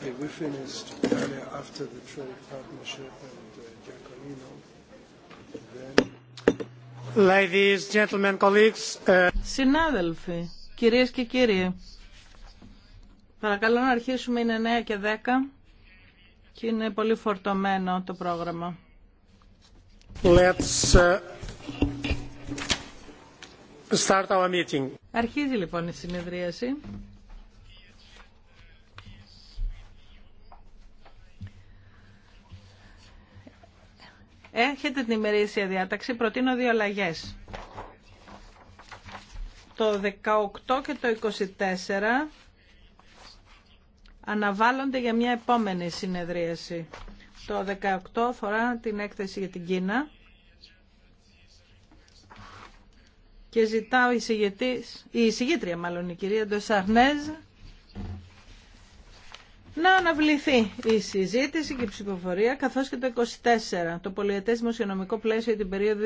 We finished earlier after the trade partnership and uh, Giacolino. Ladies, gentlemen, colleagues. Uh, Συνάδελφοι, κυρίες και κύριοι, παρακαλώ να αρχίσουμε, είναι 9 και 10 και είναι πολύ φορτωμένο το πρόγραμμα. Let's uh, start our meeting. Αρχίζει λοιπόν η συνεδρίαση. Έχετε την ημερήσια διάταξη. Προτείνω δύο αλλαγέ. Το 18 και το 24 αναβάλλονται για μια επόμενη συνεδρίαση. Το 18 αφορά την έκθεση για την Κίνα και ζητάω η, η εισηγήτρια μάλλον η κυρία Ντοσαρνέζ να αναβληθεί η συζήτηση και η ψηφοφορία, καθώς και το 24, το πολυετές δημοσιονομικό πλαίσιο για την περίοδο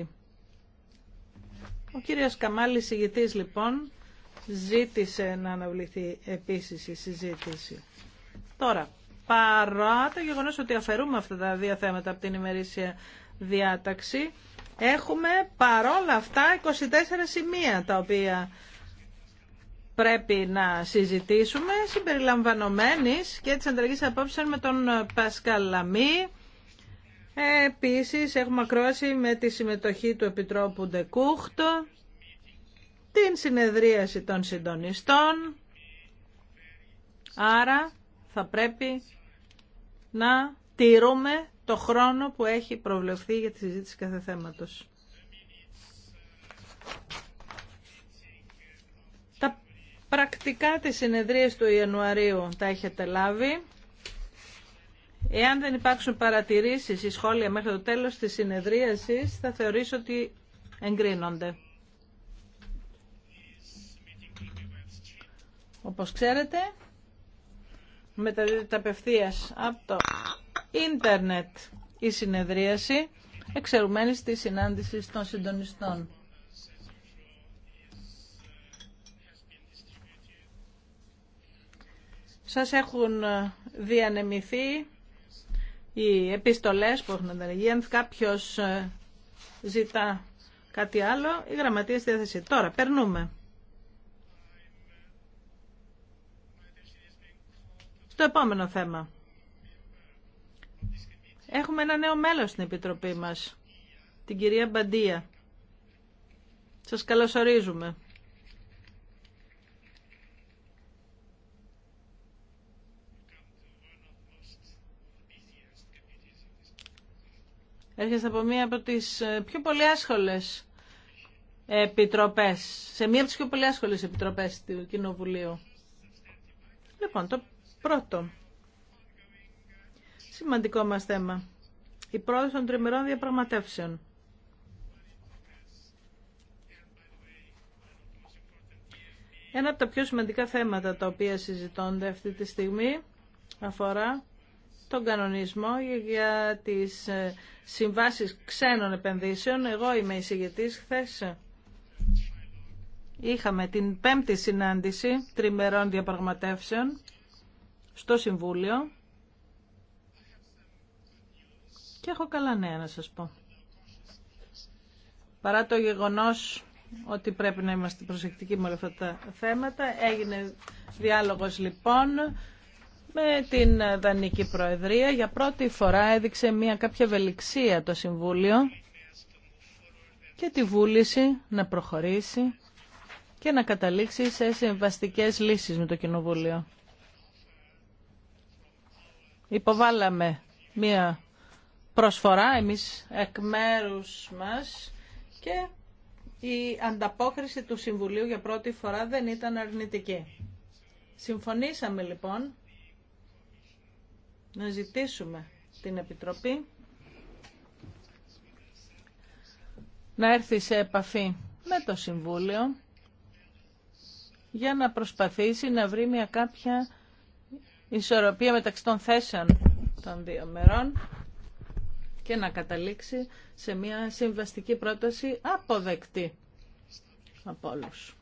2014-2020. Ο κύριος Καμάλης, ηγητής λοιπόν, ζήτησε να αναβληθεί επίσης η συζήτηση. Τώρα, παρά το γεγονός ότι αφαιρούμε αυτά τα δύο θέματα από την ημερήσια διάταξη, έχουμε παρόλα αυτά 24 σημεία τα οποία πρέπει να συζητήσουμε συμπεριλαμβανομένης και της ανταλλαγής απόψεων με τον ε, Πασκαλαμή. Ε, επίσης έχουμε ακρόαση με τη συμμετοχή του Επιτρόπου Ντεκούχτο, την συνεδρίαση των συντονιστών. Άρα θα πρέπει να τηρούμε το χρόνο που έχει προβλεφθεί για τη συζήτηση κάθε θέματος πρακτικά τις συνεδρίες του Ιανουαρίου τα έχετε λάβει. Εάν δεν υπάρξουν παρατηρήσεις ή σχόλια μέχρι το τέλος της συνεδρίασης, θα θεωρήσω ότι εγκρίνονται. Όπως ξέρετε, μεταδίδεται απευθείας από το ίντερνετ η συνεδρίαση, εξαιρουμένη της συνάντηση των συντονιστών. Σας έχουν ε, διανεμηθεί οι επιστολές που έχουν ανταλλαγεί. Αν κάποιος ε, ζητά κάτι άλλο, η γραμματεία στη διάθεση. Τώρα, περνούμε. Στο επόμενο θέμα. Έχουμε ένα νέο μέλος στην Επιτροπή μας, την κυρία Μπαντία. Σας καλωσορίζουμε. Έρχεσαι από μία από τις ε, πιο πολύ άσχολες επιτροπές, σε μία από τις πιο πολύ άσχολες επιτροπές του Κοινοβουλίου. Λοιπόν, το πρώτο σημαντικό μας θέμα, η πρόοδος των τριμερών διαπραγματεύσεων. Ένα από τα πιο σημαντικά θέματα τα οποία συζητώνται αυτή τη στιγμή αφορά τον κανονισμό για τις ε, συμβάσεις ξένων επενδύσεων. Εγώ είμαι συγγετής Χθες Είχαμε την πέμπτη συνάντηση τριμερών διαπραγματεύσεων στο Συμβούλιο και έχω καλά νέα να σας πω. Παρά το γεγονός ότι πρέπει να είμαστε προσεκτικοί με όλα αυτά τα θέματα, έγινε διάλογος λοιπόν με την Δανική Προεδρία για πρώτη φορά έδειξε μια κάποια ευελιξία το Συμβούλιο και τη βούληση να προχωρήσει και να καταλήξει σε συμβαστικές λύσεις με το Κοινοβούλιο. Υποβάλαμε μια προσφορά εμείς εκ μέρους μας και η ανταπόκριση του Συμβουλίου για πρώτη φορά δεν ήταν αρνητική. Συμφωνήσαμε λοιπόν να ζητήσουμε την Επιτροπή να έρθει σε επαφή με το Συμβούλιο για να προσπαθήσει να βρει μια κάποια ισορροπία μεταξύ των θέσεων των δύο μερών και να καταλήξει σε μια συμβαστική πρόταση αποδεκτή από όλους.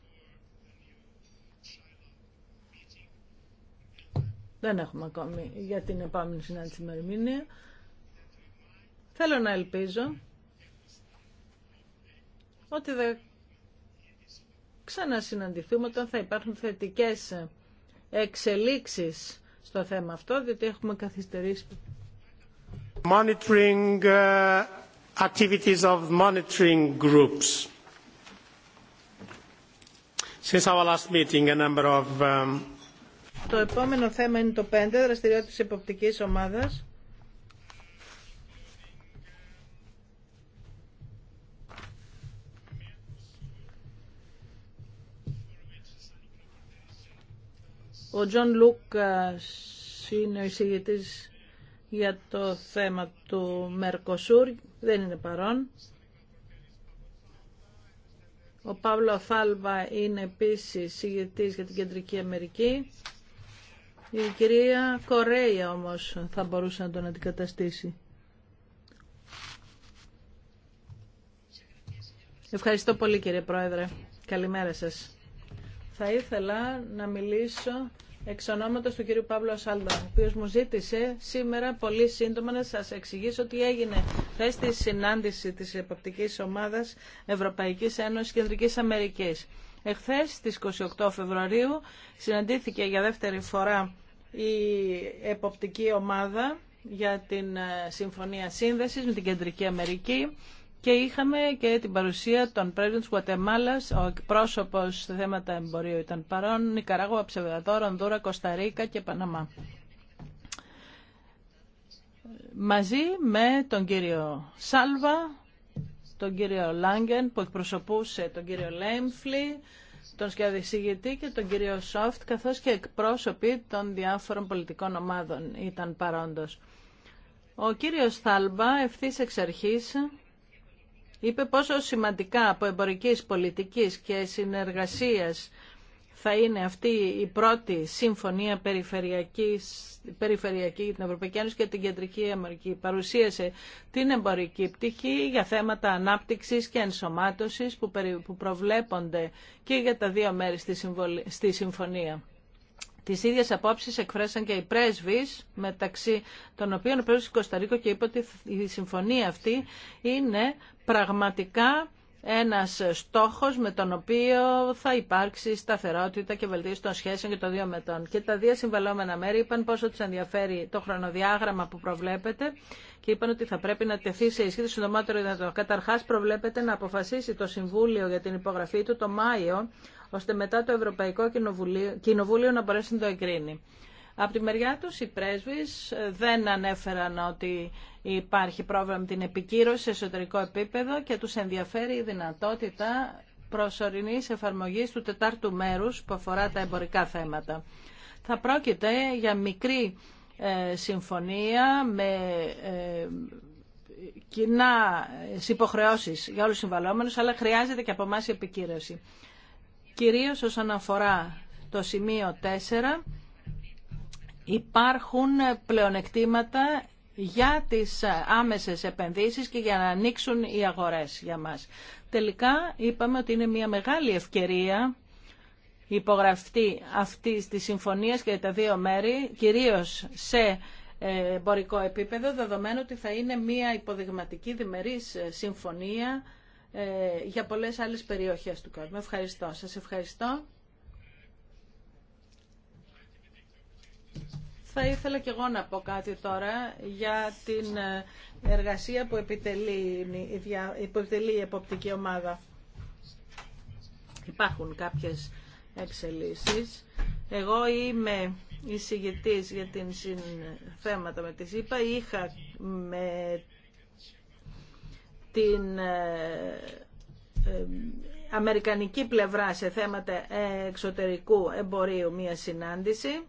Δεν έχουμε ακόμη για την επόμενη συνάντηση ημερομηνία. Θέλω να ελπίζω ότι θα ξανασυναντηθούμε όταν θα υπάρχουν θετικές εξελίξεις στο θέμα αυτό, διότι έχουμε καθυστερήσει. Monitoring ε, activities of monitoring groups. Since our last meeting, a number of um, το επόμενο θέμα είναι το 5, δραστηριότητα της εποπτικής ομάδας. Ο Τζον Λούκας είναι ο εισηγητής για το θέμα του Μερκοσούρ, δεν είναι παρόν. Ο Παύλο Θάλβα είναι επίσης συγγετής για την Κεντρική Αμερική. Η κυρία Κορέια όμως θα μπορούσε να τον αντικαταστήσει. Ευχαριστώ πολύ κύριε Πρόεδρε. Καλημέρα σας. Θα ήθελα να μιλήσω εξ ονόματος του κύριου Παύλου Ασάλδα, ο οποίος μου ζήτησε σήμερα πολύ σύντομα να σας εξηγήσω τι έγινε χθε στη συνάντηση της Εποπτικής Ομάδας Ευρωπαϊκής Ένωσης Κεντρικής Αμερικής. Εχθές στις 28 Φεβρουαρίου συναντήθηκε για δεύτερη φορά η εποπτική ομάδα για την ε, Συμφωνία Σύνδεσης με την Κεντρική Αμερική και είχαμε και την παρουσία των πρέσβων της Γουατεμάλας, ο εκπρόσωπος σε θέματα εμπορίου ήταν παρόν, Νικαράγουα, Ψεβεδατόρ, Ονδούρα, Κωνσταντίνα και Παναμά. Μαζί με τον κύριο Σάλβα, τον κύριο Λάγκεν που εκπροσωπούσε τον κύριο Λέμφλι, τον σκιαδησηγητή και τον κύριο Σόφτ, καθώς και εκπρόσωποι των διάφορων πολιτικών ομάδων ήταν παρόντος. Ο κύριος Θάλμπα ευθύς εξ αρχής είπε πόσο σημαντικά από εμπορικής πολιτικής και συνεργασίας θα είναι αυτή η πρώτη συμφωνία περιφερειακής, περιφερειακή για την Ευρωπαϊκή Ένωση και την Κεντρική Αμερική. Παρουσίασε την εμπορική πτυχή για θέματα ανάπτυξης και ενσωμάτωσης που προβλέπονται και για τα δύο μέρη στη συμφωνία. Τις ίδιες απόψεις εκφράσαν και οι πρέσβεις, μεταξύ των οποίων ο πρέσβης Κωνσταντίνο και είπε ότι η συμφωνία αυτή είναι πραγματικά ένας στόχος με τον οποίο θα υπάρξει σταθερότητα και βελτίωση των σχέσεων και των δύο μετών. Και τα δύο συμβαλόμενα μέρη είπαν πόσο τους ενδιαφέρει το χρονοδιάγραμμα που προβλέπετε και είπαν ότι θα πρέπει να τεθεί σε ισχύ το συντομότερο δυνατό. Καταρχάς προβλέπεται να αποφασίσει το Συμβούλιο για την υπογραφή του το Μάιο, ώστε μετά το Ευρωπαϊκό Κοινοβούλιο να μπορέσει να το εγκρίνει. Από τη μεριά τους οι πρέσβεις ε, δεν ανέφεραν ότι υπάρχει πρόβλημα με την επικύρωση σε εσωτερικό επίπεδο και τους ενδιαφέρει η δυνατότητα προσωρινής εφαρμογής του τετάρτου μέρους που αφορά τα εμπορικά θέματα. Θα πρόκειται για μικρή ε, συμφωνία με ε, κοινά υποχρεώσεις για όλους τους αλλά χρειάζεται και από εμάς η επικύρωση. Κυρίως όσον αφορά το σημείο 4, υπάρχουν πλεονεκτήματα για τις άμεσες επενδύσεις και για να ανοίξουν οι αγορές για μας. Τελικά είπαμε ότι είναι μια μεγάλη ευκαιρία υπογραφή αυτή της συμφωνίας και τα δύο μέρη, κυρίως σε εμπορικό επίπεδο, δεδομένου ότι θα είναι μια υποδειγματική διμερής συμφωνία ε, για πολλές άλλες περιοχές του κόσμου. Ευχαριστώ. Σας ευχαριστώ. Θα ήθελα και εγώ να πω κάτι τώρα για την ε, εργασία που επιτελεί, η εποπτική ομάδα. Υπάρχουν κάποιες εξελίσεις. Εγώ είμαι εισηγητής για την θέματα με τη ΣΥΠΑ. Είχα με την ε, ε, αμερικανική πλευρά σε θέματα εξωτερικού εμπορίου μία συνάντηση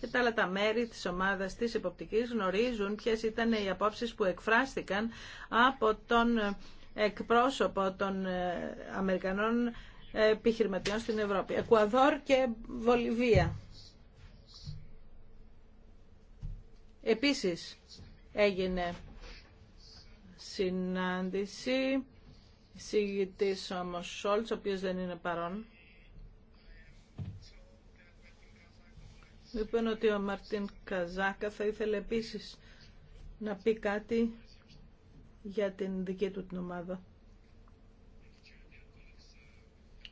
και τα άλλα τα μέρη της ομάδας της υποπτικής γνωρίζουν ποιες ήταν οι απόψεις που εκφράστηκαν από τον ε, εκπρόσωπο των ε, Αμερικανών ε, επιχειρηματιών στην Ευρώπη. Εκουαδόρ και Βολιβία. Επίσης έγινε συνάντηση συγητής όμως Σόλτς, ο οποίος δεν είναι παρόν. Είπαν ότι ο Μαρτίν Καζάκα θα ήθελε επίσης να πει κάτι για την δική του την ομάδα.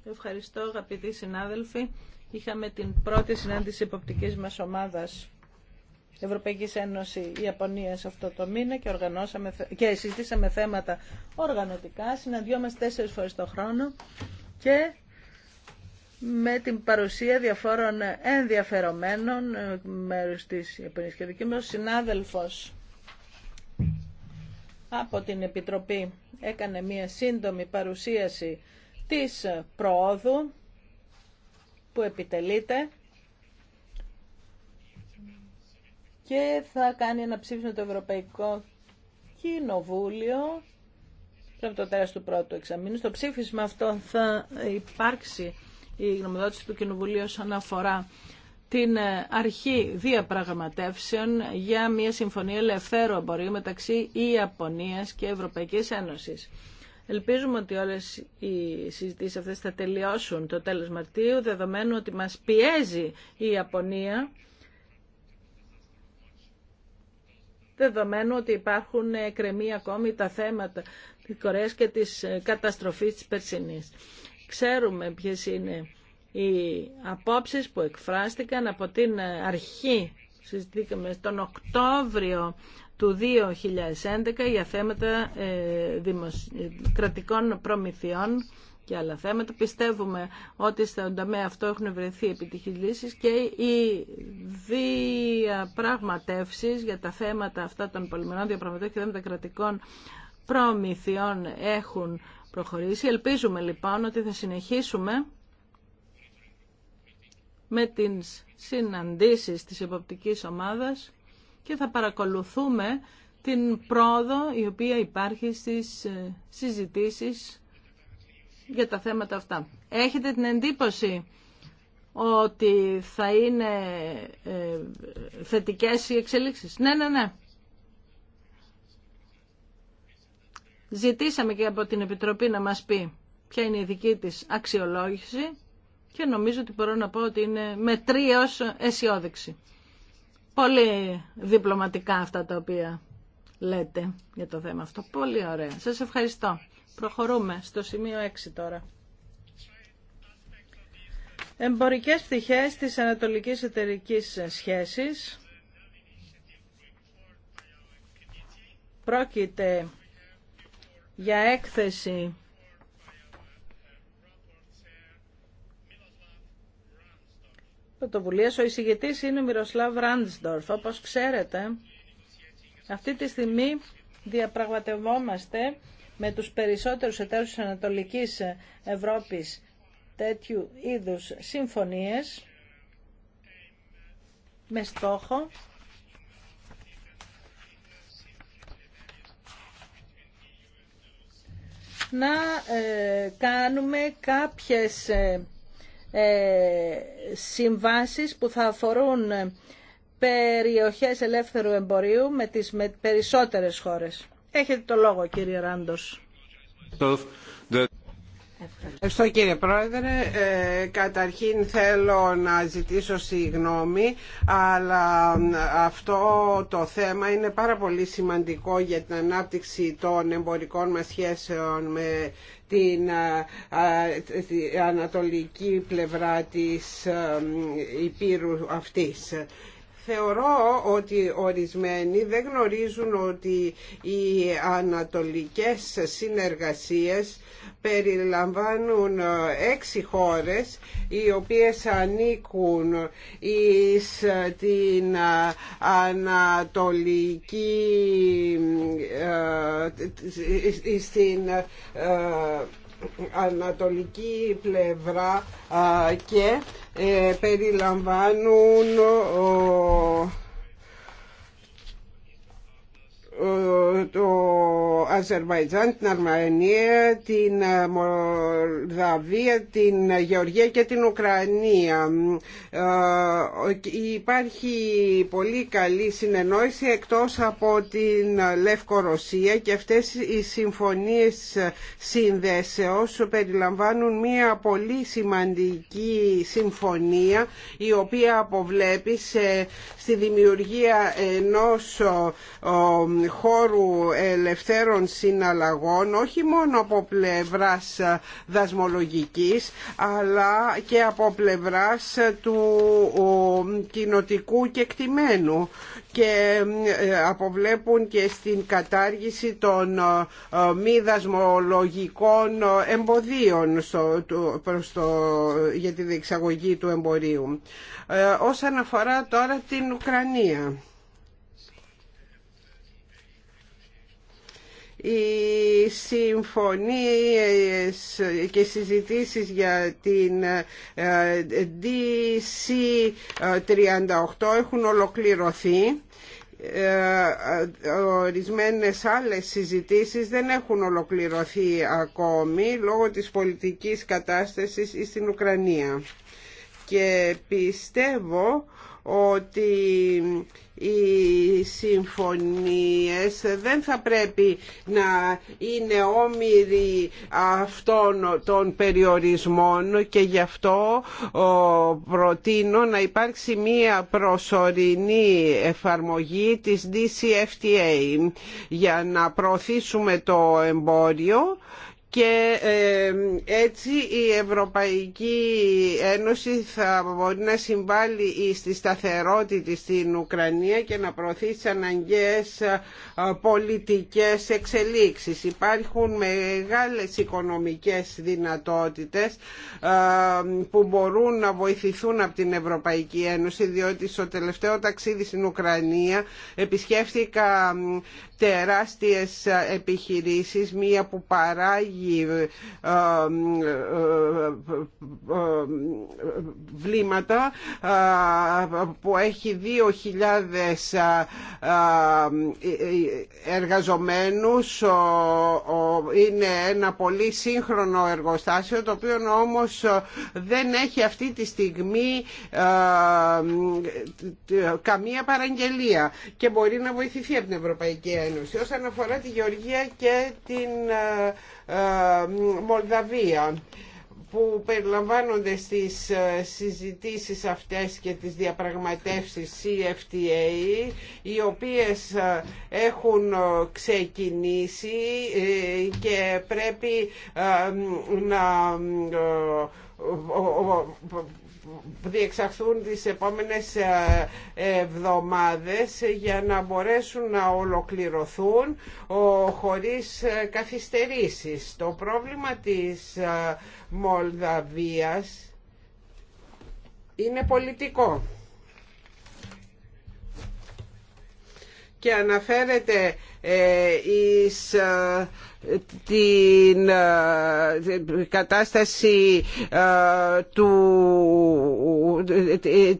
Ευχαριστώ αγαπητοί συνάδελφοι. Είχαμε την πρώτη συνάντηση υποπτικής μας ομάδας Ευρωπαϊκής Ένωση Ιαπωνίας αυτό το μήνα και, οργανώσαμε, και συζητήσαμε θέματα οργανωτικά. Συναντιόμαστε τέσσερις φορές το χρόνο και με την παρουσία διαφόρων ενδιαφερομένων ε, μέρους της Ιαπωνίας και δική από την Επιτροπή έκανε μία σύντομη παρουσίαση της προόδου που επιτελείται και θα κάνει ένα ψήφισμα το Ευρωπαϊκό Κοινοβούλιο από το τέλος του πρώτου εξαμήνου. Στο ψήφισμα αυτό θα υπάρξει η γνωμοδότηση του Κοινοβουλίου όσον αφορά την ε, αρχή διαπραγματεύσεων για μια συμφωνία ελευθέρου εμπορίου μεταξύ Ιαπωνίας και Ευρωπαϊκής Ένωσης. Ελπίζουμε ότι όλες οι συζητήσεις αυτές θα τελειώσουν το τέλος Μαρτίου, δεδομένου ότι μας πιέζει η Ιαπωνία, δεδομένου ότι υπάρχουν ε, κρεμοί ακόμη τα θέματα της Κορέας και της ε, καταστροφής της Περσινής. Ξέρουμε ποιες είναι οι απόψεις που εκφράστηκαν από την αρχή. Συζητήκαμε τον Οκτώβριο του 2011 για θέματα ε, κρατικών προμηθειών και άλλα θέματα. Πιστεύουμε ότι στον τομέα αυτό έχουν βρεθεί επιτυχείς λύσεις και οι διαπραγματεύσεις για τα θέματα αυτά των πολυμερών διαπραγματεύσεων και θέματα κρατικών προμηθειών έχουν προχωρήσει. Ελπίζουμε λοιπόν ότι θα συνεχίσουμε με τις συναντήσεις της υποπτικής ομάδας και θα παρακολουθούμε την πρόοδο η οποία υπάρχει στις ε, συζητήσεις για τα θέματα αυτά. Έχετε την εντύπωση ότι θα είναι ε, ε, θετικές οι εξελίξεις. Ναι, ναι, ναι. Ζητήσαμε και από την Επιτροπή να μας πει ποια είναι η δική της αξιολόγηση και νομίζω ότι μπορώ να πω ότι είναι μετρίως αισιόδεξη. Πολύ διπλωματικά αυτά τα οποία λέτε για το θέμα αυτό. Πολύ ωραία. Σας ευχαριστώ. Προχωρούμε στο σημείο 6 τώρα. Εμπορικές πτυχές της Ανατολικής Εταιρικής Σχέσης. Πρόκειται για έκθεση πρωτοβουλία. Ο εισηγητής είναι ο Μυροσλάβ Ράντσντορφ. Όπως ξέρετε, αυτή τη στιγμή διαπραγματευόμαστε με τους περισσότερους εταίρους της Ανατολικής Ευρώπης τέτοιου είδους συμφωνίες με στόχο να ε, κάνουμε κάποιες ε, ε, συμβάσεις που θα αφορούν περιοχές ελεύθερου εμπορίου με τις με περισσότερες χώρες. Έχετε το λόγο κύριε Ράντος. Ευχαριστώ κύριε Πρόεδρε. Ε, καταρχήν θέλω να ζητήσω συγγνώμη, αλλά αυτό το θέμα είναι πάρα πολύ σημαντικό για την ανάπτυξη των εμπορικών μας σχέσεων με την ε, ε, ανατολική πλευρά της Υπήρου αυτής. Θεωρώ ότι ορισμένοι δεν γνωρίζουν ότι οι ανατολικές συνεργασίες περιλαμβάνουν ε, έξι χώρες οι οποίες ανήκουν στην ανατολική στην ανατολική πλευρά και ε, περιλαμβάνουν το Αζερβαϊτζάν, την Αρμανία, την Μολδαβία, την Γεωργία και την Ουκρανία. Ε, υπάρχει πολύ καλή συνεννόηση εκτός από την Λευκορωσία και αυτές οι συμφωνίες σύνδεσεως περιλαμβάνουν μια πολύ σημαντική συμφωνία η οποία αποβλέπει σε, στη δημιουργία ενός χώρου ελευθέρων συναλλαγών όχι μόνο από πλευράς δασμολογικής αλλά και από πλευράς του κοινοτικού κεκτημένου και ε, αποβλέπουν και στην κατάργηση των ε, μη δασμολογικών εμποδίων για τη διεξαγωγή του εμπορίου. Ε, όσον αφορά τώρα την Ουκρανία. οι συμφωνίες και συζητήσεις για την ε, DC38 ε, έχουν ολοκληρωθεί ε, ορισμένες άλλες συζητήσεις δεν έχουν ολοκληρωθεί ακόμη λόγω της πολιτικής κατάστασης στην Ουκρανία και πιστεύω ότι οι συμφωνίες δεν θα πρέπει να είναι όμοιροι αυτών των περιορισμών και γι' αυτό προτείνω να υπάρξει μία προσωρινή εφαρμογή της DCFTA για να προωθήσουμε το εμπόριο και ε, έτσι η Ευρωπαϊκή Ένωση θα μπορεί να συμβάλλει στη σταθερότητα στην Ουκρανία και να προωθεί τις αναγκαίες ε, πολιτικές εξελίξεις. Υπάρχουν μεγάλες οικονομικές δυνατότητες ε, που μπορούν να βοηθηθούν από την Ευρωπαϊκή Ένωση διότι στο τελευταίο ταξίδι στην Ουκρανία επισκέφθηκα τεράστιες επιχειρήσεις, μία που παράγει ε, ε, ε, βλήματα που έχει 2.000 εργαζομένους είναι ένα πολύ σύγχρονο εργοστάσιο το οποίο όμως δεν έχει αυτή τη στιγμή καμία παραγγελία και μπορεί να βοηθηθεί από την Ευρωπαϊκή Ένωση όσον αφορά τη γεωργία και την ε, Μολδαβία που περιλαμβάνονται στις ε, συζητήσεις αυτές και τις διαπραγματεύσεις CFTA οι οποίες ε, έχουν ξεκινήσει και πρέπει να διεξαχθούν τις επόμενες ε, εβδομάδες για να μπορέσουν να ολοκληρωθούν χωρίς ε, καθυστερήσεις. Το πρόβλημα της ε, Μολδαβίας είναι πολιτικό. και αναφέρεται ε, εις ε, ε, την κατάσταση του,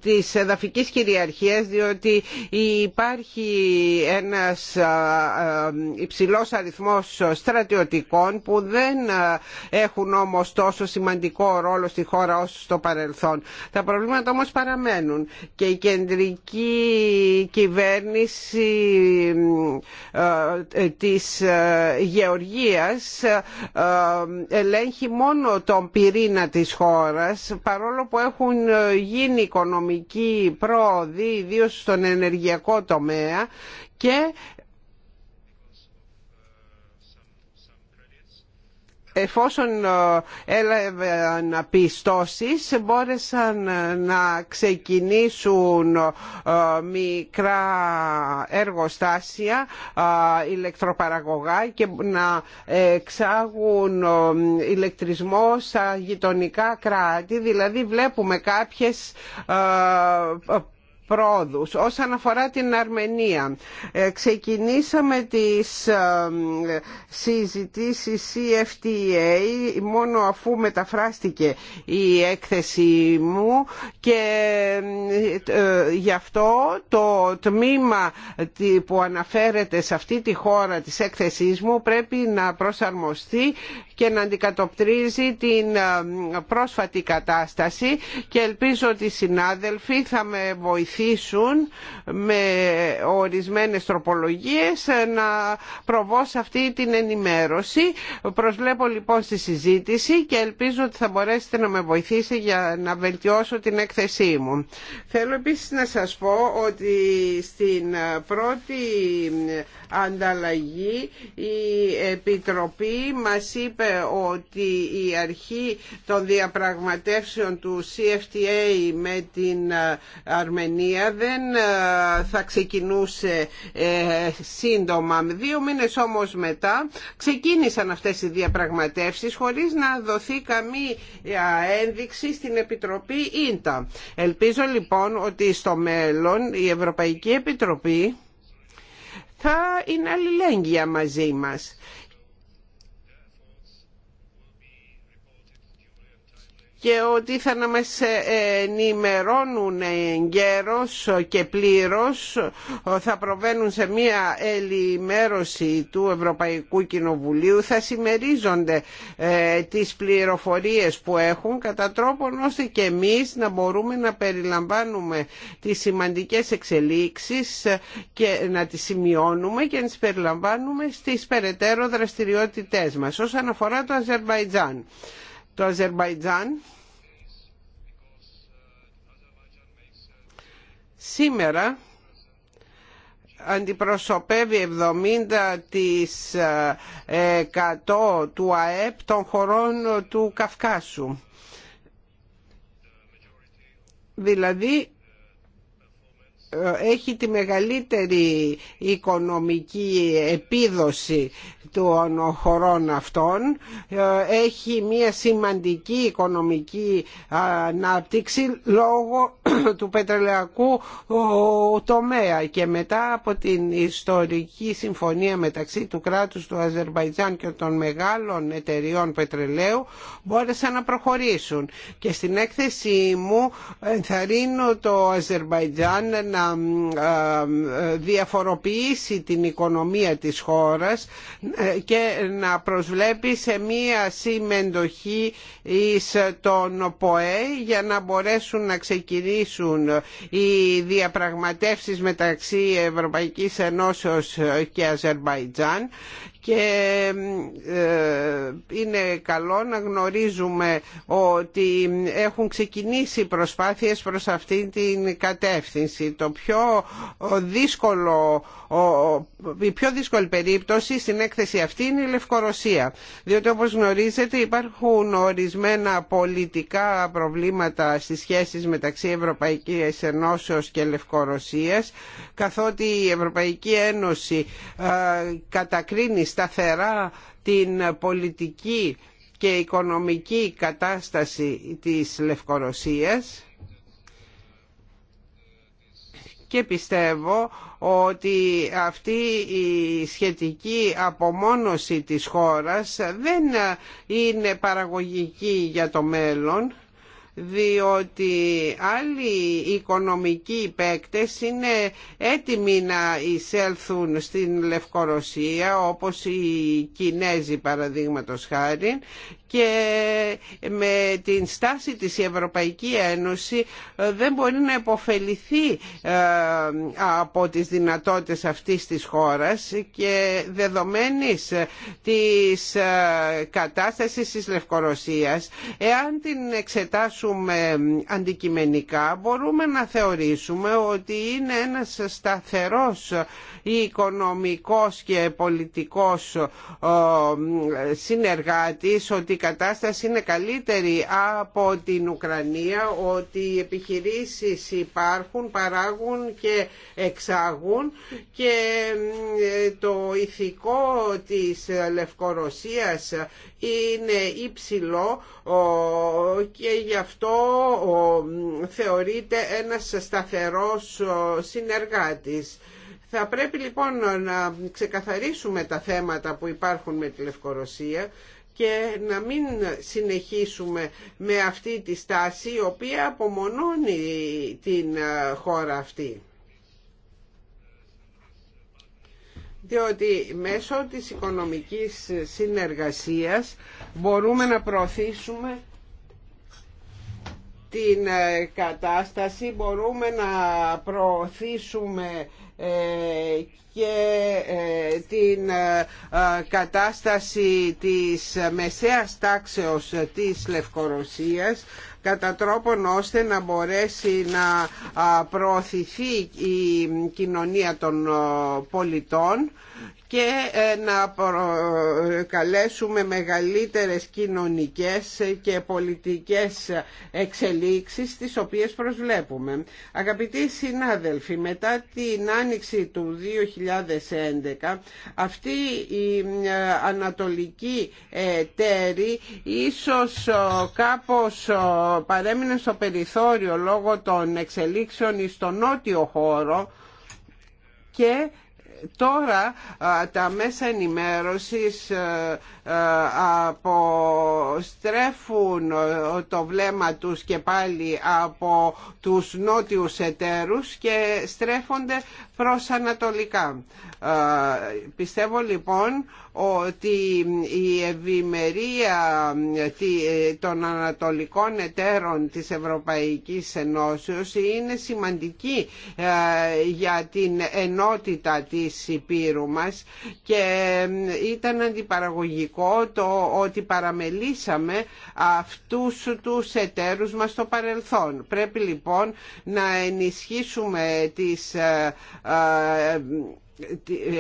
της εδαφικής κυριαρχίας διότι υπάρχει ένας υψηλός αριθμός στρατιωτικών που δεν έχουν όμως τόσο σημαντικό ρόλο στη χώρα όσο στο παρελθόν. Τα προβλήματα όμως παραμένουν και η κεντρική κυβέρνηση της ε, γεωργίας ε, ε, ελέγχει μόνο τον πυρήνα της χώρας παρόλο που έχουν γίνει οικονομικοί πρόοδοι ιδίως στον ενεργειακό τομέα και εφόσον ε, έλαβαν πιστώσεις μπόρεσαν ε, να ξεκινήσουν ε, μικρά εργοστάσια ηλεκτροπαραγωγά και να εξάγουν ηλεκτρισμό στα γειτονικά κράτη δηλαδή βλέπουμε κάποιες πρόοδους. Όσον αφορά την Αρμενία, ε, ξεκινήσαμε τις ε, συζητήσεις CFTA μόνο αφού μεταφράστηκε η έκθεση μου και ε, γι' αυτό το τμήμα που αναφέρεται σε αυτή τη χώρα της έκθεσής μου πρέπει να προσαρμοστεί και να αντικατοπτρίζει την ε, πρόσφατη κατάσταση και ελπίζω ότι οι συνάδελφοι θα με βοηθήσουν με ορισμένες τροπολογίες ε, να προβώ σε αυτή την ενημέρωση. Προσβλέπω λοιπόν στη συζήτηση και ελπίζω ότι θα μπορέσετε να με βοηθήσετε για να βελτιώσω την έκθεσή μου. Θέλω επίσης να σας πω ότι στην ε, πρώτη ανταλλαγή. Η Επιτροπή μας είπε ότι η αρχή των διαπραγματεύσεων του CFTA με την ε, Αρμενία δεν ε, θα ξεκινούσε ε, σύντομα. Δύο μήνες όμως μετά ξεκίνησαν αυτές οι διαπραγματεύσεις χωρίς να δοθεί καμία ένδειξη στην Επιτροπή Ίντα. Ελπίζω λοιπόν ότι στο μέλλον η Ευρωπαϊκή Επιτροπή θα είναι αλληλέγγυα μαζί μας. και ότι θα να μας ενημερώνουν γέρος και πλήρως θα προβαίνουν σε μια ελημέρωση του Ευρωπαϊκού Κοινοβουλίου θα συμμερίζονται ε, τις πληροφορίες που έχουν κατά τρόπον ώστε και εμείς να μπορούμε να περιλαμβάνουμε τις σημαντικές εξελίξεις και να τις σημειώνουμε και να τις περιλαμβάνουμε στις περαιτέρω δραστηριότητές μας όσον αφορά το Αζερβαϊτζάν το Αζερβαϊτζάν σήμερα αντιπροσωπεύει 70% ε, του ΑΕΠ των χωρών του Καυκάσου. Δηλαδή έχει τη μεγαλύτερη οικονομική επίδοση των χωρών αυτών έχει μια σημαντική οικονομική ανάπτυξη λόγω του πετρελαϊκού τομέα και μετά από την ιστορική συμφωνία μεταξύ του κράτους του Αζερβαϊτζάν και των μεγάλων εταιριών πετρελαίου μπόρεσαν να προχωρήσουν και στην έκθεση μου ενθαρρύνω το Αζερβαϊτζάν να να διαφοροποιήσει την οικονομία της χώρας και να προσβλέπει σε μία συμμετοχή εις τον ΠΟΕ για να μπορέσουν να ξεκινήσουν οι διαπραγματεύσεις μεταξύ Ευρωπαϊκής Ενώσεως και Αζερβαϊτζάν και ε, είναι καλό να γνωρίζουμε ότι έχουν ξεκινήσει προσπάθειες προς αυτή την κατεύθυνση. Το πιο δύσκολο, η πιο δύσκολη περίπτωση στην έκθεση αυτή είναι η Λευκορωσία. Διότι όπως γνωρίζετε υπάρχουν ορισμένα πολιτικά προβλήματα στις σχέσεις μεταξύ Ευρωπαϊκής Ενώσεως και Λευκορωσίας καθότι η Ευρωπαϊκή Ένωση ε, κατακρίνει σταθερά την πολιτική και οικονομική κατάσταση της Λευκορωσίας και πιστεύω ότι αυτή η σχετική απομόνωση της χώρας δεν είναι παραγωγική για το μέλλον διότι άλλοι οικονομικοί παίκτες είναι έτοιμοι να εισέλθουν στην Λευκορωσία όπως οι Κινέζοι παραδείγματος χάρη και με την στάση της η Ευρωπαϊκή Ένωση ε, δεν μπορεί να υποφεληθεί ε, από τις δυνατότητες αυτής της χώρας και δεδομένης ε, της κατάστασης της Λευκορωσίας εάν την εξετάσουμε αντικειμενικά μπορούμε να θεωρήσουμε ότι είναι ένας σταθερός οικονομικός και πολιτικός ε, συνεργάτης, ότι η κατάσταση είναι καλύτερη από την Ουκρανία, ότι οι επιχειρήσεις υπάρχουν, παράγουν και εξάγουν και ε, το ηθικό της Λευκορωσίας είναι υψηλό και γι' αυτό θεωρείται ένας σταθερός συνεργάτης. Θα πρέπει λοιπόν να ξεκαθαρίσουμε τα θέματα που υπάρχουν με τη Λευκορωσία και να μην συνεχίσουμε με αυτή τη στάση η οποία απομονώνει την ε, χώρα αυτή. διότι μέσω της οικονομικής συνεργασίας μπορούμε να προωθήσουμε την ε, κατάσταση, μπορούμε να προωθήσουμε ε, και ε, την κατάσταση της μεσαίας τάξεως της Λευκορωσίας κατά τρόπον ώστε να μπορέσει να προωθηθεί η κοινωνία των πολιτών και ε, να προκαλέσουμε μεγαλύτερες κοινωνικές και πολιτικές εξελίξεις τις οποίες προσβλέπουμε. Αγαπητοί συνάδελφοι, μετά την άνοιξη του 2011 αυτή η ε, ανατολική τέρη ίσως ε, κάπως παρέμεινε στο περιθώριο λόγω των εξελίξεων στο νότιο χώρο και τώρα τα μέσα ενημέρωσης στρέφουν το βλέμμα τους και πάλι από τους νότιους εταίρους και στρέφονται προς ανατολικά. Πιστεύω λοιπόν ότι η ευημερία των ανατολικών εταίρων της Ευρωπαϊκής Ενώσεως είναι σημαντική ε, για την ενότητα της Υπήρου μας και ε, ήταν αντιπαραγωγικό το ότι παραμελήσαμε αυτούς τους εταίρους μας στο παρελθόν. Πρέπει λοιπόν να ενισχύσουμε τις ε,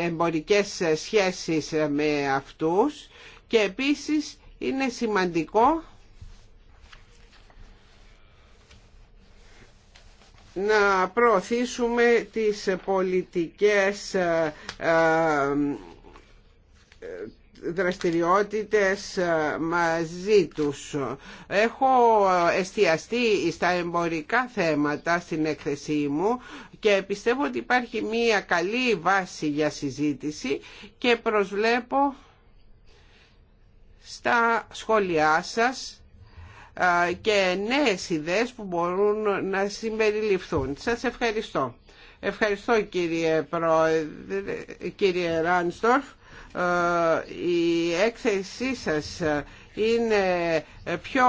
εμπορικές σχέσεις με αυτούς και επίσης είναι σημαντικό να προωθήσουμε τις πολιτικές ε, ε, δραστηριότητες ε, μαζί τους. Έχω ε, εστιαστεί στα εμπορικά θέματα στην έκθεσή μου και πιστεύω ότι υπάρχει μία καλή βάση για συζήτηση και προσβλέπω στα σχόλιά σας ε, και νέες ιδέες που μπορούν να συμπεριληφθούν. Σας ευχαριστώ. Ευχαριστώ κύριε, κύριε Ράνστορφ. Ε, η έκθεσή σας είναι πιο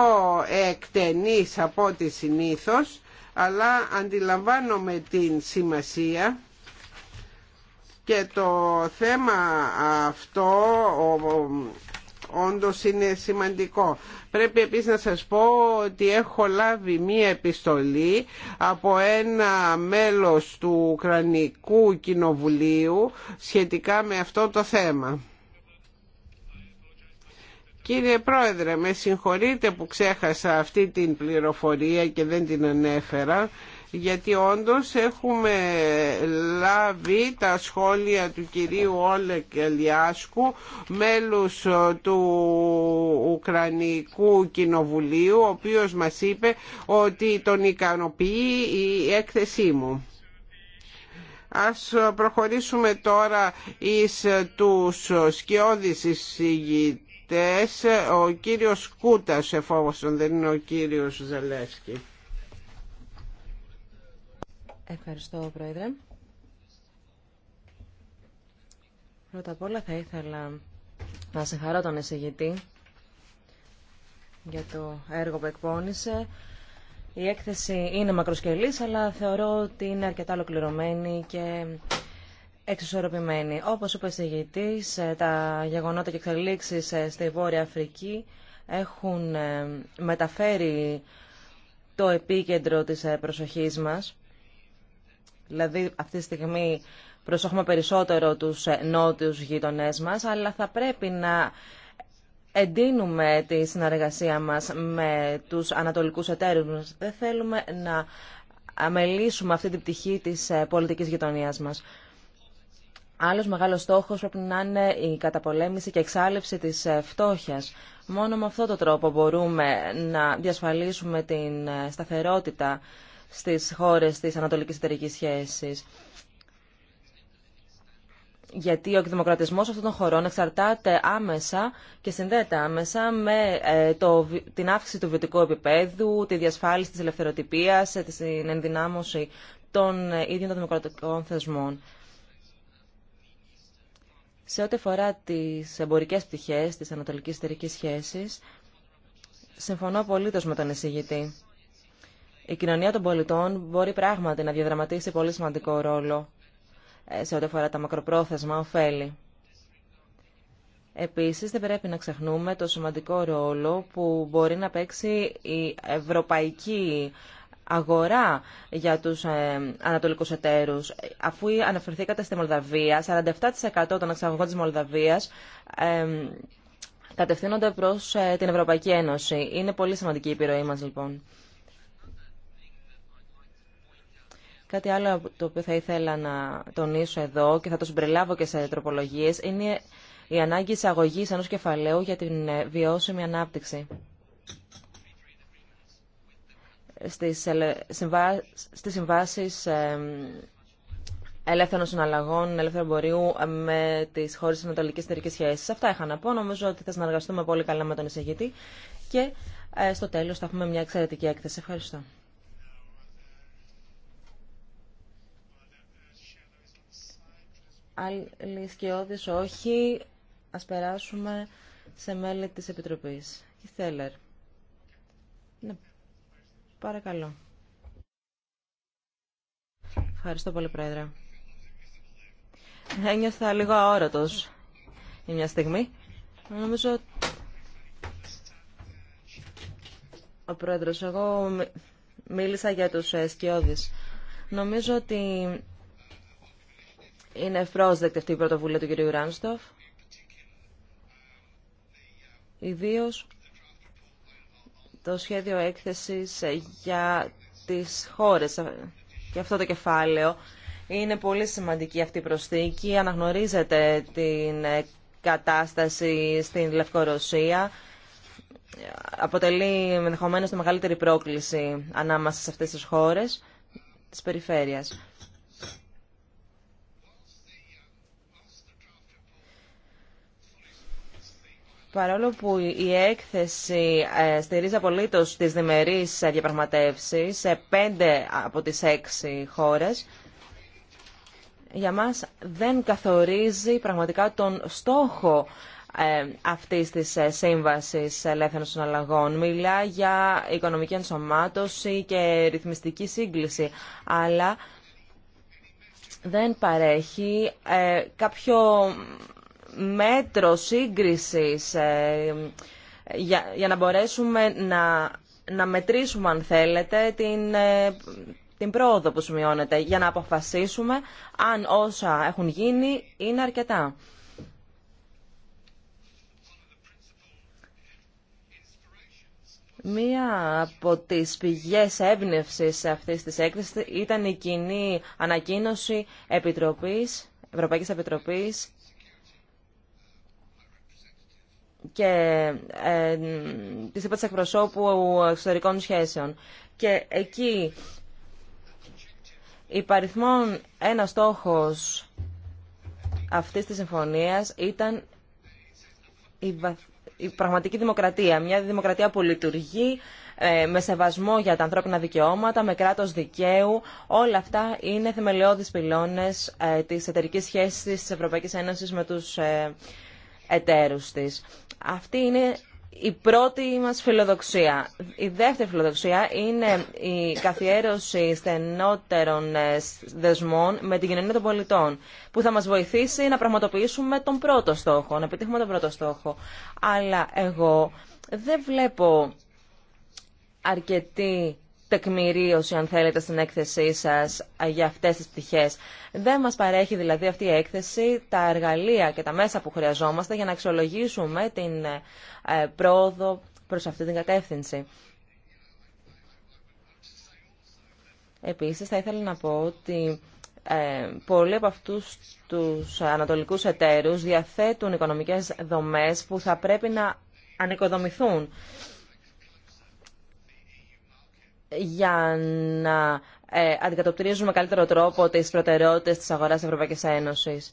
εκτενής από ό,τι συνήθως αλλά αντιλαμβάνομαι την σημασία και το θέμα αυτό ο όντως είναι σημαντικό. Πρέπει επίσης να σας πω ότι έχω λάβει μία επιστολή από ένα μέλος του Ουκρανικού Κοινοβουλίου σχετικά με αυτό το θέμα. Κύριε Πρόεδρε, με συγχωρείτε που ξέχασα αυτή την πληροφορία και δεν την ανέφερα γιατί όντως έχουμε λάβει τα σχόλια του κυρίου Όλεκ Λιάσκου, μέλους ε, του Ουκρανικού Κοινοβουλίου ο οποίος μας είπε ότι τον ικανοποιεί η έκθεσή μου. Ας προχωρήσουμε τώρα εις ε, τους σκιώδεις εισηγητές, ο κύριος Κούτας εφόσον δεν είναι ο κύριος Ζελέσκη. Ευχαριστώ, Πρόεδρε. Πρώτα απ' όλα θα ήθελα να συγχαρώ τον εισηγητή για το έργο που εκπώνησε. Η έκθεση είναι μακροσκελής, αλλά θεωρώ ότι είναι αρκετά ολοκληρωμένη και εξισορροπημένη. Όπως είπε ο εισηγητής, ε, τα γεγονότα και εξελίξεις ε, στη Βόρεια Αφρική έχουν ε, μεταφέρει το επίκεντρο της προσοχής μας Δηλαδή αυτή τη στιγμή προσέχουμε περισσότερο τους ε, νότιους γείτονές μας, αλλά θα πρέπει να εντείνουμε τη συνεργασία μας με τους ανατολικούς εταίρους μας. Δεν θέλουμε να αμελήσουμε αυτή την πτυχή της ε, πολιτικής γειτονίας μας. Άλλος μεγάλος στόχος πρέπει να είναι η καταπολέμηση και εξάλληψη της ε, φτώχειας. Μόνο με αυτόν τον τρόπο μπορούμε να διασφαλίσουμε την σταθερότητα στις χώρες της Ανατολικής Εταιρικής Σχέσης. Γιατί ο δημοκρατισμός αυτών των χωρών εξαρτάται άμεσα και συνδέεται άμεσα με ε, το, την αύξηση του βιωτικού επίπεδου, τη διασφάλιση της ελευθεροτυπίας, ε, την ενδυνάμωση των ε, ίδιων των δημοκρατικών θεσμών. Σε ό,τι αφορά τις εμπορικές πτυχές της ανατολικής εταιρικής σχέσης, συμφωνώ πολύ με τον εισηγητή η κοινωνία των πολιτών μπορεί πράγματι να διαδραματίσει πολύ σημαντικό ρόλο ε, σε ό,τι αφορά τα μακροπρόθεσμα ωφέλη. Επίσης, δεν πρέπει να ξεχνούμε το σημαντικό ρόλο που μπορεί να παίξει η ευρωπαϊκή αγορά για τους ε, ανατολικούς εταίρους. Αφού αναφερθήκατε στη Μολδαβία, 47% των εξαγωγών της Μολδαβίας ε, κατευθύνονται προς ε, την Ευρωπαϊκή Ένωση. Είναι πολύ σημαντική η επιρροή μας, λοιπόν. Κάτι άλλο το οποίο θα ήθελα να τονίσω εδώ και θα το συμπεριλάβω και σε τροπολογίε είναι η ανάγκη εισαγωγή ενό κεφαλαίου για την ε, βιώσιμη ανάπτυξη. στι συμβάσει ελεύθερων συναλλαγών, ελεύθερων εμπορίου ε, με τι χώρε τη Ανατολική Εταιρική Σχέση. Αυτά είχα να πω. Νομίζω ότι θα συνεργαστούμε πολύ καλά με τον εισηγητή και ε, στο τέλο θα έχουμε μια εξαιρετική έκθεση. Ευχαριστώ. Άλλοι όχι. Ας περάσουμε σε μέλη της Επιτροπής. Η Θέλερ. Ναι. Παρακαλώ. Ευχαριστώ πολύ, Πρόεδρε. Ένιωθα λίγο αόρατος Η μια στιγμή. Νομίζω ο Πρόεδρος, εγώ μίλησα για τους ε, σκιώδεις. Νομίζω ότι είναι ευπρόσδεκτη αυτή η πρωτοβουλία του κ. Ράνστοφ. Ιδίω το σχέδιο έκθεσης για τις χώρες και αυτό το κεφάλαιο είναι πολύ σημαντική αυτή η προσθήκη. Αναγνωρίζεται την κατάσταση στην Λευκορωσία. Αποτελεί ενδεχομένω τη μεγαλύτερη πρόκληση ανάμεσα σε αυτές τις χώρες της περιφέρειας. Παρόλο που η έκθεση ε, στηρίζει απολύτως τις διμερείς ε, διαπραγματεύσεις σε πέντε από τις έξι χώρες, για μας δεν καθορίζει πραγματικά τον στόχο ε, αυτής της σύμβασης ελεύθερων συναλλαγών. Μιλά για οικονομική ενσωμάτωση και ρυθμιστική σύγκληση, αλλά δεν παρέχει κάποιο μέτρο σύγκρισης ε, για, να μπορέσουμε να, να μετρήσουμε, αν θέλετε, την, ε, την πρόοδο που σημειώνεται για να αποφασίσουμε αν όσα έχουν γίνει είναι αρκετά. Μία από τις πηγές έμπνευσης αυτής της έκθεσης ήταν η κοινή ανακοίνωση Επιτροπής, Ευρωπαϊκής Επιτροπής και ε, της είπα εκπροσώπου εξωτερικών σχέσεων. Και εκεί υπαριθμόν ένα στόχος αυτής της συμφωνίας ήταν η, πραγματική δημοκρατία. Μια δημοκρατία που λειτουργεί ε, με σεβασμό για τα ανθρώπινα δικαιώματα, με κράτος δικαίου. Όλα αυτά είναι θεμελιώδεις πυλώνες ε, της εταιρικής σχέσης της Ευρωπαϊκής Ένωσης με τους ε, εταίρους Αυτή είναι η πρώτη μας φιλοδοξία. Η δεύτερη φιλοδοξία είναι η καθιέρωση στενότερων ε, δεσμών με την κοινωνία των πολιτών, που θα μας βοηθήσει να πραγματοποιήσουμε τον πρώτο στόχο, να επιτύχουμε τον πρώτο στόχο. Αλλά εγώ δεν βλέπω αρκετή τεκμηρίωση, αν θέλετε, στην έκθεσή σας για αυτές τι πτυχέ. Δεν μας παρέχει δηλαδή αυτή η έκθεση τα εργαλεία και τα μέσα που χρειαζόμαστε για να αξιολογήσουμε την ε, πρόοδο προς αυτή την κατεύθυνση. Επίσης, θα ήθελα να πω ότι ε, πολλοί από αυτού τους ανατολικούς εταίρους διαθέτουν οικονομικές δομέ που θα πρέπει να ανεκοδομηθούν για να ε, αντικατοπτρίζουμε καλύτερο τρόπο τις προτεραιότητες της αγοράς της Ευρωπαϊκής Ένωσης.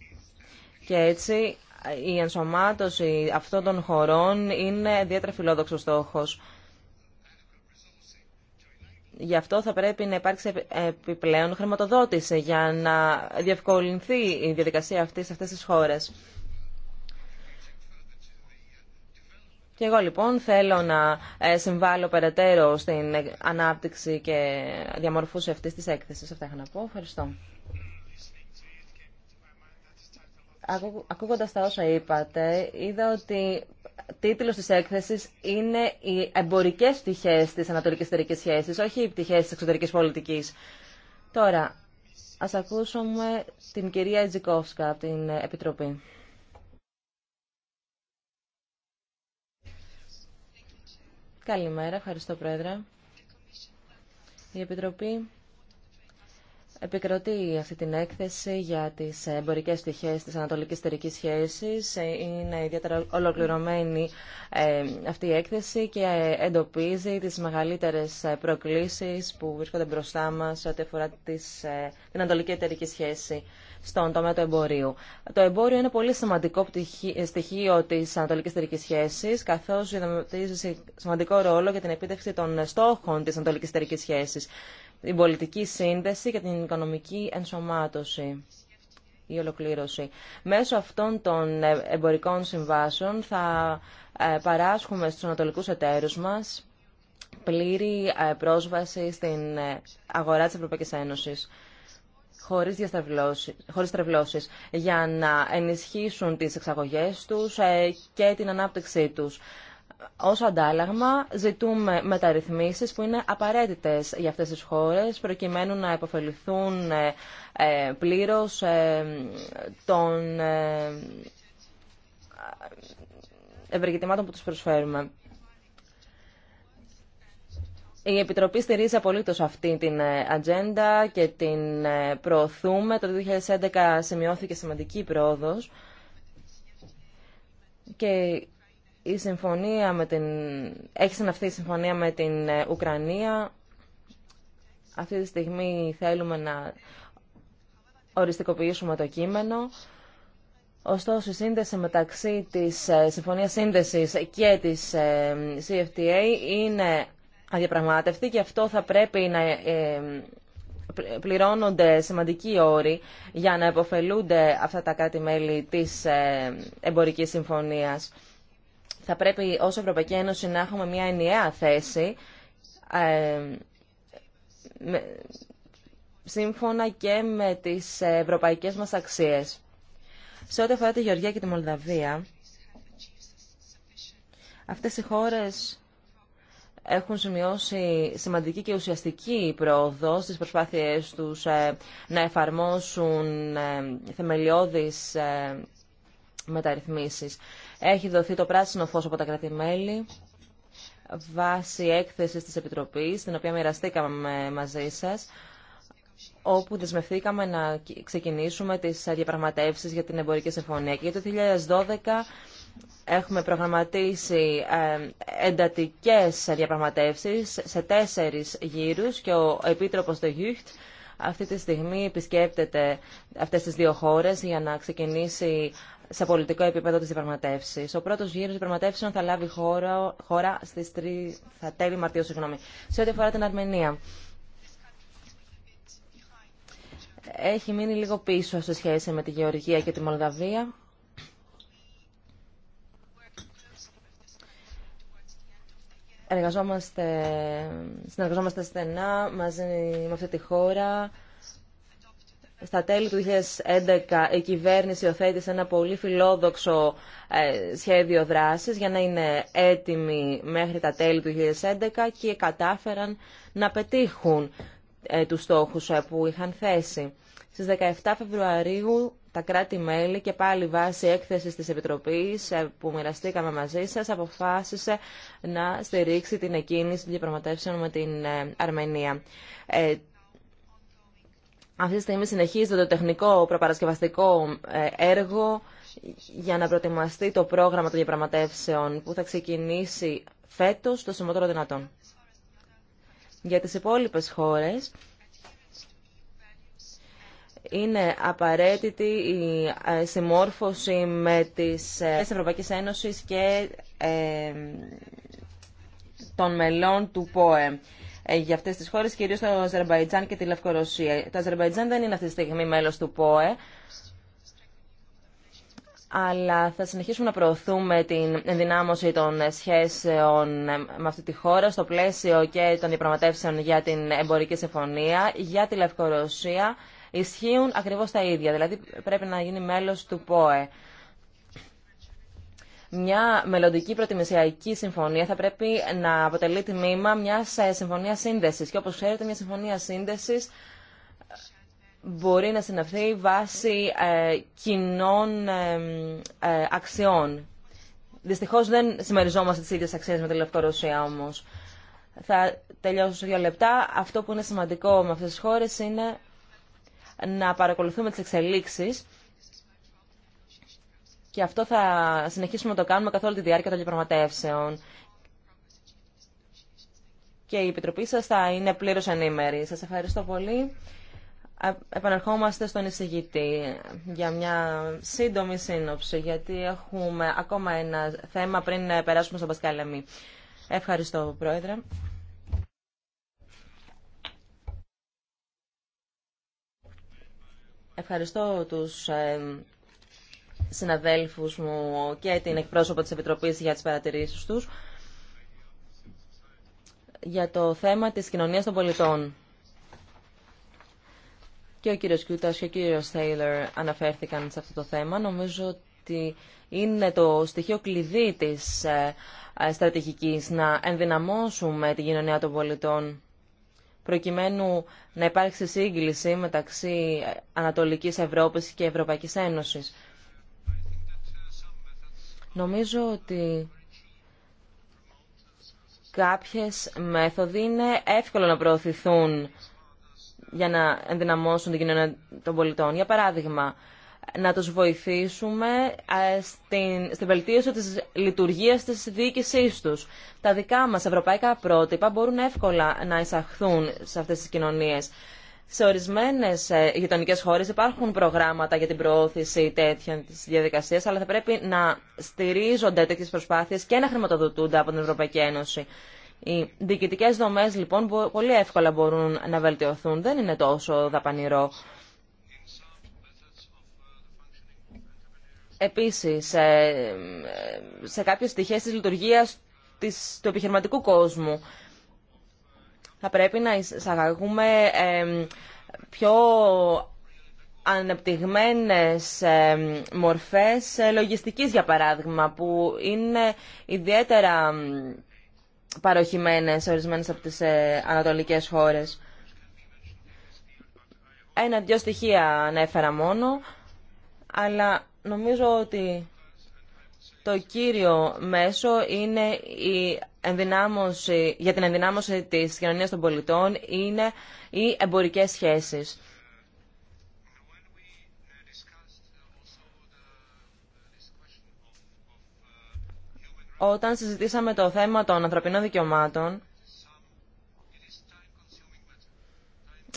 Και έτσι η ενσωμάτωση αυτών των χωρών είναι ιδιαίτερα φιλόδοξος στόχος. Γι' αυτό θα πρέπει να υπάρξει επιπλέον χρηματοδότηση για να διευκολυνθεί η διαδικασία αυτή σε αυτές τις χώρες. Και εγώ λοιπόν θέλω να ε, συμβάλλω περαιτέρω στην ανάπτυξη και διαμορφούση αυτή τη έκθεση. Αυτά είχα να πω. Ευχαριστώ. Ακούγοντα τα όσα είπατε, είδα ότι τίτλος της έκθεσης είναι οι εμπορικές πτυχέ τη ανατολική εταιρική σχέσης, όχι οι πτυχέ τη εξωτερική πολιτική. Τώρα, ας ακούσουμε την κυρία Τζικόφσκα από την Επιτροπή. Καλημέρα, ευχαριστώ Πρόεδρε. Η Επιτροπή επικροτεί αυτή την έκθεση για τις εμπορικές στοιχείες της Ανατολικής Τερικής Σχέσης. Είναι ιδιαίτερα ολοκληρωμένη ε, αυτή η έκθεση και ε, εντοπίζει τις μεγαλύτερες ε, προκλήσεις που βρίσκονται μπροστά μας ό,τι αφορά την Ανατολική Εταιρική Σχέση στον τομέα του εμπορίου. Το εμπόριο είναι πολύ σημαντικό στοιχείο τη Ανατολική τερική Σχέση, καθώ διαδραματίζει σημαντικό ρόλο για την επίτευξη των στόχων τη Ανατολική τερική Σχέση, την πολιτική σύνδεση και την οικονομική ενσωμάτωση η ολοκλήρωση. Μέσω αυτών των εμπορικών συμβάσεων θα ε, παράσχουμε στους ανατολικούς εταίρους μας πλήρη ε, πρόσβαση στην ε, αγορά της Ευρωπαϊκής Ένωσης χωρίς, χωρίς τρευλώσεις για να ενισχύσουν τις εξαγωγές τους ε, και την ανάπτυξή τους. Ως αντάλλαγμα ζητούμε μεταρρυθμίσεις που είναι απαραίτητες για αυτές τις χώρες προκειμένου να υποφεληθούν ε, ε, πλήρως των ευεργετημάτων που τους προσφέρουμε. Η Επιτροπή στηρίζει απολύτως αυτή την ε, ατζέντα και την ε, προωθούμε. Το 2011 σημειώθηκε σημαντική πρόοδος και η συμφωνία με την... έχει συναυθεί η συμφωνία με την ε, Ουκρανία. Αυτή τη στιγμή θέλουμε να οριστικοποιήσουμε το κείμενο. Ωστόσο, η σύνδεση μεταξύ της Συμφωνίας Σύνδεσης και της CFTA είναι αδιαπραγμάτευτη και αυτό θα πρέπει να ε, ε, πληρώνονται σημαντικοί όροι για να επωφελούνται αυτά τα κάτι μελη της ε, εμπορικής συμφωνίας. Θα πρέπει ως Ευρωπαϊκή Ένωση να έχουμε μια ενιαία θέση σύμφωνα και με τις ευρωπαϊκές μας αξίες. Σε ό,τι αφορά τη Γεωργία και τη Μολδαβία, αυτές οι χώρες έχουν σημειώσει σημαντική και ουσιαστική πρόοδο στις προσπάθειές τους ε, να εφαρμόσουν ε, θεμελιώδεις ε, μεταρρυθμίσεις. Έχει δοθεί το πράσινο φως από τα κρατημέλη βάσει έκθεσης της Επιτροπής, την οποία μοιραστήκαμε μαζί σας, όπου δεσμευθήκαμε να ξεκινήσουμε τις διαπραγματεύσεις για την εμπορική συμφωνία. Και το 2012 Έχουμε προγραμματίσει ε, εντατικές διαπραγματεύσεις σε τέσσερις γύρους και ο Επίτροπος του Γιούχτ αυτή τη στιγμή επισκέπτεται αυτές τις δύο χώρες για να ξεκινήσει σε πολιτικό επίπεδο τις διαπραγματεύσεις. Ο πρώτος γύρος διαπραγματεύσεων θα λάβει χώρα, χώρα στις 3, θα τέλει Μαρτίου, συγγνώμη, σε ό,τι αφορά την Αρμενία. Έχει μείνει λίγο πίσω σε σχέση με τη Γεωργία και τη Μολδαβία. εργαζόμαστε, συνεργαζόμαστε στενά μαζί με αυτή τη χώρα. Στα τέλη του 2011 η κυβέρνηση οθέτησε ένα πολύ φιλόδοξο ε, σχέδιο δράσης για να είναι έτοιμοι μέχρι τα τέλη του 2011 και κατάφεραν να πετύχουν ε, τους στόχους ε, που είχαν θέσει. Στις 17 Φεβρουαρίου τα κράτη-μέλη και πάλι βάσει έκθεσης της Επιτροπής ε, που μοιραστήκαμε μαζί σας αποφάσισε να στηρίξει την εκκίνηση των διαπραγματεύσεων με την ε, Αρμενία. Ε, αυτή τη στιγμή συνεχίζεται το τεχνικό προπαρασκευαστικό έργο για να προετοιμαστεί το πρόγραμμα των διαπραγματεύσεων που θα ξεκινήσει φέτος το σημαντικό δυνατόν. Για τις υπόλοιπες χώρες, είναι απαραίτητη η ε, συμμόρφωση με τις ε, Ευρωπαϊκής Ένωσης και ε, των μελών του ΠΟΕ για αυτές τις χώρες, κυρίως το Αζερβαϊτζάν και τη Λευκορωσία. Το Αζερβαϊτζάν δεν είναι αυτή τη στιγμή μέλος του ΠΟΕ, αλλά θα συνεχίσουμε να προωθούμε την ενδυνάμωση των σχέσεων με αυτή τη χώρα στο πλαίσιο και των διαπραγματεύσεων για την εμπορική συμφωνία, για τη Λευκορωσία ισχύουν ακριβώς τα ίδια. Δηλαδή πρέπει να γίνει μέλος του ΠΟΕ. Μια μελλοντική προτιμησιακή συμφωνία θα πρέπει να αποτελεί τμήμα μια ε, συμφωνία σύνδεση. Και όπω ξέρετε, μια συμφωνία σύνδεση μπορεί να συναυθεί βάσει ε, κοινών ε, αξιών. Δυστυχώ δεν συμμεριζόμαστε τι ίδιε αξίε με τη Λευκορωσία όμω. Θα τελειώσω σε δύο λεπτά. Αυτό που είναι σημαντικό με αυτέ τι χώρε είναι να παρακολουθούμε τις εξελίξεις και αυτό θα συνεχίσουμε να το κάνουμε καθ' όλη τη διάρκεια των διαπραγματεύσεων. Και η Επιτροπή σας θα είναι πλήρως ενήμερη. Σας ευχαριστώ πολύ. Ε, Επαναρχόμαστε στον εισηγητή για μια σύντομη σύνοψη, γιατί έχουμε ακόμα ένα θέμα πριν περάσουμε στον Πασκάλεμι. Ευχαριστώ, Πρόεδρε. Ευχαριστώ τους συναδέλφους μου και την εκπρόσωπο της Επιτροπής για τις παρατηρήσεις τους για το θέμα της κοινωνίας των πολιτών. Και ο κύριος Κιούτας και ο κύριος Τέιλερ αναφέρθηκαν σε αυτό το θέμα. Νομίζω ότι είναι το στοιχείο κλειδί της ε, στρατηγικής να ενδυναμώσουμε την κοινωνία των πολιτών προκειμένου να υπάρξει σύγκληση μεταξύ Ανατολικής Ευρώπης και Ευρωπαϊκής Ένωσης. Νομίζω ότι κάποιες μέθοδοι είναι εύκολο να προωθηθούν για να ενδυναμώσουν την κοινωνία των πολιτών. Για παράδειγμα, να τους βοηθήσουμε στην, στην βελτίωση της λειτουργίας της διοίκησής τους. Τα δικά μας ευρωπαϊκά πρότυπα μπορούν εύκολα να εισαχθούν σε αυτές τις κοινωνίες. Σε ορισμένες ε, γειτονικές χώρες υπάρχουν προγράμματα για την προώθηση τέτοια της διαδικασίας, αλλά θα πρέπει να στηρίζονται τέτοιες προσπάθειες και να χρηματοδοτούνται από την Ευρωπαϊκή Ένωση. Οι διοικητικές δομές λοιπόν πολύ εύκολα μπορούν να βελτιωθούν, δεν είναι τόσο δαπανηρό. Επίσης, ε, σε κάποιες στοιχείες της λειτουργίας της, του επιχειρηματικού κόσμου θα πρέπει να εισαγαγούμε πιο ανεπτυγμένες μορφές λογιστικής, για παράδειγμα, που είναι ιδιαίτερα παροχημένες ορισμένες από τις ε, ανατολικές χώρες. Ένα-δυο στοιχεία ανέφερα μόνο, αλλά Νομίζω ότι το κύριο μέσο είναι η ενδυνάμωση, για την ενδυνάμωση της κοινωνίας των πολιτών είναι οι εμπορικές σχέσεις. Όταν συζητήσαμε το θέμα των ανθρωπινών δικαιωμάτων,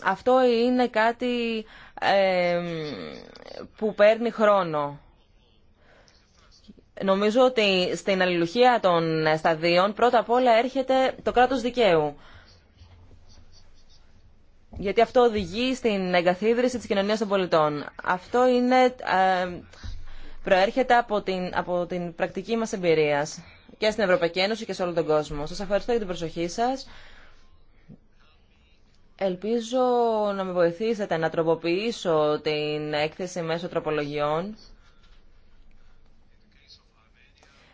αυτό είναι κάτι που παίρνει χρόνο. Νομίζω ότι στην αλληλουχία των σταδίων πρώτα απ' όλα έρχεται το κράτος δικαίου. Γιατί αυτό οδηγεί στην εγκαθίδρυση της κοινωνίας των πολιτών. Αυτό είναι, προέρχεται από την, από την πρακτική μας εμπειρία και στην Ευρωπαϊκή Ένωση και σε όλο τον κόσμο. Σας ευχαριστώ για την προσοχή σας. Ελπίζω να με βοηθήσετε να τροποποιήσω την έκθεση μέσω τροπολογιών.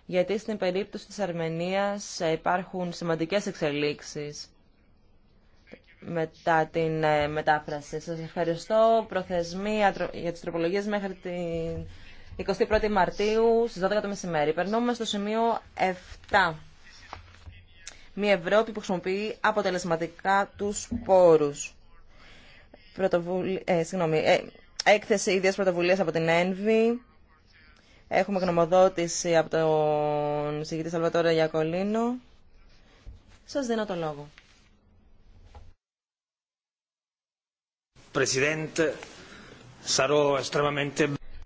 Γιατί στην περίπτωση της Αρμενίας υπάρχουν σημαντικές εξελίξεις μετά την ε, μετάφραση. Σας ευχαριστώ. Προθεσμία για τις τροπολογίες μέχρι την 21η Μαρτίου στις 12 το μεσημέρι. Περνούμε στο σημείο 7. Μια Ευρώπη που χρησιμοποιεί αποτελεσματικά τους πόρους. Ε, ε, έκθεση ίδιας πρωτοβουλίας από την ΕΝΒΗ. Έχουμε γνωμοδότηση από τον συγκητή Σαλβατόρα Γιακολίνο. Σας δίνω το λόγο.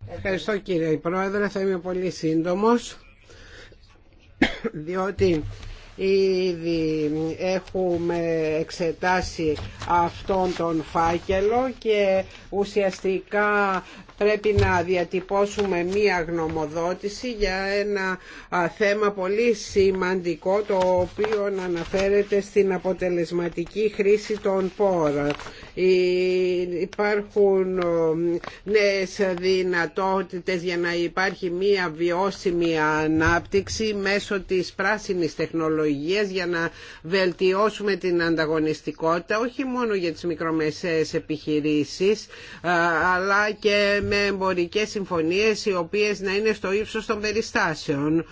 Ευχαριστώ κύριε Πρόεδρε, θα είμαι πολύ σύντομος διότι Ήδη έχουμε εξετάσει αυτόν τον φάκελο και ουσιαστικά πρέπει να διατυπώσουμε μία γνωμοδότηση για ένα θέμα πολύ σημαντικό το οποίο αναφέρεται στην αποτελεσματική χρήση των πόρων. Ε, υπάρχουν ε, νέες δυνατότητες για να υπάρχει μία βιώσιμη ανάπτυξη μέσω της πράσινης τεχνολογίας για να βελτιώσουμε την ανταγωνιστικότητα όχι μόνο για τις μικρομεσαίες επιχειρήσεις ε, αλλά και με εμπορικές συμφωνίες οι οποίες να είναι στο ύψος των περιστάσεων.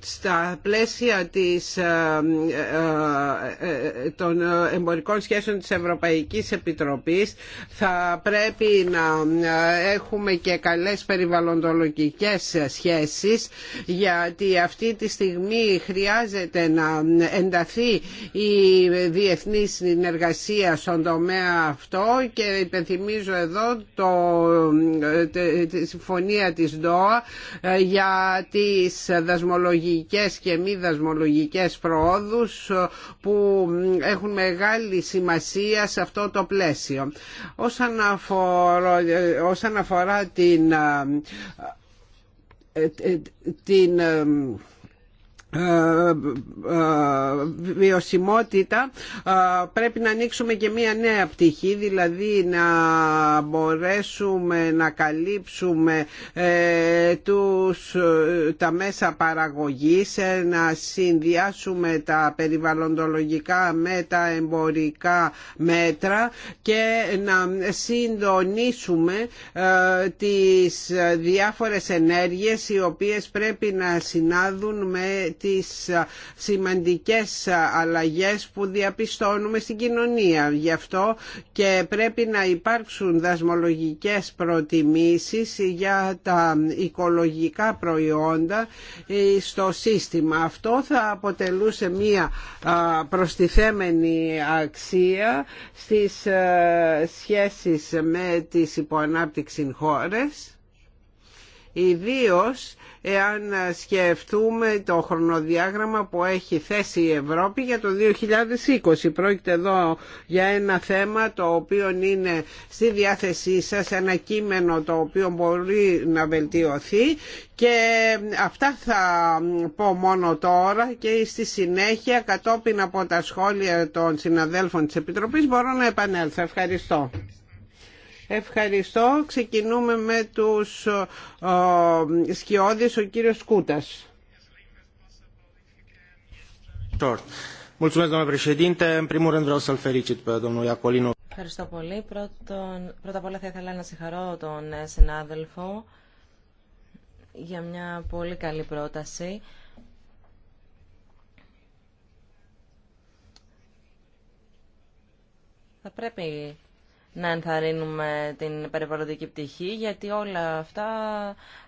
Στα πλαίσια της, των εμπορικών σχέσεων της Ευρωπαϊκής Επιτροπής θα πρέπει να ε, έχουμε και καλές περιβαλλοντολογικές σχέσεις γιατί αυτή τη στιγμή χρειάζεται να ενταθεί η διεθνή συνεργασία στον τομέα αυτό και υπενθυμίζω εδώ το, τη συμφωνία της ΔΟΑ ε, για τις δασμολογικές και μη δασμολογικές προόδους ε, που έχουν μεγάλη σημασία σε αυτό το πλαίσιο πλαίσιο. Όσον αφορά, όσον αφορά την, ε, ε, την ε, ε, ε, ε, βιωσιμότητα πρέπει να ανοίξουμε και μία νέα πτυχή δηλαδή να μπορέσουμε να καλύψουμε τους, τα μέσα παραγωγής να συνδυάσουμε τα περιβαλλοντολογικά με τα εμπορικά μέτρα και να συντονίσουμε τις διάφορες ενέργειες οι οποίες πρέπει να συνάδουν με τις σημαντικές αλλαγές που διαπιστώνουμε στην κοινωνία. Γι' αυτό και πρέπει να υπάρξουν δασμολογικές προτιμήσεις για τα οικολογικά προϊόντα ε, στο σύστημα. Αυτό θα αποτελούσε μία προστιθέμενη αξία στις ε, σχέσεις με τις υποανάπτυξη χώρες ιδίως εάν σκεφτούμε το χρονοδιάγραμμα που έχει θέσει η Ευρώπη για το 2020. Πρόκειται εδώ για ένα θέμα το οποίο είναι στη διάθεσή σας, ένα κείμενο το οποίο μπορεί να βελτιωθεί και αυτά θα πω μόνο τώρα και στη συνέχεια κατόπιν από τα σχόλια των συναδέλφων της Επιτροπής μπορώ να επανέλθω. Ευχαριστώ. Ευχαριστώ. Ξεκινούμε με τους σκιώδης, ο κύριος Κούτας. Ευχαριστώ πολύ. Πρώτον, πρώτα απ' όλα θα ήθελα να συγχαρώ τον ε, συνάδελφο για μια πολύ καλή πρόταση. Θα πρέπει να ενθαρρύνουμε την περιβαλλοντική πτυχή, γιατί όλα αυτά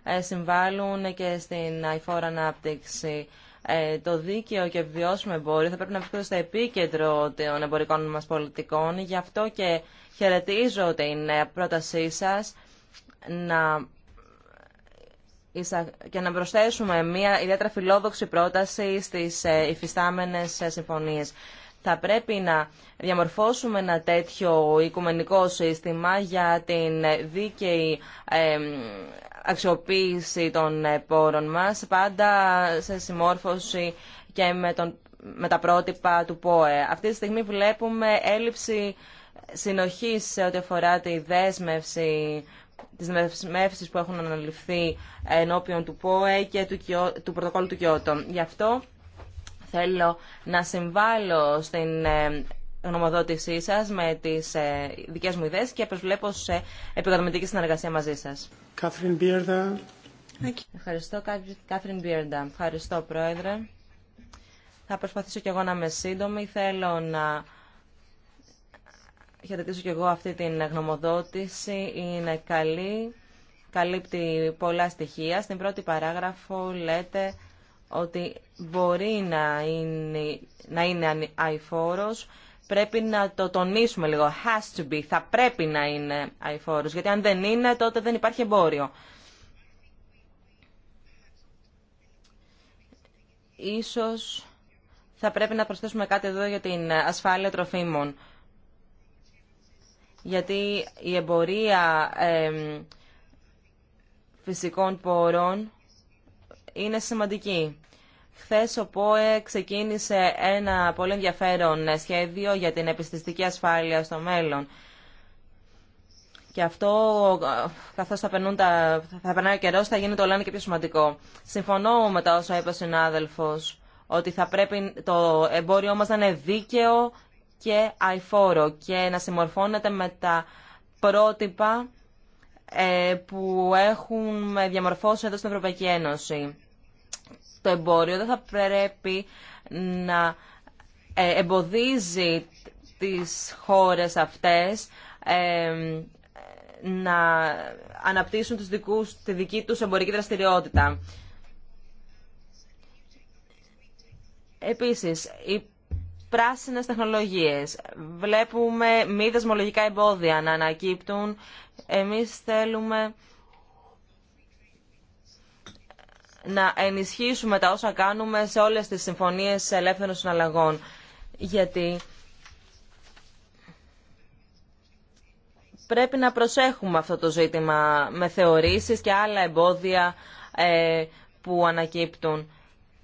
ε, συμβάλλουν και στην αηφόρα ανάπτυξη. Ε, το δίκαιο και βιώσιμο εμπόριο θα πρέπει να βρίσκονται στο επίκεντρο των εμπορικών μας πολιτικών. Γι' αυτό και χαιρετίζω την ε, πρότασή σας να και να προσθέσουμε μια ιδιαίτερα φιλόδοξη πρόταση στις υφιστάμενες συμφωνίες θα πρέπει να διαμορφώσουμε ένα τέτοιο οικουμενικό σύστημα για την δίκαιη αξιοποίηση των ε, πόρων μας, πάντα σε συμμόρφωση και με, τον, με τα πρότυπα του ΠΟΕ. Αυτή τη στιγμή βλέπουμε έλλειψη συνοχής σε ό,τι αφορά τη δέσμευση της δεσμεύσεις που έχουν αναλυφθεί ενώπιον του ΠΟΕ και του, του πρωτοκόλλου του Κιώτο. Γι' αυτό θέλω να συμβάλλω στην ε, γνωμοδότησή σας με τις ε, δικές μου ιδέες και προσβλέπω σε επικοδομητική συνεργασία μαζί σας. Κάθριν Ευχαριστώ, Κάθριν Μπίρντα. Ευχαριστώ, Πρόεδρε. Θα προσπαθήσω κι εγώ να είμαι σύντομη. Θέλω να χαιρετήσω κι εγώ αυτή την γνωμοδότηση. Είναι καλή, καλύπτει πολλά στοιχεία. Στην πρώτη παράγραφο λέτε ότι μπορεί να είναι, να είναι αηφόρος, πρέπει να το τονίσουμε λίγο. Has to be, θα πρέπει να είναι αηφόρος, γιατί αν δεν είναι τότε δεν υπάρχει εμπόριο. Ίσως θα πρέπει να προσθέσουμε κάτι εδώ για την ασφάλεια τροφίμων. Γιατί η εμπορία φυσικών πόρων είναι σημαντική. Χθε ο ΠΟΕ ξεκίνησε ένα πολύ ενδιαφέρον σχέδιο για την επιστηστική ασφάλεια στο μέλλον. Και αυτό, καθώς θα, θα περνάει ο καιρός, θα γίνει το λένε και πιο σημαντικό. Συμφωνώ με τα όσα είπε ο συνάδελφος, ότι θα πρέπει το εμπόριό μας να είναι δίκαιο και αηφόρο και να συμμορφώνεται με τα πρότυπα ε, που έχουν διαμορφώσει εδώ στην Ευρωπαϊκή Ένωση το εμπόριο δεν θα πρέπει να ε, εμποδίζει τις χώρες αυτές ε, να αναπτύσσουν τους τη δική τους εμπορική δραστηριότητα. Επίσης, οι πράσινες τεχνολογίες. Βλέπουμε μη δεσμολογικά εμπόδια να ανακύπτουν. Εμείς θέλουμε να ενισχύσουμε τα όσα κάνουμε σε όλες τις συμφωνίες ελεύθερων συναλλαγών. Γιατί πρέπει να προσέχουμε αυτό το ζήτημα με θεωρήσεις και άλλα εμπόδια ε, που ανακύπτουν.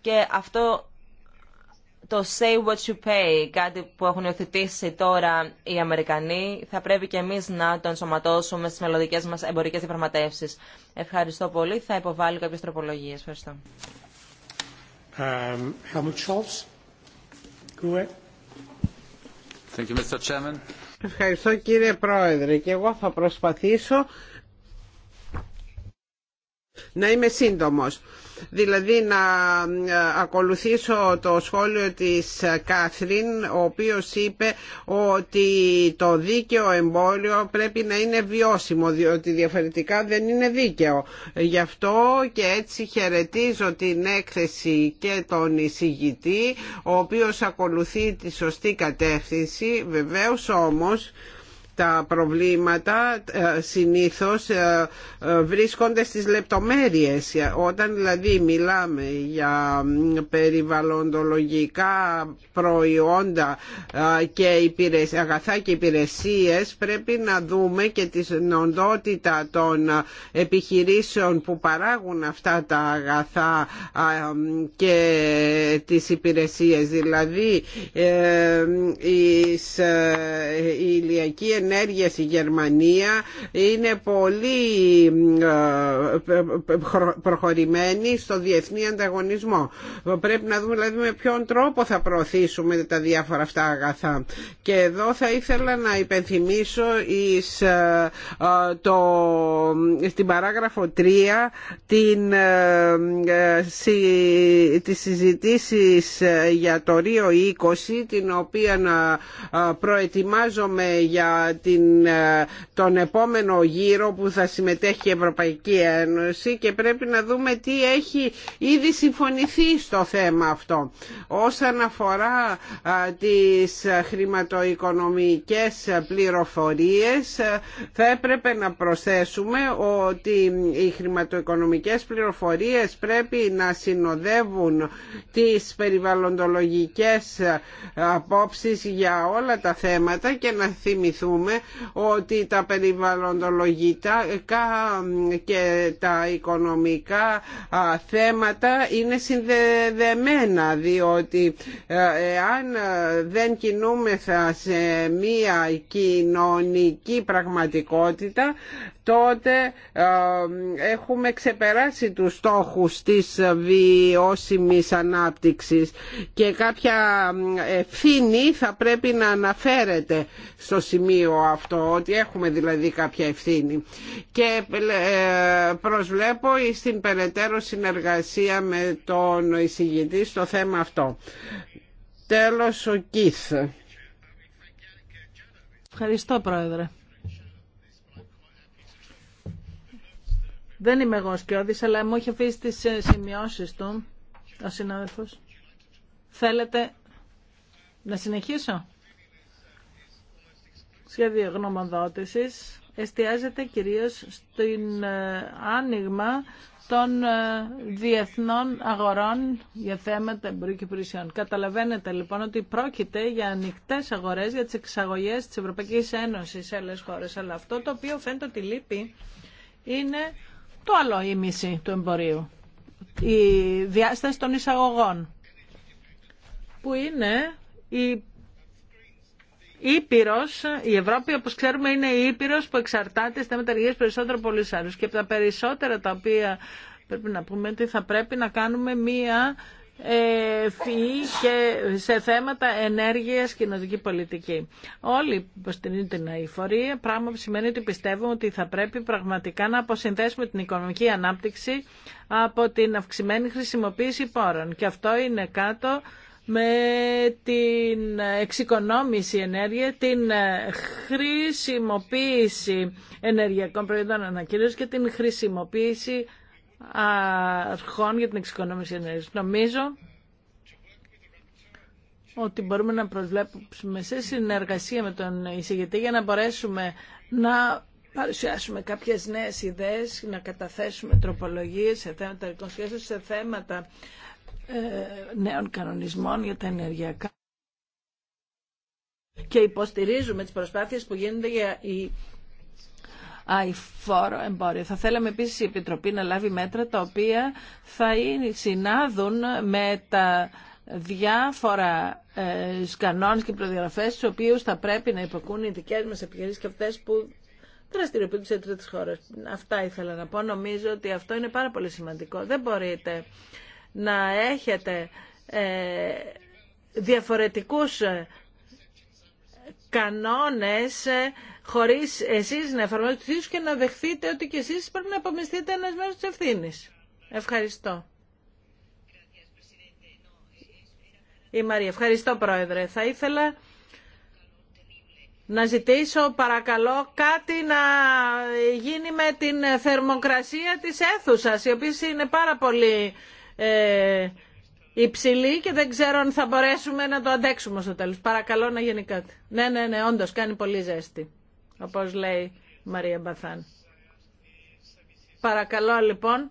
Και αυτό το say what you pay, κάτι που έχουν υιοθετήσει τώρα οι Αμερικανοί, θα πρέπει και εμείς να το ενσωματώσουμε στις μελλοντικές μας εμπορικές διαπραγματεύσεις. Ευχαριστώ πολύ. Θα υποβάλω κάποιες τροπολογίες. Ευχαριστώ. Um, Thank you, Mr. Chairman. Ευχαριστώ κύριε Πρόεδρε και εγώ θα προσπαθήσω να είμαι σύντομος δηλαδή να ε, ακολουθήσω το σχόλιο της Κάθριν ο οποίος είπε ότι το δίκαιο εμπόλιο πρέπει να είναι βιώσιμο διότι διαφορετικά δεν είναι δίκαιο. Γι' αυτό και έτσι χαιρετίζω την έκθεση και τον εισηγητή ο οποίος ακολουθεί τη σωστή κατεύθυνση βεβαίως όμως τα προβλήματα ε, συνήθως ε, ε, βρίσκονται στις λεπτομέρειες. Όταν δηλαδή μιλάμε για περιβαλλοντολογικά προϊόντα και αγαθά και υπηρεσίες πρέπει να δούμε και την οντότητα των επιχειρήσεων που παράγουν αυτά τα αγαθά και τις υπηρεσίες. Δηλαδή η ηλιακή ενέργεια στη Γερμανία είναι πολύ ε, προχωρημένη στο διεθνή ανταγωνισμό. Πρέπει να δούμε δηλαδή με ποιον τρόπο θα προωθήσουμε τα διάφορα αυτά αγαθά. Και εδώ θα ήθελα να υπενθυμίσω ε, ε, το, στην παράγραφο 3 την, ε, για το Ρίο 20 την οποία προετοιμάζομαι για την, ε, τον επόμενο γύρο που θα συμμετέχει η Ευρωπαϊκή Ένωση και πρέπει να δούμε τι έχει ήδη συμφωνηθεί στο θέμα αυτό. Όσον αφορά τις χρηματοοικονομικές πληροφορίες ε, θα έπρεπε να προσθέσουμε ότι οι χρηματοοικονομικές πληροφορίες πρέπει να συνοδεύουν τις περιβαλλοντολογικές ε, απόψεις για όλα τα θέματα και να θυμηθούμε ότι τα περιβαλλοντολογικά και τα οικονομικά θέματα είναι συνδεδεμένα διότι αν ε, δεν κινούμεθα σε μία κοινωνική πραγματικότητα τότε ε, έχουμε ξεπεράσει τους στόχους της βιώσιμης ανάπτυξης και κάποια ε, ευθύνη θα πρέπει να αναφέρεται στο σημείο αυτό, ότι έχουμε δηλαδή κάποια ευθύνη. Και ε, προσβλέπω στην περαιτέρω συνεργασία με τον εισηγητή στο θέμα αυτό. Τέλος ο Κίθ. Ευχαριστώ Πρόεδρε. Δεν είμαι εγώ σκιώδης, αλλά μου έχει αφήσει τις ε, σημειώσεις του ο συνάδελφος. Θέλετε να συνεχίσω. Σχέδιο γνωμοδότησης εστιάζεται κυρίως στην ε, άνοιγμα των ε, διεθνών αγορών για θέματα εμπορίου και υπηρεσιών. Καταλαβαίνετε λοιπόν ότι πρόκειται για ανοιχτέ αγορέ για τι εξαγωγέ τη Ευρωπαϊκή Ένωση σε άλλε χώρε. Αλλά αυτό το οποίο φαίνεται ότι λείπει είναι το άλλο μίση του εμπορίου. Η διάσταση των εισαγωγών που είναι η Ήπειρος, η Ευρώπη όπως ξέρουμε είναι η Ήπειρος που εξαρτάται στα μεταργίες περισσότερο από Και από τα περισσότερα τα οποία πρέπει να πούμε ότι θα πρέπει να κάνουμε μία ε, φυή και σε θέματα ενέργειας κοινωνική πολιτική. Όλοι υποστηρίζουν την αηφορία, πράγμα που σημαίνει ότι πιστεύουμε ότι θα πρέπει πραγματικά να αποσυνδέσουμε την οικονομική ανάπτυξη από την αυξημένη χρησιμοποίηση πόρων. Και αυτό είναι κάτω με την εξοικονόμηση ενέργεια, την χρησιμοποίηση ενεργειακών προϊόντων ανακύρωση και την χρησιμοποίηση αρχών για την εξοικονόμηση ενέργειας. Νομίζω ότι μπορούμε να προσβλέψουμε σε συνεργασία με τον εισηγητή για να μπορέσουμε να παρουσιάσουμε κάποιες νέες ιδέες, να καταθέσουμε τροπολογίες σε θέματα σχέσεων, σε θέματα ε, νέων κανονισμών για τα ενεργειακά. Και υποστηρίζουμε τις προσπάθειες που γίνονται για η αηφόρο εμπόριο. Θα θέλαμε επίσης η Επιτροπή να λάβει μέτρα τα οποία θα συνάδουν με τα διάφορα ε, και προδιαγραφές στους οποίους θα πρέπει να υποκούν οι δικές μας επιχειρήσεις και αυτές που δραστηριοποιούνται σε τρίτες χώρες. Αυτά ήθελα να πω. Νομίζω ότι αυτό είναι πάρα πολύ σημαντικό. Δεν μπορείτε να έχετε ε, διαφορετικούς ε, κανόνες ε, χωρίς εσείς να εφαρμόσετε τους και να δεχθείτε ότι και εσείς πρέπει να απομειστείτε ένας μέρος της ευθύνης. Ευχαριστώ. Η Μαρία, ευχαριστώ Πρόεδρε. Θα ήθελα να ζητήσω παρακαλώ κάτι να γίνει με την θερμοκρασία της αίθουσας, η οποία είναι πάρα πολύ... Ε, υψηλή και δεν ξέρω αν θα μπορέσουμε να το αντέξουμε στο τέλος. Παρακαλώ να γίνει κάτι. Ναι, ναι, ναι, όντως κάνει πολύ ζέστη, όπως λέει η Μαρία Μπαθάν. Παρακαλώ λοιπόν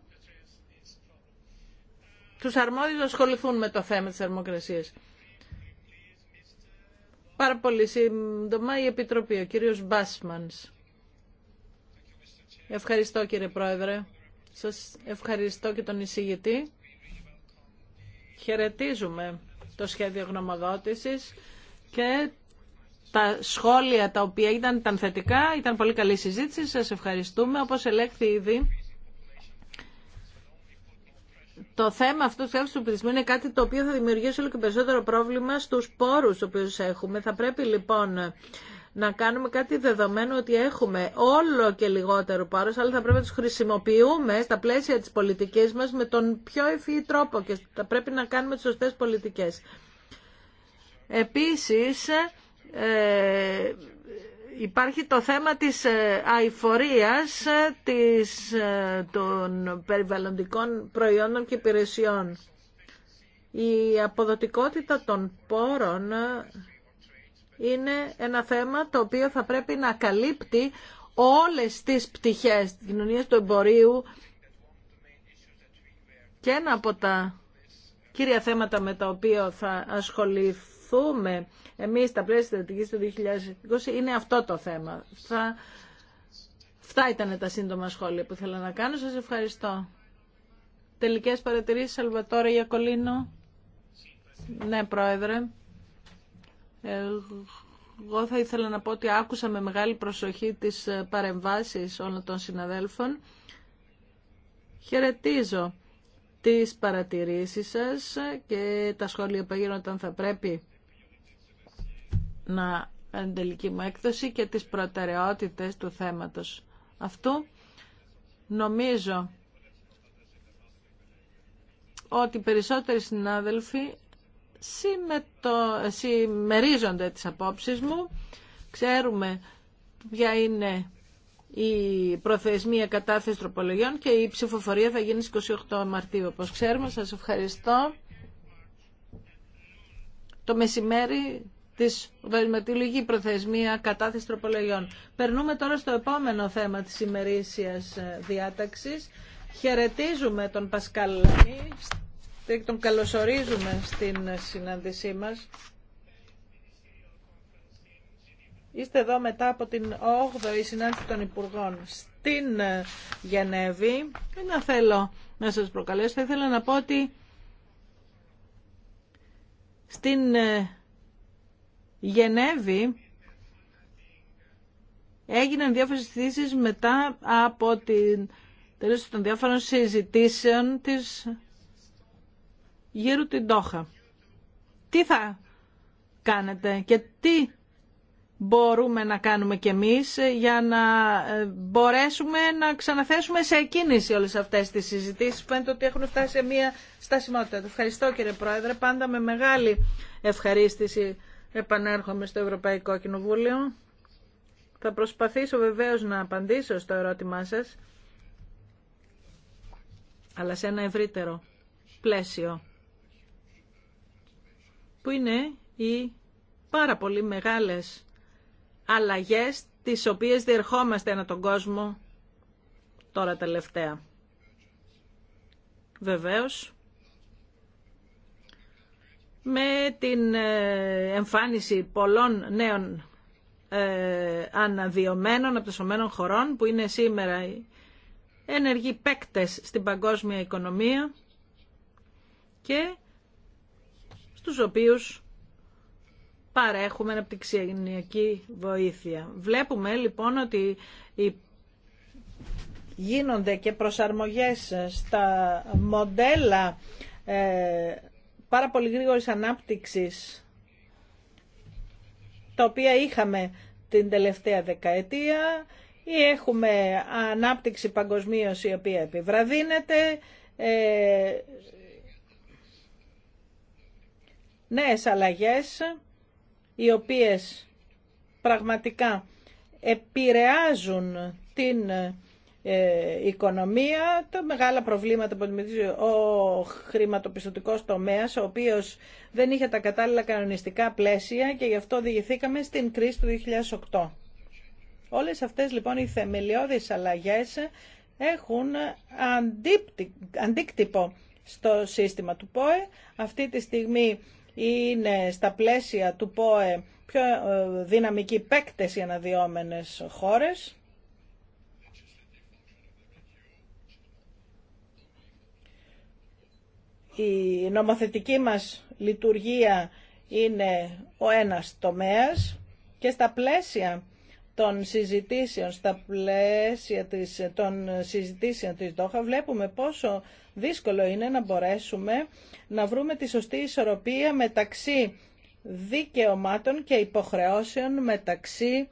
τους αρμόδιους να ασχοληθούν με το θέμα της θερμοκρασίας. Πάρα πολύ σύντομα η Επιτροπή, ο κύριος Μπάσμανς. Ευχαριστώ κύριε Πρόεδρε. Σας ευχαριστώ και τον εισηγητή Χαιρετίζουμε το σχέδιο γνωμοδότησης και τα σχόλια τα οποία ήταν, ήταν θετικά, ήταν πολύ καλή συζήτηση, σας ευχαριστούμε. Όπως ελέγχθη ήδη, το θέμα αυτό του του πληθυσμού είναι κάτι το οποίο θα δημιουργήσει όλο και περισσότερο πρόβλημα στους πόρους τους οποίους έχουμε. Θα πρέπει λοιπόν να κάνουμε κάτι δεδομένο ότι έχουμε όλο και λιγότερο πάρό, αλλά θα πρέπει να του χρησιμοποιούμε στα πλαίσια τη πολιτική μας με τον πιο ευφυή τρόπο και θα πρέπει να κάνουμε τι σωστές πολιτικές. Επίσης, ε, υπάρχει το θέμα της ε, αηφορίας ε, της, ε, των περιβαλλοντικών προϊόντων και υπηρεσιών. Η αποδοτικότητα των πόρων είναι ένα θέμα το οποίο θα πρέπει να καλύπτει όλες τις πτυχές της κοινωνίας του εμπορίου και ένα από τα κύρια θέματα με τα οποία θα ασχοληθούμε εμείς τα πλαίσια στρατηγικής του 2020 είναι αυτό το θέμα. Θα... Αυτά ήταν τα σύντομα σχόλια που ήθελα να κάνω. Σας ευχαριστώ. Τελικές παρατηρήσεις, Σαλβατόρα Γιακολίνο. Ναι, Πρόεδρε. Εγώ θα ήθελα να πω ότι άκουσα με μεγάλη προσοχή τις ε, παρεμβάσεις όλων των συναδέλφων. Χαιρετίζω τις παρατηρήσεις σας και τα σχόλια που έγιναν όταν θα πρέπει να εν τελική έκδοση και τις προτεραιότητες του θέματος αυτού. Νομίζω ότι περισσότεροι συνάδελφοι συμμερίζονται τις απόψεις μου. Ξέρουμε ποια είναι η προθεσμία κατάθεση τροπολογιών και η ψηφοφορία θα γίνει στις 28 Μαρτίου. Όπως ξέρουμε, σας ευχαριστώ. Το μεσημέρι της δοσματιλογική προθεσμία κατάθεση τροπολογιών. Περνούμε τώρα στο επόμενο θέμα της ημερήσιας ε, διάταξης. Χαιρετίζουμε τον Πασκαλ τον καλωσορίζουμε στην συνάντησή μας. Είστε εδώ μετά από την 8η συνάντηση των Υπουργών στην ε, Γενέβη. Δεν θέλω να σας προκαλέσω. Θα ήθελα να πω ότι στην ε, Γενέβη έγιναν διάφορες συζητήσεις μετά από την τελευταία των διάφορων συζητήσεων της γύρω την Τόχα. Τι θα κάνετε και τι μπορούμε να κάνουμε κι εμείς ε, για να ε, μπορέσουμε να ξαναθέσουμε σε εκκίνηση όλες αυτές τις συζητήσεις. Φαίνεται ότι έχουν φτάσει σε μια στασιμότητα. Ευχαριστώ κύριε Πρόεδρε. Πάντα με μεγάλη ευχαρίστηση επανέρχομαι στο Ευρωπαϊκό Κοινοβούλιο. Θα προσπαθήσω βεβαίως να απαντήσω στο ερώτημά σας, αλλά σε ένα ευρύτερο πλαίσιο που είναι οι πάρα πολύ μεγάλες αλλαγές τις οποίες διερχόμαστε ανά τον κόσμο τώρα τελευταία. Βεβαίως, με την ε, εμφάνιση πολλών νέων ε, αναδιωμένων, από χωρών που είναι σήμερα ενεργοί παίκτες στην παγκόσμια οικονομία και τους οποίους παρέχουμε αναπτυξιακή βοήθεια. Βλέπουμε λοιπόν ότι γίνονται και προσαρμογές στα μοντέλα ε, πάρα πολύ γρήγορης ανάπτυξης τα οποία είχαμε την τελευταία δεκαετία ή έχουμε ανάπτυξη παγκοσμίως η οποία επιβραδύνεται ε, νέες αλλαγές οι οποίες πραγματικά επηρεάζουν την ε, οικονομία, τα μεγάλα προβλήματα που αντιμετωπίζει ο χρηματοπιστωτικός τομέας, ο οποίος δεν είχε τα κατάλληλα κανονιστικά πλαίσια και γι' αυτό οδηγηθήκαμε στην κρίση του 2008. Όλες αυτές λοιπόν οι θεμελιώδεις αλλαγές έχουν αντίκτυπο στο σύστημα του ΠΟΕ. Αυτή τη στιγμή είναι στα πλαίσια του ΠΟΕ πιο ε, δυναμικοί παίκτες οι αναδυόμενες χώρες. Η νομοθετική μας λειτουργία είναι ο ένας τομέας και στα πλαίσια των συζητήσεων, στα πλαίσια της, των συζητήσεων της Δόχα, βλέπουμε πόσο δύσκολο είναι να μπορέσουμε να βρούμε τη σωστή ισορροπία μεταξύ δικαιωμάτων και υποχρεώσεων μεταξύ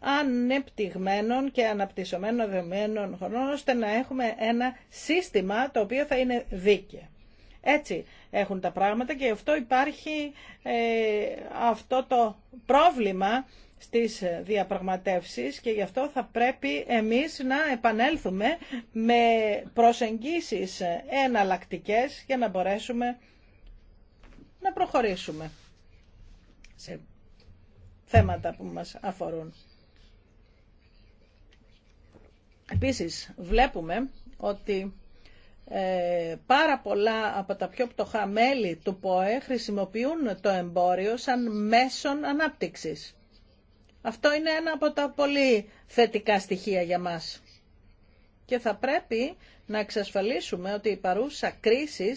ανεπτυγμένων και αναπτυσσομένων δεδομένων χρόνων, ώστε να έχουμε ένα σύστημα το οποίο θα είναι δίκαιο. Έτσι έχουν τα πράγματα και αυτό υπάρχει ε, αυτό το πρόβλημα στις ε, διαπραγματεύσεις και γι' αυτό θα πρέπει εμείς να επανέλθουμε με προσεγγίσεις εναλλακτικέ για να μπορέσουμε να προχωρήσουμε σε θέματα που μας αφορούν. Επίσης βλέπουμε ότι ε, πάρα πολλά από τα πιο πτωχά μέλη του ΠΟΕ χρησιμοποιούν το εμπόριο σαν μέσον ανάπτυξης. Αυτό είναι ένα από τα πολύ θετικά στοιχεία για μας. Και θα πρέπει να εξασφαλίσουμε ότι η παρούσα κρίση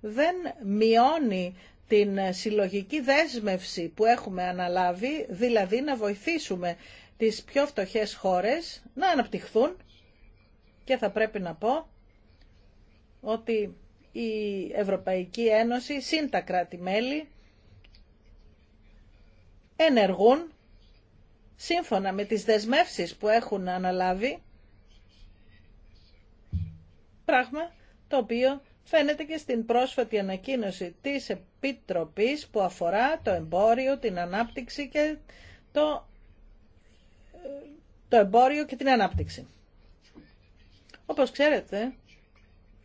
δεν μειώνει την συλλογική δέσμευση που έχουμε αναλάβει, δηλαδή να βοηθήσουμε τις πιο φτωχές χώρες να αναπτυχθούν και θα πρέπει να πω ότι η Ευρωπαϊκή Ένωση, συν τα κράτη-μέλη, ενεργούν σύμφωνα με τις δεσμεύσεις που έχουν αναλάβει, πράγμα το οποίο φαίνεται και στην πρόσφατη ανακοίνωση της Επιτροπής που αφορά το εμπόριο, την ανάπτυξη και το, το εμπόριο και την ανάπτυξη. Όπως ξέρετε,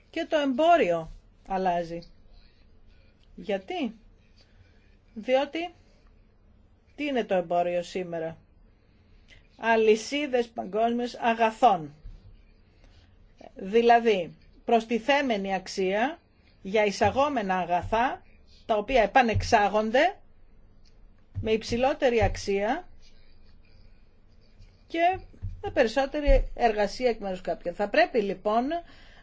και το εμπόριο αλλάζει. Γιατί? Διότι τι είναι το εμπόριο σήμερα αλυσίδες παγκόσμιες αγαθών. Δηλαδή, προστιθέμενη αξία για εισαγόμενα αγαθά, τα οποία επανεξάγονται με υψηλότερη αξία και με περισσότερη εργασία εκ μέρους κάποιων. Θα πρέπει λοιπόν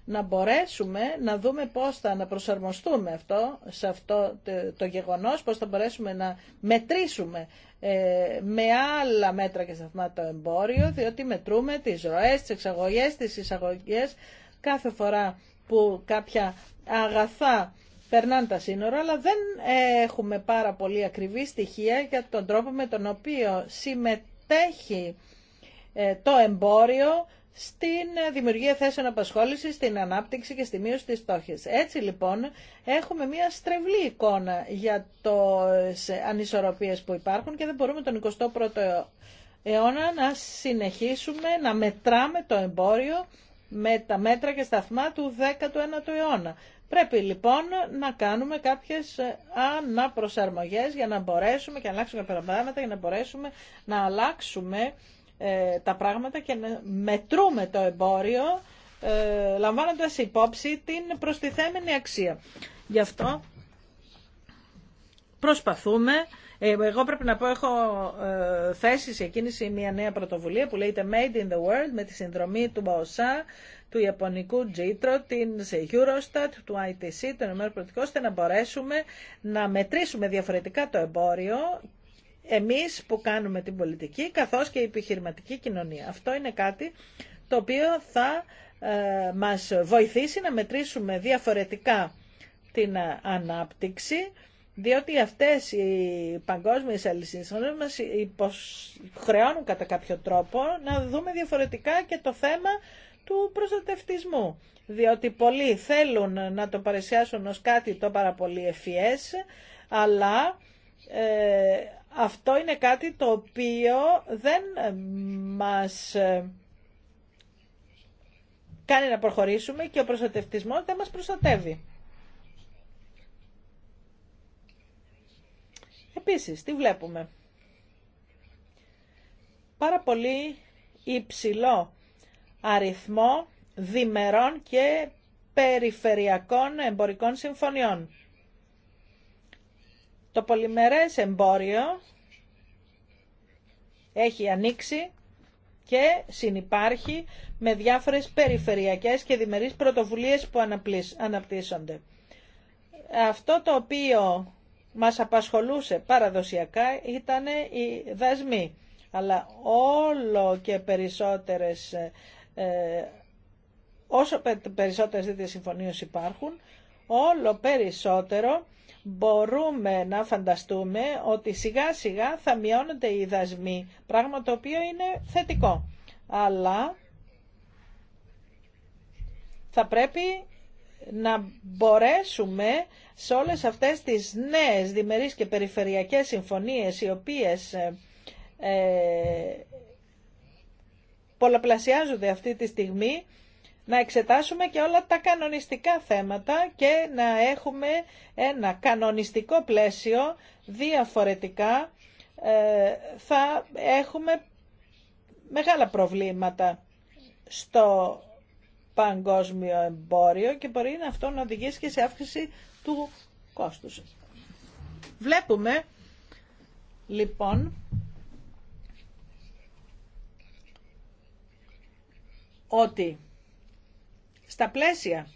να μπορέσουμε να δούμε πώς θα αναπροσαρμοστούμε αυτό, σε αυτό το γεγονός, πώς θα μπορέσουμε να μετρήσουμε ε, με άλλα μέτρα και σταθμά το εμπόριο, διότι μετρούμε τις ροές, τις εξαγωγές, τις εισαγωγές, κάθε φορά που κάποια αγαθά περνάνε τα σύνορα, αλλά δεν έχουμε πάρα πολύ ακριβή στοιχεία για τον τρόπο με τον οποίο συμμετέχει ε, το εμπόριο στην ε, δημιουργία θέσεων απασχόλησης, στην ανάπτυξη και στη μείωση της στόχης. Έτσι λοιπόν έχουμε μια στρεβλή εικόνα για τι ανισορροπίες που υπάρχουν και δεν μπορούμε τον 21ο αιώνα να συνεχίσουμε να μετράμε το εμπόριο με τα μέτρα και σταθμά του 19ου αιώνα. Πρέπει λοιπόν να κάνουμε κάποιες ε, αναπροσαρμογές για να μπορέσουμε και να αλλάξουμε παραπάνω για να μπορέσουμε να αλλάξουμε ε, τα πράγματα και να μετρούμε το εμπόριο ε, λαμβάνοντας υπόψη την προστιθέμενη αξία. Γι' αυτό προσπαθούμε. Ε, εγώ πρέπει να πω, έχω θέσει σε κίνηση μια νέα πρωτοβουλία που λέγεται Made in the World με τη συνδρομή του ΜΑΟΣΑ, του Ιαπωνικού Τζίτρο, την Eurostat, του ITC, των ΗΠΑ, ώστε να μπορέσουμε να μετρήσουμε διαφορετικά το εμπόριο εμείς που κάνουμε την πολιτική καθώς και η επιχειρηματική κοινωνία. Αυτό είναι κάτι το οποίο θα ε, μας βοηθήσει να μετρήσουμε διαφορετικά την ε, ανάπτυξη διότι αυτές οι παγκόσμιες αλυσίες μας υποχρεώνουν κατά κάποιο τρόπο να δούμε διαφορετικά και το θέμα του προστατευτισμού. Διότι πολλοί θέλουν να το παρουσιάσουν ως κάτι το πάρα πολύ αλλά ε, αυτό είναι κάτι το οποίο δεν μας ε, κάνει να προχωρήσουμε και ο προστατευτισμός δεν μας προστατεύει. Επίσης, τι βλέπουμε. Πάρα πολύ υψηλό αριθμό διμερών και περιφερειακών εμπορικών συμφωνιών. Το πολυμερές εμπόριο έχει ανοίξει και συνυπάρχει με διάφορες περιφερειακές και διμερείς πρωτοβουλίες που αναπτύσσονται. Αυτό το οποίο μας απασχολούσε παραδοσιακά ήταν οι δασμοί. Αλλά όλο και περισσότερες, ε, όσο περισσότερες δίτες συμφωνίες υπάρχουν, όλο περισσότερο μπορούμε να φανταστούμε ότι σιγά σιγά θα μειώνονται οι δασμοί, πράγμα το οποίο είναι θετικό. Αλλά θα πρέπει να μπορέσουμε σε όλες αυτές τις νέες διμερείς και περιφερειακές συμφωνίες οι οποίες ε, ε πολλαπλασιάζονται αυτή τη στιγμή να εξετάσουμε και όλα τα κανονιστικά θέματα και να έχουμε ένα κανονιστικό πλαίσιο διαφορετικά ε, θα έχουμε μεγάλα προβλήματα στο παγκόσμιο εμπόριο και μπορεί να αυτό να οδηγήσει και σε αύξηση του κόστους. Βλέπουμε λοιπόν ότι στα πλαίσια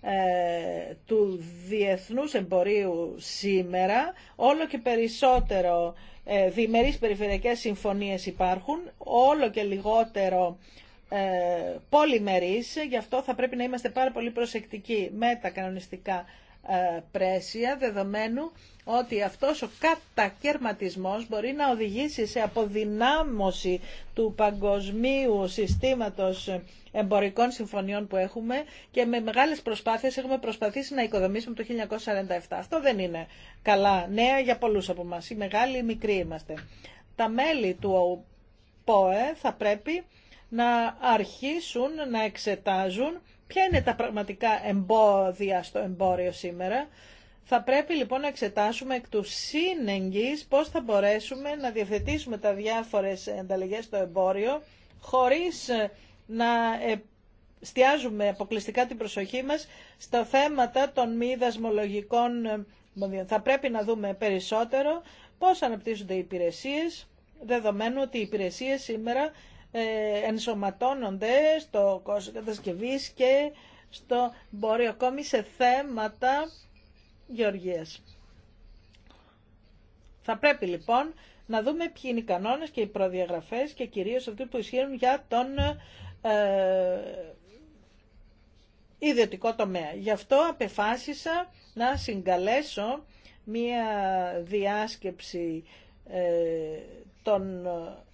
ε, του διεθνούς εμπορίου σήμερα, όλο και περισσότερο ε, διμερείς περιφερειακές συμφωνίες υπάρχουν, όλο και λιγότερο ε, πολυμερείς, γι' αυτό θα πρέπει να είμαστε πάρα πολύ προσεκτικοί με τα κανονιστικά ε, πρέσια, δεδομένου ότι αυτός ο κατακαιρματισμός μπορεί να οδηγήσει σε αποδυνάμωση του παγκοσμίου συστήματος εμπορικών συμφωνιών που έχουμε και με μεγάλες προσπάθειες έχουμε προσπαθήσει να οικοδομήσουμε το 1947. Αυτό δεν είναι καλά νέα για πολλούς από μας. Οι μεγάλοι ή μικροί είμαστε. Τα μέλη του ΠΟΕ θα πρέπει να αρχίσουν να εξετάζουν Ποια είναι τα πραγματικά εμπόδια στο εμπόριο σήμερα. Θα πρέπει λοιπόν να εξετάσουμε εκ του σύνεγγυς πώς θα μπορέσουμε να διαθετήσουμε τα διάφορες ανταλλαγές στο εμπόριο χωρίς να στιάζουμε αποκλειστικά την προσοχή μας στα θέματα των μη δασμολογικών Θα πρέπει να δούμε περισσότερο πώς αναπτύσσονται οι υπηρεσίες, δεδομένου ότι οι υπηρεσίες σήμερα ε, ενσωματώνονται στο κόσμο κατασκευής και στο μπορεί ακόμη σε θέματα γεωργίας. Θα πρέπει λοιπόν να δούμε ποιοι είναι οι κανόνες και οι προδιαγραφές και κυρίως αυτοί που ισχύουν για τον ε, ιδιωτικό τομέα. Γι' αυτό απεφάσισα να συγκαλέσω μία διάσκεψη ε, των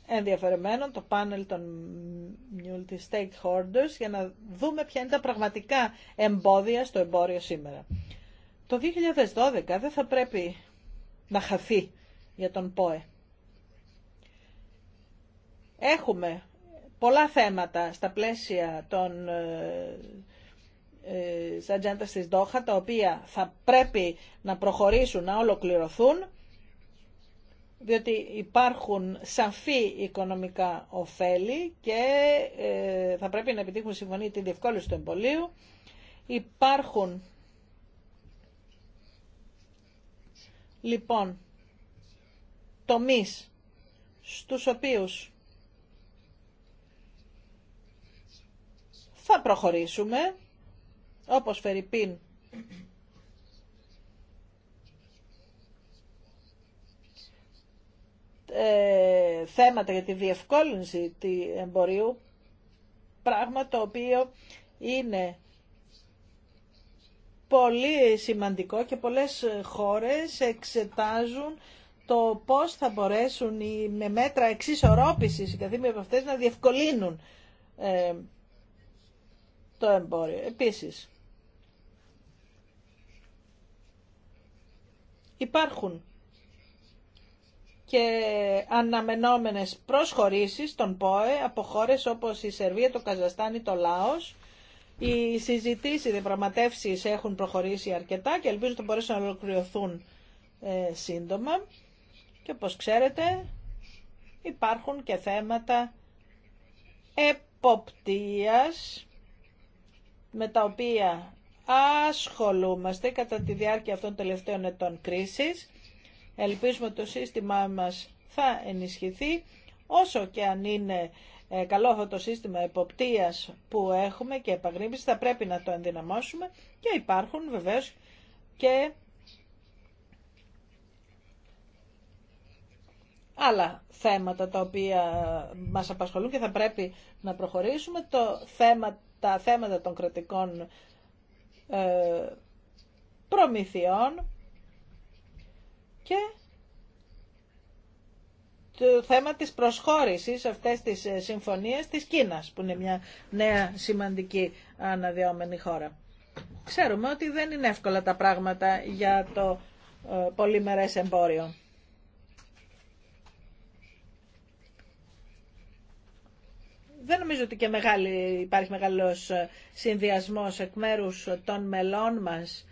ενδιαφερεμένων το πάνελ των multi-stakeholders, για να δούμε ποια είναι τα πραγματικά εμπόδια στο εμπόριο σήμερα. Το 2012 δεν θα πρέπει να χαθεί για τον ΠΟΕ. Έχουμε πολλά θέματα στα πλαίσια των ε, ατζέντα ε, της ΔΟΧΑ τα οποία θα πρέπει να προχωρήσουν, να ολοκληρωθούν διότι υπάρχουν σαφή οικονομικά ωφέλη και ε, θα πρέπει να επιτύχουν συμφωνία την διευκόλυνση του εμπολίου. Υπάρχουν λοιπόν τομείς στους οποίους θα προχωρήσουμε όπως Φερρυπίν Ε, θέματα για τη διευκόλυνση του εμπορίου, πράγμα το οποίο είναι πολύ σημαντικό και πολλές χώρες εξετάζουν το πώς θα μπορέσουν οι, με μέτρα εξισορρόπησης οι καθήμοι από αυτές να διευκολύνουν ε, το εμπόριο. Επίσης, υπάρχουν και αναμενόμενες προσχωρήσεις των ΠΟΕ από χώρες όπως η Σερβία, το ή το Λάος. Οι συζητήσεις, οι διαπραγματεύσεις έχουν προχωρήσει αρκετά και ελπίζω ότι μπορέσουν να ολοκληρωθούν ε, σύντομα. Και όπως ξέρετε υπάρχουν και θέματα εποπτείας με τα οποία ασχολούμαστε κατά τη διάρκεια αυτών των τελευταίων ετών κρίσης Ελπίζουμε ότι το σύστημά μας θα ενισχυθεί, όσο και αν είναι ε, καλό αυτό το σύστημα εποπτείας που έχουμε και επαγρύπνηση, θα πρέπει να το ενδυναμώσουμε και υπάρχουν βεβαίως και άλλα θέματα τα οποία μας απασχολούν και θα πρέπει να προχωρήσουμε. Το θέμα, τα θέματα των κρατικών ε, προμηθειών και το θέμα της προσχώρησης αυτές τις ε, συμφωνίες της Κίνας, που είναι μια νέα σημαντική αναδυόμενη χώρα. Ξέρουμε ότι δεν είναι εύκολα τα πράγματα για το ε, πολυμερές εμπόριο. Δεν νομίζω ότι και μεγάλη, υπάρχει μεγάλος ε, συνδυασμός εκ μέρους των μελών μας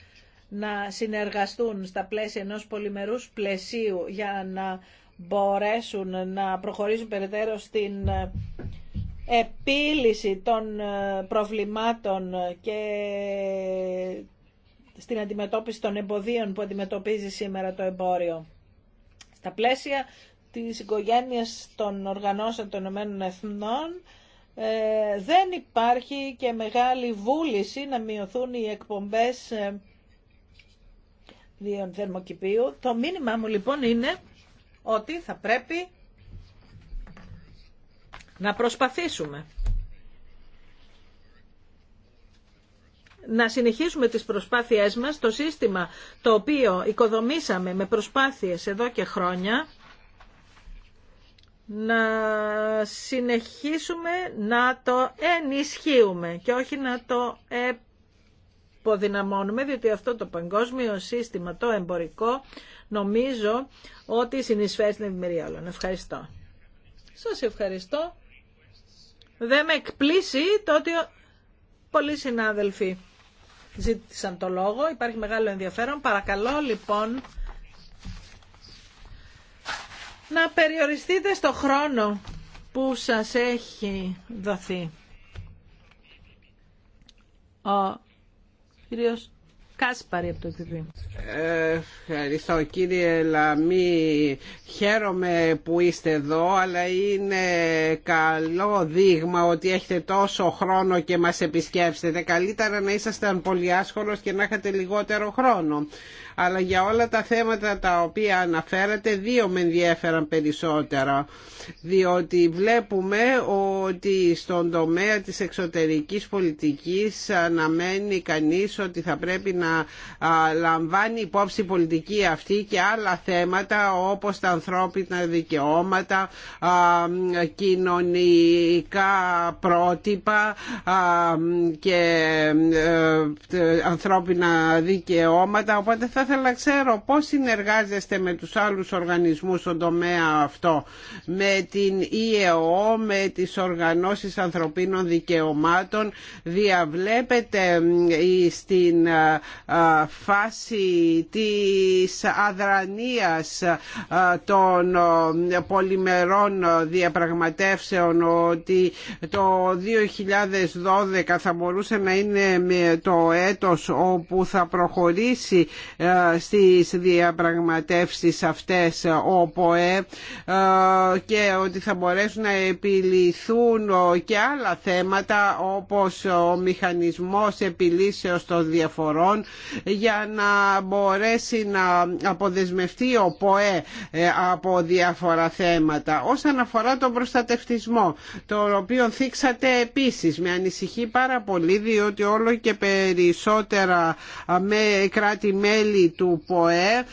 να συνεργαστούν στα πλαίσια ενός πολυμερούς πλαισίου για να μπορέσουν να προχωρήσουν περαιτέρω στην ε, επίλυση των ε, προβλημάτων και στην αντιμετώπιση των εμποδίων που αντιμετωπίζει σήμερα το εμπόριο. Στα πλαίσια της οικογένειας των οργανώσεων των Ηνωμένων Εθνών ε, δεν υπάρχει και μεγάλη βούληση να μειωθούν οι εκπομπές θερμοκηπίου. Το μήνυμά μου λοιπόν είναι ότι θα πρέπει να προσπαθήσουμε να συνεχίσουμε τις προσπάθειές μας, το σύστημα το οποίο οικοδομήσαμε με προσπάθειες εδώ και χρόνια, να συνεχίσουμε να το ενισχύουμε και όχι να το διότι αυτό το παγκόσμιο σύστημα, το εμπορικό, νομίζω ότι συνεισφέρει στην ευημερία όλων. Ευχαριστώ. Σας ευχαριστώ. Δεν με εκπλήσει το ότι πολλοί συνάδελφοι ζήτησαν το λόγο. Υπάρχει μεγάλο ενδιαφέρον. Παρακαλώ λοιπόν να περιοριστείτε στο χρόνο που σας έχει δοθεί. Ο Κύριος Κάσπαρη από το ΕΚΔ. Ευχαριστώ κύριε Λαμή. Χαίρομαι που είστε εδώ, αλλά είναι καλό δείγμα ότι έχετε τόσο χρόνο και μας επισκέψετε. Καλύτερα να ήσασταν πολύ άσχολος και να είχατε λιγότερο χρόνο αλλά για όλα τα θέματα τα οποία αναφέρατε δύο με ενδιέφεραν περισσότερα διότι βλέπουμε ότι στον τομέα της εξωτερικής πολιτικής αναμένει κανείς ότι θα πρέπει να λαμβάνει υπόψη η πολιτική αυτή και άλλα θέματα όπως τα ανθρώπινα δικαιώματα, κοινωνικά πρότυπα και ε, ε, ανθρώπινα δικαιώματα οπότε θα ήθελα να ξέρω πώς συνεργάζεστε με τους άλλους οργανισμούς στον τομέα αυτό, με την ΙΕΟ, με τις οργανώσεις ανθρωπίνων δικαιωμάτων, διαβλέπετε στην φάση της αδρανίας των πολυμερών διαπραγματεύσεων ότι το 2012 θα μπορούσε να είναι το έτος όπου θα προχωρήσει ε, στις διαπραγματεύσεις αυτές ο ΠΟΕ ε, και ότι θα μπορέσουν να επιληθούν και άλλα θέματα όπως ο μηχανισμός επιλύσεως των διαφορών για να μπορέσει να αποδεσμευτεί ο ΠΟΕ ε, από διάφορα θέματα όσον αφορά τον προστατευτισμό το οποίο θίξατε επίσης με ανησυχεί πάρα πολύ διότι όλο και περισσότερα με κράτη-μέλη του ΠΟΕ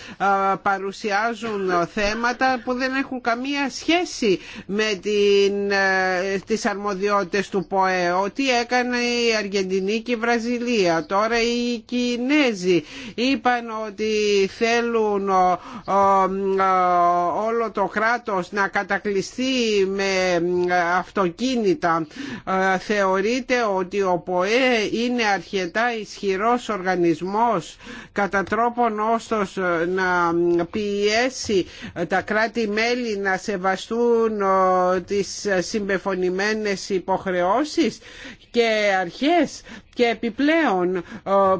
παρουσιάζουν θέματα που δεν έχουν καμία σχέση με την, ε, τις αρμοδιότητες του ΠΟΕ. Ότι έκανε η Αργεντινή και η Βραζιλία. Τώρα οι Κινέζοι είπαν ότι θέλουν όλο το κράτος να κατακλειστεί με ε, αυτοκίνητα. Ε, θεωρείται ότι ο ΠΟΕ είναι αρκετά ισχυρός οργανισμός κατά τρόπο Ωστόσο λοιπόν ε, να πιέσει ε, τα κράτη-μέλη να σεβαστούν ε, τις συμπεφωνημένες υποχρεώσεις και αρχές και επιπλέον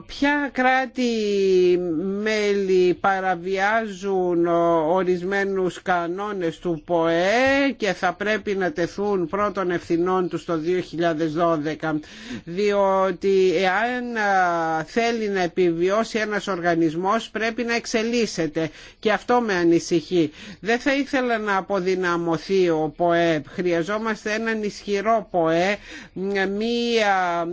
ποια κράτη μέλη παραβιάζουν ορισμένους κανόνες του ΠΟΕ και θα πρέπει να τεθούν πρώτων ευθυνών τους το 2012 διότι εάν θέλει να επιβιώσει ένας οργανισμός πρέπει να εξελίσσεται και αυτό με ανησυχεί. Δεν θα ήθελα να αποδυναμωθεί ο ΠΟΕ. Χρειαζόμαστε έναν ισχυρό ΠΟΕ, μία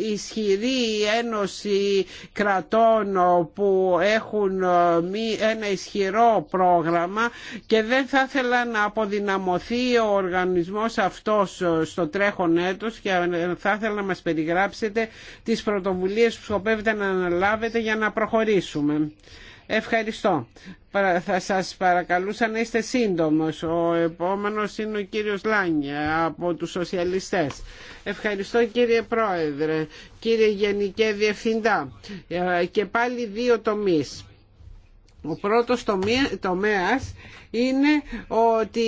ισχυρή ένωση κρατών που έχουν ε, ένα ισχυρό πρόγραμμα και δεν θα ήθελα να αποδυναμωθεί ο οργανισμός αυτός ε, στο τρέχον έτος και ε, θα ήθελα να μας περιγράψετε τις πρωτοβουλίες που σκοπεύετε να αναλάβετε για να προχωρήσουμε. Ευχαριστώ. Θα σας παρακαλούσα να είστε σύντομος. Ο επόμενος είναι ο κύριος Λάνια από τους Σοσιαλιστές. Ευχαριστώ κύριε Πρόεδρε, κύριε Γενικέ Διευθυντά ε, και πάλι δύο τομείς. Ο πρώτος τομέας είναι ότι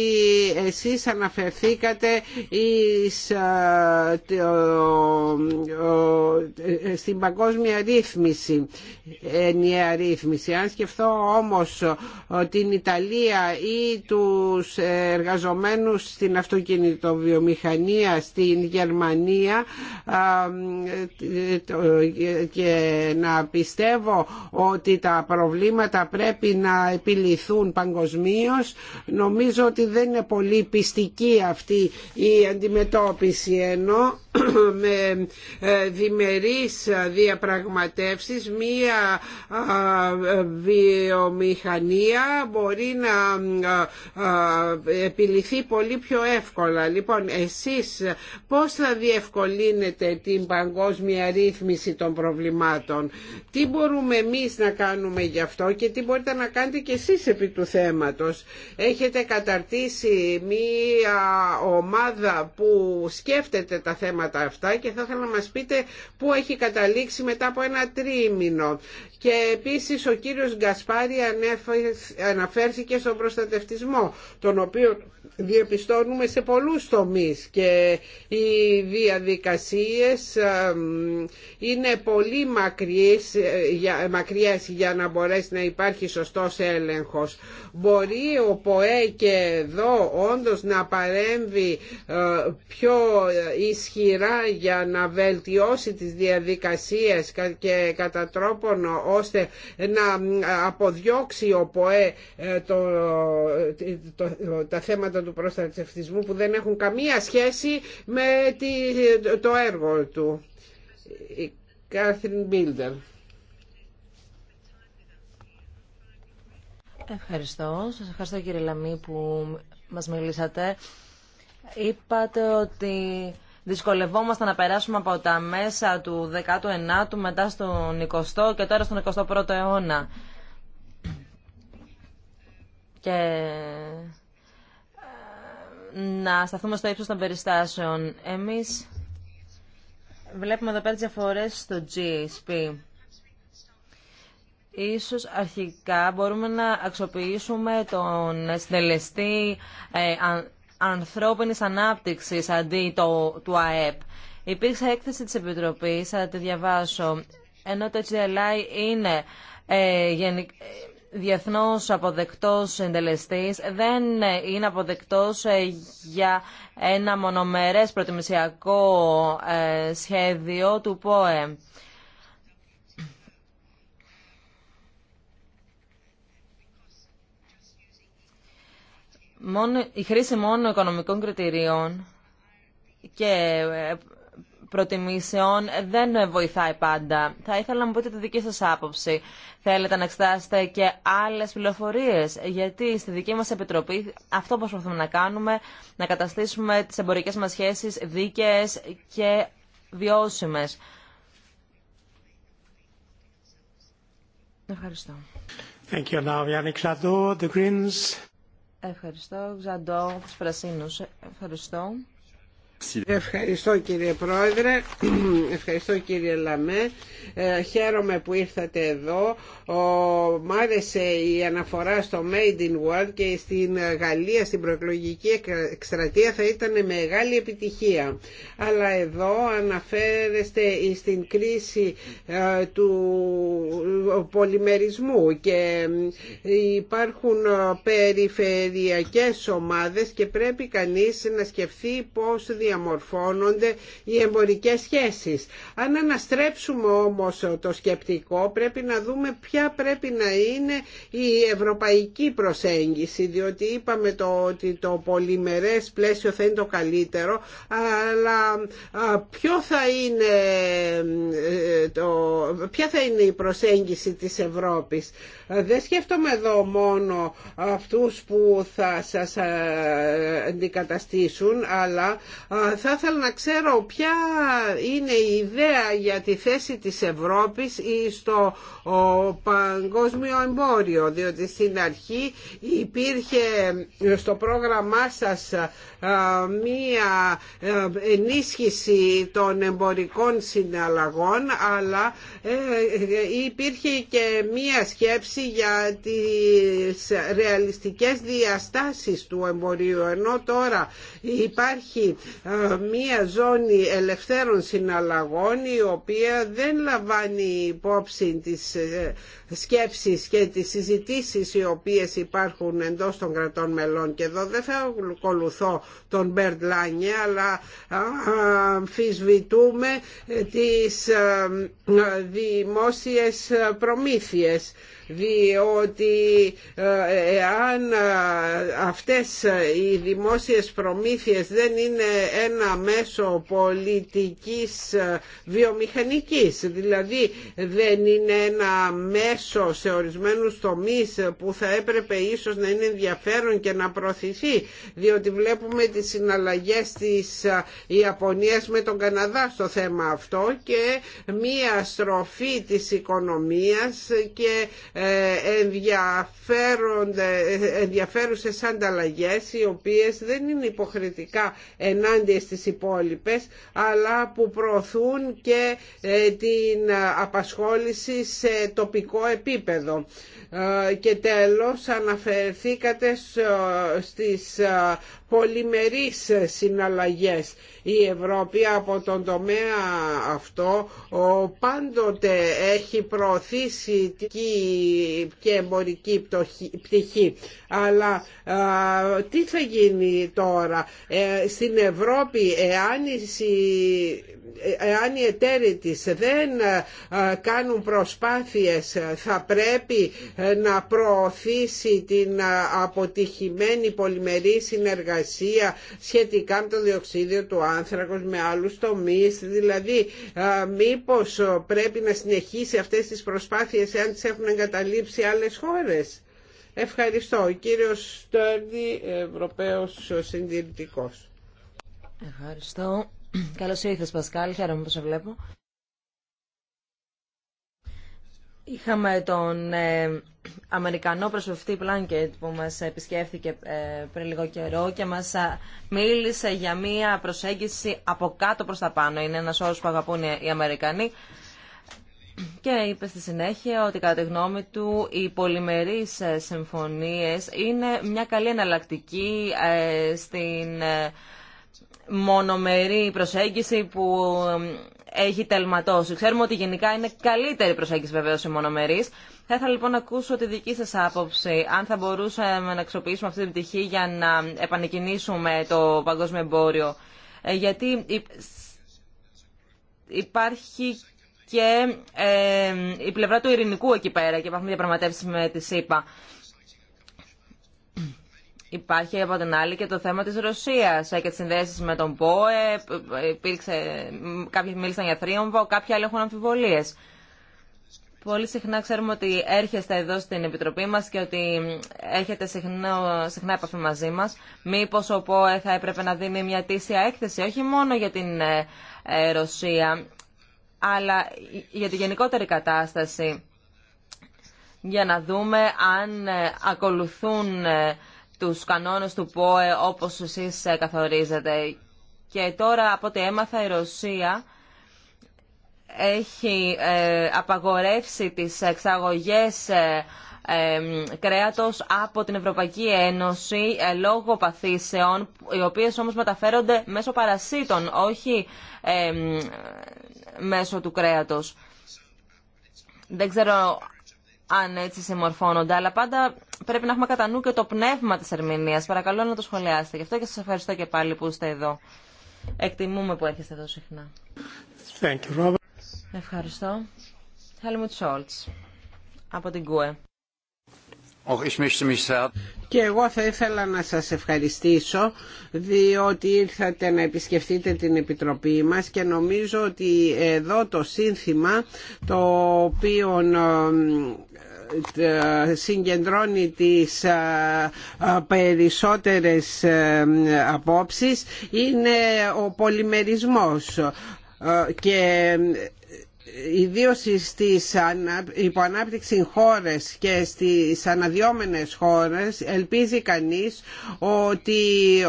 εσείς αναφερθήκατε ε, στην παγκόσμια ρύθμιση, ενιαία ρύθμιση. Αν σκεφτώ όμως την Ιταλία ή τους εργαζομένους στην αυτοκινητοβιομηχανία στην Γερμανία και να πιστεύω ότι τα προβλήματα πρέπει να επιληθούν παγκοσμίω νομίζω ότι δεν είναι πολύ πιστική αυτή η αντιμετώπιση ενώ με ε, διμερείς διαπραγματεύσεις μία βιομηχανία μπορεί να επιληθεί πολύ πιο εύκολα. Λοιπόν, εσείς πώς θα διευκολύνετε την παγκόσμια ρύθμιση των προβλημάτων. Τι μπορούμε εμείς να κάνουμε γι' αυτό και τι μπορείτε να κάνετε κι εσείς επί του θέματος. Έχετε καταρτήσει μία ομάδα που σκέφτεται τα θέματα αυτά και θα ήθελα να μας πείτε πού έχει καταλήξει μετά από ένα τρίμηνο. Και επίσης ο κύριος Γκασπάρη αναφέρθηκε στον προστατευτισμό, τον οποίο διαπιστώνουμε σε πολλούς τομείς και οι διαδικασίες είναι πολύ μακριές, ε, μακριές για να μπορέσει να υπάρχει σωστός έλεγχος. Μπορεί ο ΠΟΕ και εδώ όντως να παρέμβει ε, πιο ε, ισχυρά για να βελτιώσει τις διαδικασίες και κατά τρόπον ώστε να αποδιώξει ο ΠΟΕ το, το, τα θέματα του προστατευτισμού που δεν έχουν καμία σχέση με το έργο του. Η Κάθριν Μπίλτερ. Ευχαριστώ. Σας ευχαριστώ κύριε Λαμή που μας μιλήσατε. Είπατε ότι δυσκολευόμαστε να περάσουμε από τα μέσα του 19ου μετά στον 20ο και τώρα στον 21ο αιώνα. Και να σταθούμε στο ύψος των περιστάσεων. Εμείς βλέπουμε εδώ πέρα τις διαφορές στο GSP. Ίσως αρχικά μπορούμε να αξιοποιήσουμε τον συντελεστή ε, αν, ανθρώπινης ανάπτυξης αντί το, του ΑΕΠ. Υπήρξε έκθεση της Επιτροπής, θα τη διαβάσω, ενώ το HDLI είναι ε, διεθνώς αποδεκτός εντελεστής δεν είναι αποδεκτός ε, για ένα μονομερές προτιμησιακό ε, σχέδιο του ΠΟΕ. η χρήση μόνο οικονομικών κριτηρίων και ε, προτιμήσεων δεν βοηθάει πάντα. Θα ήθελα να μου πείτε τη δική σας άποψη. Θέλετε να εξετάσετε και άλλες πληροφορίες, γιατί στη δική μας Επιτροπή αυτό προσπαθούμε να κάνουμε, να καταστήσουμε τις εμπορικές μας σχέσεις δίκαιες και βιώσιμες. Ευχαριστώ. Thank you. Now, the Ευχαριστώ, Πρασίνους. Ευχαριστώ. Ευχαριστώ κύριε Πρόεδρε, ευχαριστώ κύριε Λαμέ, ε, χαίρομαι που ήρθατε εδώ. Ο, μ' άρεσε η αναφορά στο Made in World και στην Γαλλία στην προεκλογική εκστρατεία θα ήταν μεγάλη επιτυχία. Αλλά εδώ αναφέρεστε στην κρίση ε, του πολυμερισμού και υπάρχουν ε, περιφερειακές ομάδες και πρέπει κανείς να σκεφτεί πώς δια διαμορφώνονται οι εμπορικές σχέσεις. Αν αναστρέψουμε όμως το σκεπτικό πρέπει να δούμε ποια πρέπει να είναι η ευρωπαϊκή προσέγγιση διότι είπαμε το, ότι το πολυμερές πλαίσιο θα είναι το καλύτερο αλλά ποιο θα είναι ε, το, ποια θα είναι η προσέγγιση της Ευρώπης. Δεν σκέφτομαι εδώ μόνο αυτούς που θα σας ε, αντικαταστήσουν αλλά θα ήθελα να ξέρω ποια είναι η ιδέα για τη θέση της Ευρώπης στο παγκόσμιο εμπόριο διότι στην αρχή υπήρχε στο πρόγραμμά σας μία ενίσχυση των εμπορικών συναλλαγών αλλά ε, υπήρχε και μία σκέψη για τις ρεαλιστικές διαστάσεις του εμπορίου ενώ τώρα υπάρχει ε, μία ζώνη ελευθέρων συναλλαγών η οποία δεν λαμβάνει υπόψη τις ε, σκέψεις και τις συζητήσεις οι οποίες υπάρχουν εντός των κρατών μελών και εδώ δεν θα ακολουθώ τον Μπέρντ Λάνιε αλλά αμφισβητούμε τις ε, δημόσιες προμήθειες διότι εάν ε, ε, αυτές οι δημόσιες προμήθειες δεν είναι ένα μέσο πολιτικής ε, βιομηχανικής, δηλαδή δεν είναι ένα μέσο σε ορισμένους τομείς που θα έπρεπε ίσως να είναι ενδιαφέρον και να προωθηθεί, διότι βλέπουμε τις συναλλαγές της Ιαπωνίας με τον Καναδά στο θέμα αυτό και μία στροφή της οικονομίας και ε, ενδιαφέρουσες ανταλλαγές οι οποίες δεν είναι υποχρετικά ενάντια στις υπόλοιπες αλλά που προωθούν και ε, την απασχόληση σε τοπικό επίπεδο. Ε, και τέλος αναφερθήκατε στις πολυμερείς συναλλαγές. Η Ευρώπη από τον τομέα αυτό πάντοτε έχει προωθήσει και εμπορική πτυχή. Αλλά τι θα γίνει τώρα ε, στην Ευρώπη εάν εάν οι εταίροι της δεν κάνουν προσπάθειες θα πρέπει ε, να προωθήσει την αποτυχημένη πολυμερή συνεργασία σχετικά με το διοξίδιο του άνθρακος με άλλους τομείς δηλαδή μήπως πρέπει να συνεχίσει αυτές τις προσπάθειες εάν τις έχουν εγκαταλείψει εγκαταλείψει άλλες χώρες. Ευχαριστώ. Ο κύριος Στέρνη, Ευρωπαίος Συντηρητικός. Ευχαριστώ. Καλώς ήρθες Πασκάλ, χαίρομαι που σε βλέπω. Είχαμε τον ε, Αμερικανό προσωπευτή Πλάνκετ που μας επισκέφθηκε ε, πριν λίγο καιρό και μας α, ε, μίλησε για μία προσέγγιση από κάτω προς τα πάνω. Είναι ένας όρος που αγαπούν οι Αμερικανοί και είπε στη συνέχεια ότι κατά τη γνώμη του οι πολυμερείς ε, συμφωνίες είναι μια καλή εναλλακτική ε, στην ε, μονομερή προσέγγιση που έχει τελματώσει. Ξέρουμε ότι γενικά είναι καλύτερη προσέγγιση βεβαίω η μονομερή. Θα ήθελα λοιπόν να ακούσω τη δική σα άποψη, αν θα μπορούσαμε να αξιοποιήσουμε αυτή την πτυχή για να επανεκκινήσουμε το παγκόσμιο εμπόριο. Γιατί υπάρχει και ε, η πλευρά του ειρηνικού εκεί πέρα και υπάρχουν διαπραγματεύσει με τη ΣΥΠΑ. Υπάρχει από την άλλη και το θέμα της Ρωσίας ε, και τις συνδέσεις με τον ΠΟΕ, υπήρξε, κάποιοι μίλησαν για θρίομβο, κάποιοι άλλοι έχουν αμφιβολίες. Πολύ συχνά ξέρουμε ότι έρχεστε εδώ στην Επιτροπή μας και ότι έχετε συχνά, συχνά επαφή μαζί μας. Μήπως ο ΠΟΕ θα έπρεπε να δίνει μια τήσια έκθεση, όχι μόνο για την ε, Ρωσία, αλλά για τη γενικότερη κατάσταση, για να δούμε αν ε, ακολουθούν ε, τους κανόνες του ΠΟΕ όπως εσείς ε, καθορίζετε. Και τώρα, από ό,τι έμαθα, η Ρωσία έχει απαγορεύσει τις εξαγωγές κρέατος από την Ευρωπαϊκή Ένωση λόγω παθήσεων, οι οποίες όμως μεταφέρονται μέσω παρασίτων, όχι μέσω του κρέατος. Δεν ξέρω αν έτσι συμμορφώνονται, αλλά πάντα πρέπει να έχουμε κατά νου και το πνεύμα της ερμηνείας. Παρακαλώ να το σχολιάσετε. Γι' αυτό και σας ευχαριστώ και πάλι που είστε εδώ. Εκτιμούμε που έρχεστε εδώ συχνά. Thank you, Ευχαριστώ. Helmut Scholz από την ΚΟΕ. Και εγώ θα ήθελα να σας ευχαριστήσω διότι ήρθατε να επισκεφτείτε την Επιτροπή μας και νομίζω ότι εδώ το σύνθημα το οποίο ε, ε, συγκεντρώνει τις ε, περισσότερες απόψεις είναι ο πολυμερισμός και ιδίως στις υποανάπτυξη χώρες και στις αναδιόμενες χώρες ελπίζει κανείς ότι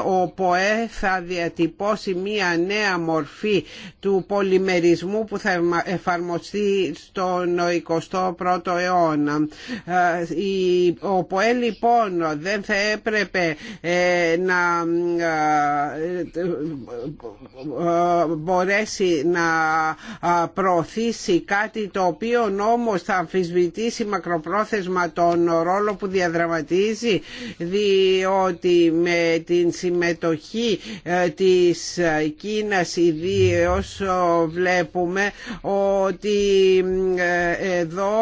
ο ΠΟΕ θα διατυπώσει μία νέα μορφή του πολυμερισμού που θα εφαρμοστεί στον 21ο αιώνα. Ο ΠΟΕ λοιπόν δεν θα έπρεπε να μπορέσει να προωθήσει κάτι το οποίο νόμος θα αμφισβητήσει μακροπρόθεσμα τον ρόλο που διαδραματίζει διότι με την συμμετοχή ε, της ε, Κίνας ιδίως ε, βλέπουμε ότι εδώ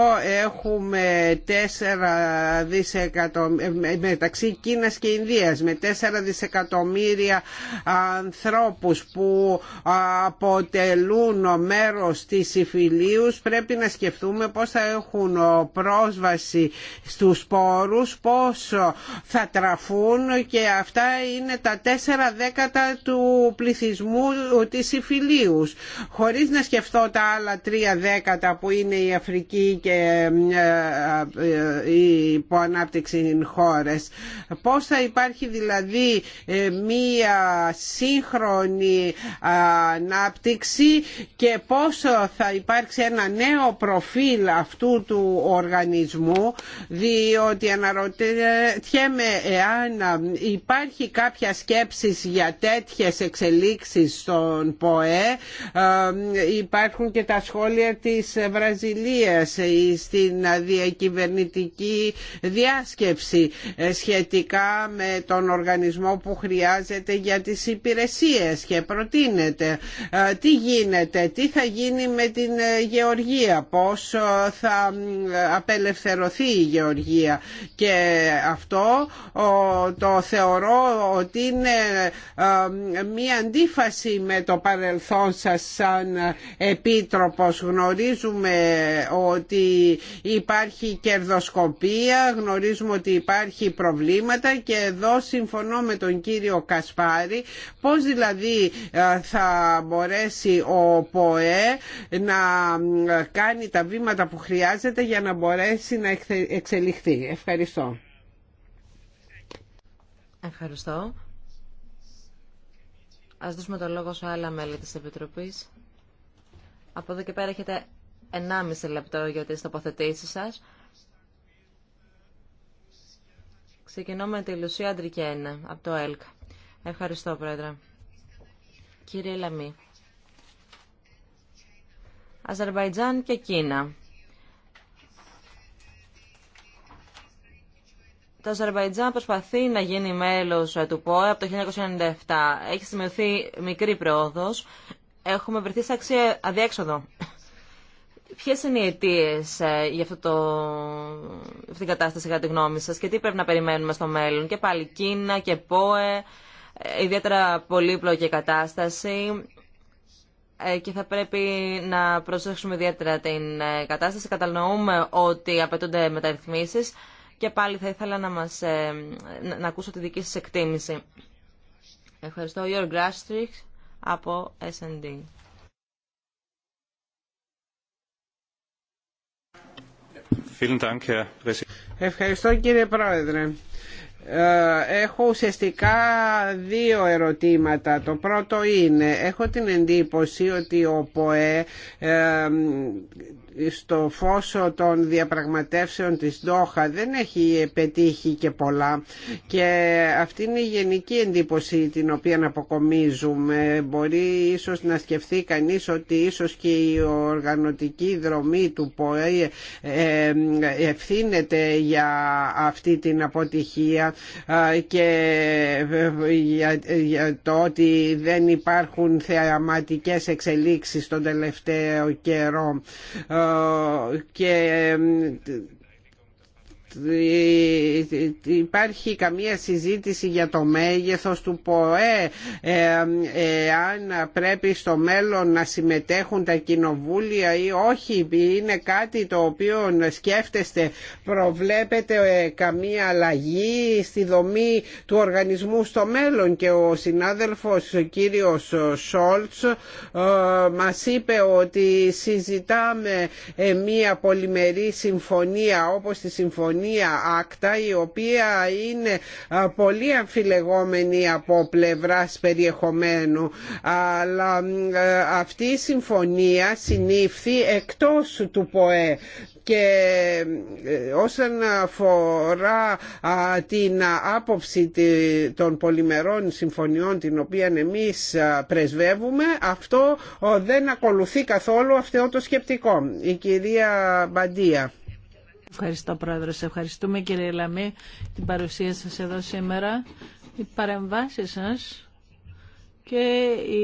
έχουμε 4 δισεκατομμύρια μεταξύ Κίνας και Ινδίας με 4 δισεκατομμύρια ανθρώπους που αποτελούν μέρος της πρέπει να σκεφτούμε πώς θα έχουν πρόσβαση στους σπόρους, πώς θα τραφούν και αυτά είναι τα τέσσερα δέκατα του πληθυσμού της εμφυλίους. Χωρίς να σκεφτώ τα άλλα τρία δέκατα που είναι η Αφρική και οι ε, ε, υποανάπτυξη χώρες. Πώς θα υπάρχει δηλαδή ε, μία σύγχρονη ανάπτυξη και πώς θα υπάρχει υπάρξει ένα νέο προφίλ αυτού του οργανισμού διότι αναρωτιέμαι εάν υπάρχει κάποια σκέψη για τέτοιες εξελίξεις στον ΠΟΕ ε, υπάρχουν και τα σχόλια της Βραζιλίας στην διακυβερνητική διάσκεψη ε, σχετικά με τον οργανισμό που χρειάζεται για τις υπηρεσίες και προτείνεται ε, τι γίνεται, τι θα γίνει με την ε, γεωργία, πώς ε, θα ε, απελευθερωθεί η γεωργία και αυτό το θεωρώ ότι είναι μία αντίφαση με το παρελθόν σας σαν επίτροπος. Γνωρίζουμε ότι υπάρχει κερδοσκοπία, γνωρίζουμε ότι υπάρχει προβλήματα και εδώ συμφωνώ με τον κύριο Κασπάρη πώς δηλαδή θα μπορέσει ο ΠΟΕ να κάνει τα βήματα που χρειάζεται για να μπορέσει να εξελιχθεί. Ευχαριστώ. Ευχαριστώ. Ας δώσουμε το λόγο σε άλλα μέλη της Επιτροπής. Από εδώ και πέρα έχετε 1,5 λεπτό για τις τοποθετήσεις σας. Ξεκινώ με τη Λουσία Αντρικένα από το ΕΛΚ. Ευχαριστώ, Πρόεδρε. Κύριε Λαμή. Αζερβαϊτζάν και Κίνα. Το Αζερβαϊτζάν προσπαθεί να γίνει μέλος ε, του ΠΟΕ από το 1997. Έχει σημειωθεί μικρή πρόοδος. Έχουμε βρεθεί σε αξία αδιέξοδο. Ποιε είναι οι αιτίε ε, για αυτό το... αυτή την κατάσταση κατά τη γνώμη σα και τι πρέπει να περιμένουμε στο μέλλον. Και πάλι Κίνα και ΠΟΕ, ε, ιδιαίτερα πολύπλοκη κατάσταση. Ε, και θα πρέπει να προσέξουμε ιδιαίτερα την ε, κατάσταση. Κατανοούμε ότι απαιτούνται μεταρρυθμίσεις και πάλι θα ήθελα να, μας, ε, να ακούσω τη δική σας εκτίμηση. Ευχαριστώ. Your Grastrix από S&D. Ευχαριστώ κύριε Πρόεδρε. Ε, έχω ουσιαστικά δύο ερωτήματα. Το πρώτο είναι, έχω την εντύπωση ότι ο ΠΟΕ ε, στο φόσο των διαπραγματεύσεων της Ντόχα δεν έχει πετύχει και πολλά και αυτή είναι η γενική εντύπωση την οποία αποκομίζουμε. Μπορεί ίσως να σκεφτεί κανείς ότι ίσως και η οργανωτική δρομή του ΠΟΕ ε, ε, ευθύνεται για αυτή την αποτυχία ε, και για το ότι δεν υπάρχουν θεαματικές εξελίξεις τον τελευταίο καιρό ε, και ε, υπάρχει καμία συζήτηση για το μέγεθος του ΠΟΕ αν ε, ε, πρέπει στο μέλλον να συμμετέχουν τα κοινοβούλια ή όχι είναι κάτι το οποίο σκέφτεστε προβλέπετε ε, καμία αλλαγή στη δομή του οργανισμού στο μέλλον και ο συνάδελφος κύριος Σόλτς μας είπε ότι συζητάμε μια πολυμερή συμφωνία όπως τη συμφωνία συμφωνία άκτα η οποία είναι πολύ αμφιλεγόμενη από πλευράς περιεχομένου αλλά ε, αυτή η συμφωνία συνήφθη εκτός του ΠΟΕ και ε, όσον αφορά την άποψη των πολυμερών συμφωνιών την οποία εμείς πρεσβεύουμε αυτό δεν ακολουθεί καθόλου αυτό το σκεπτικό. Η κυρία Μπαντία. Ευχαριστώ Πρόεδρε. Σε ευχαριστούμε κύριε Λαμή την παρουσία σας εδώ σήμερα. Οι παρεμβάσεις σας και οι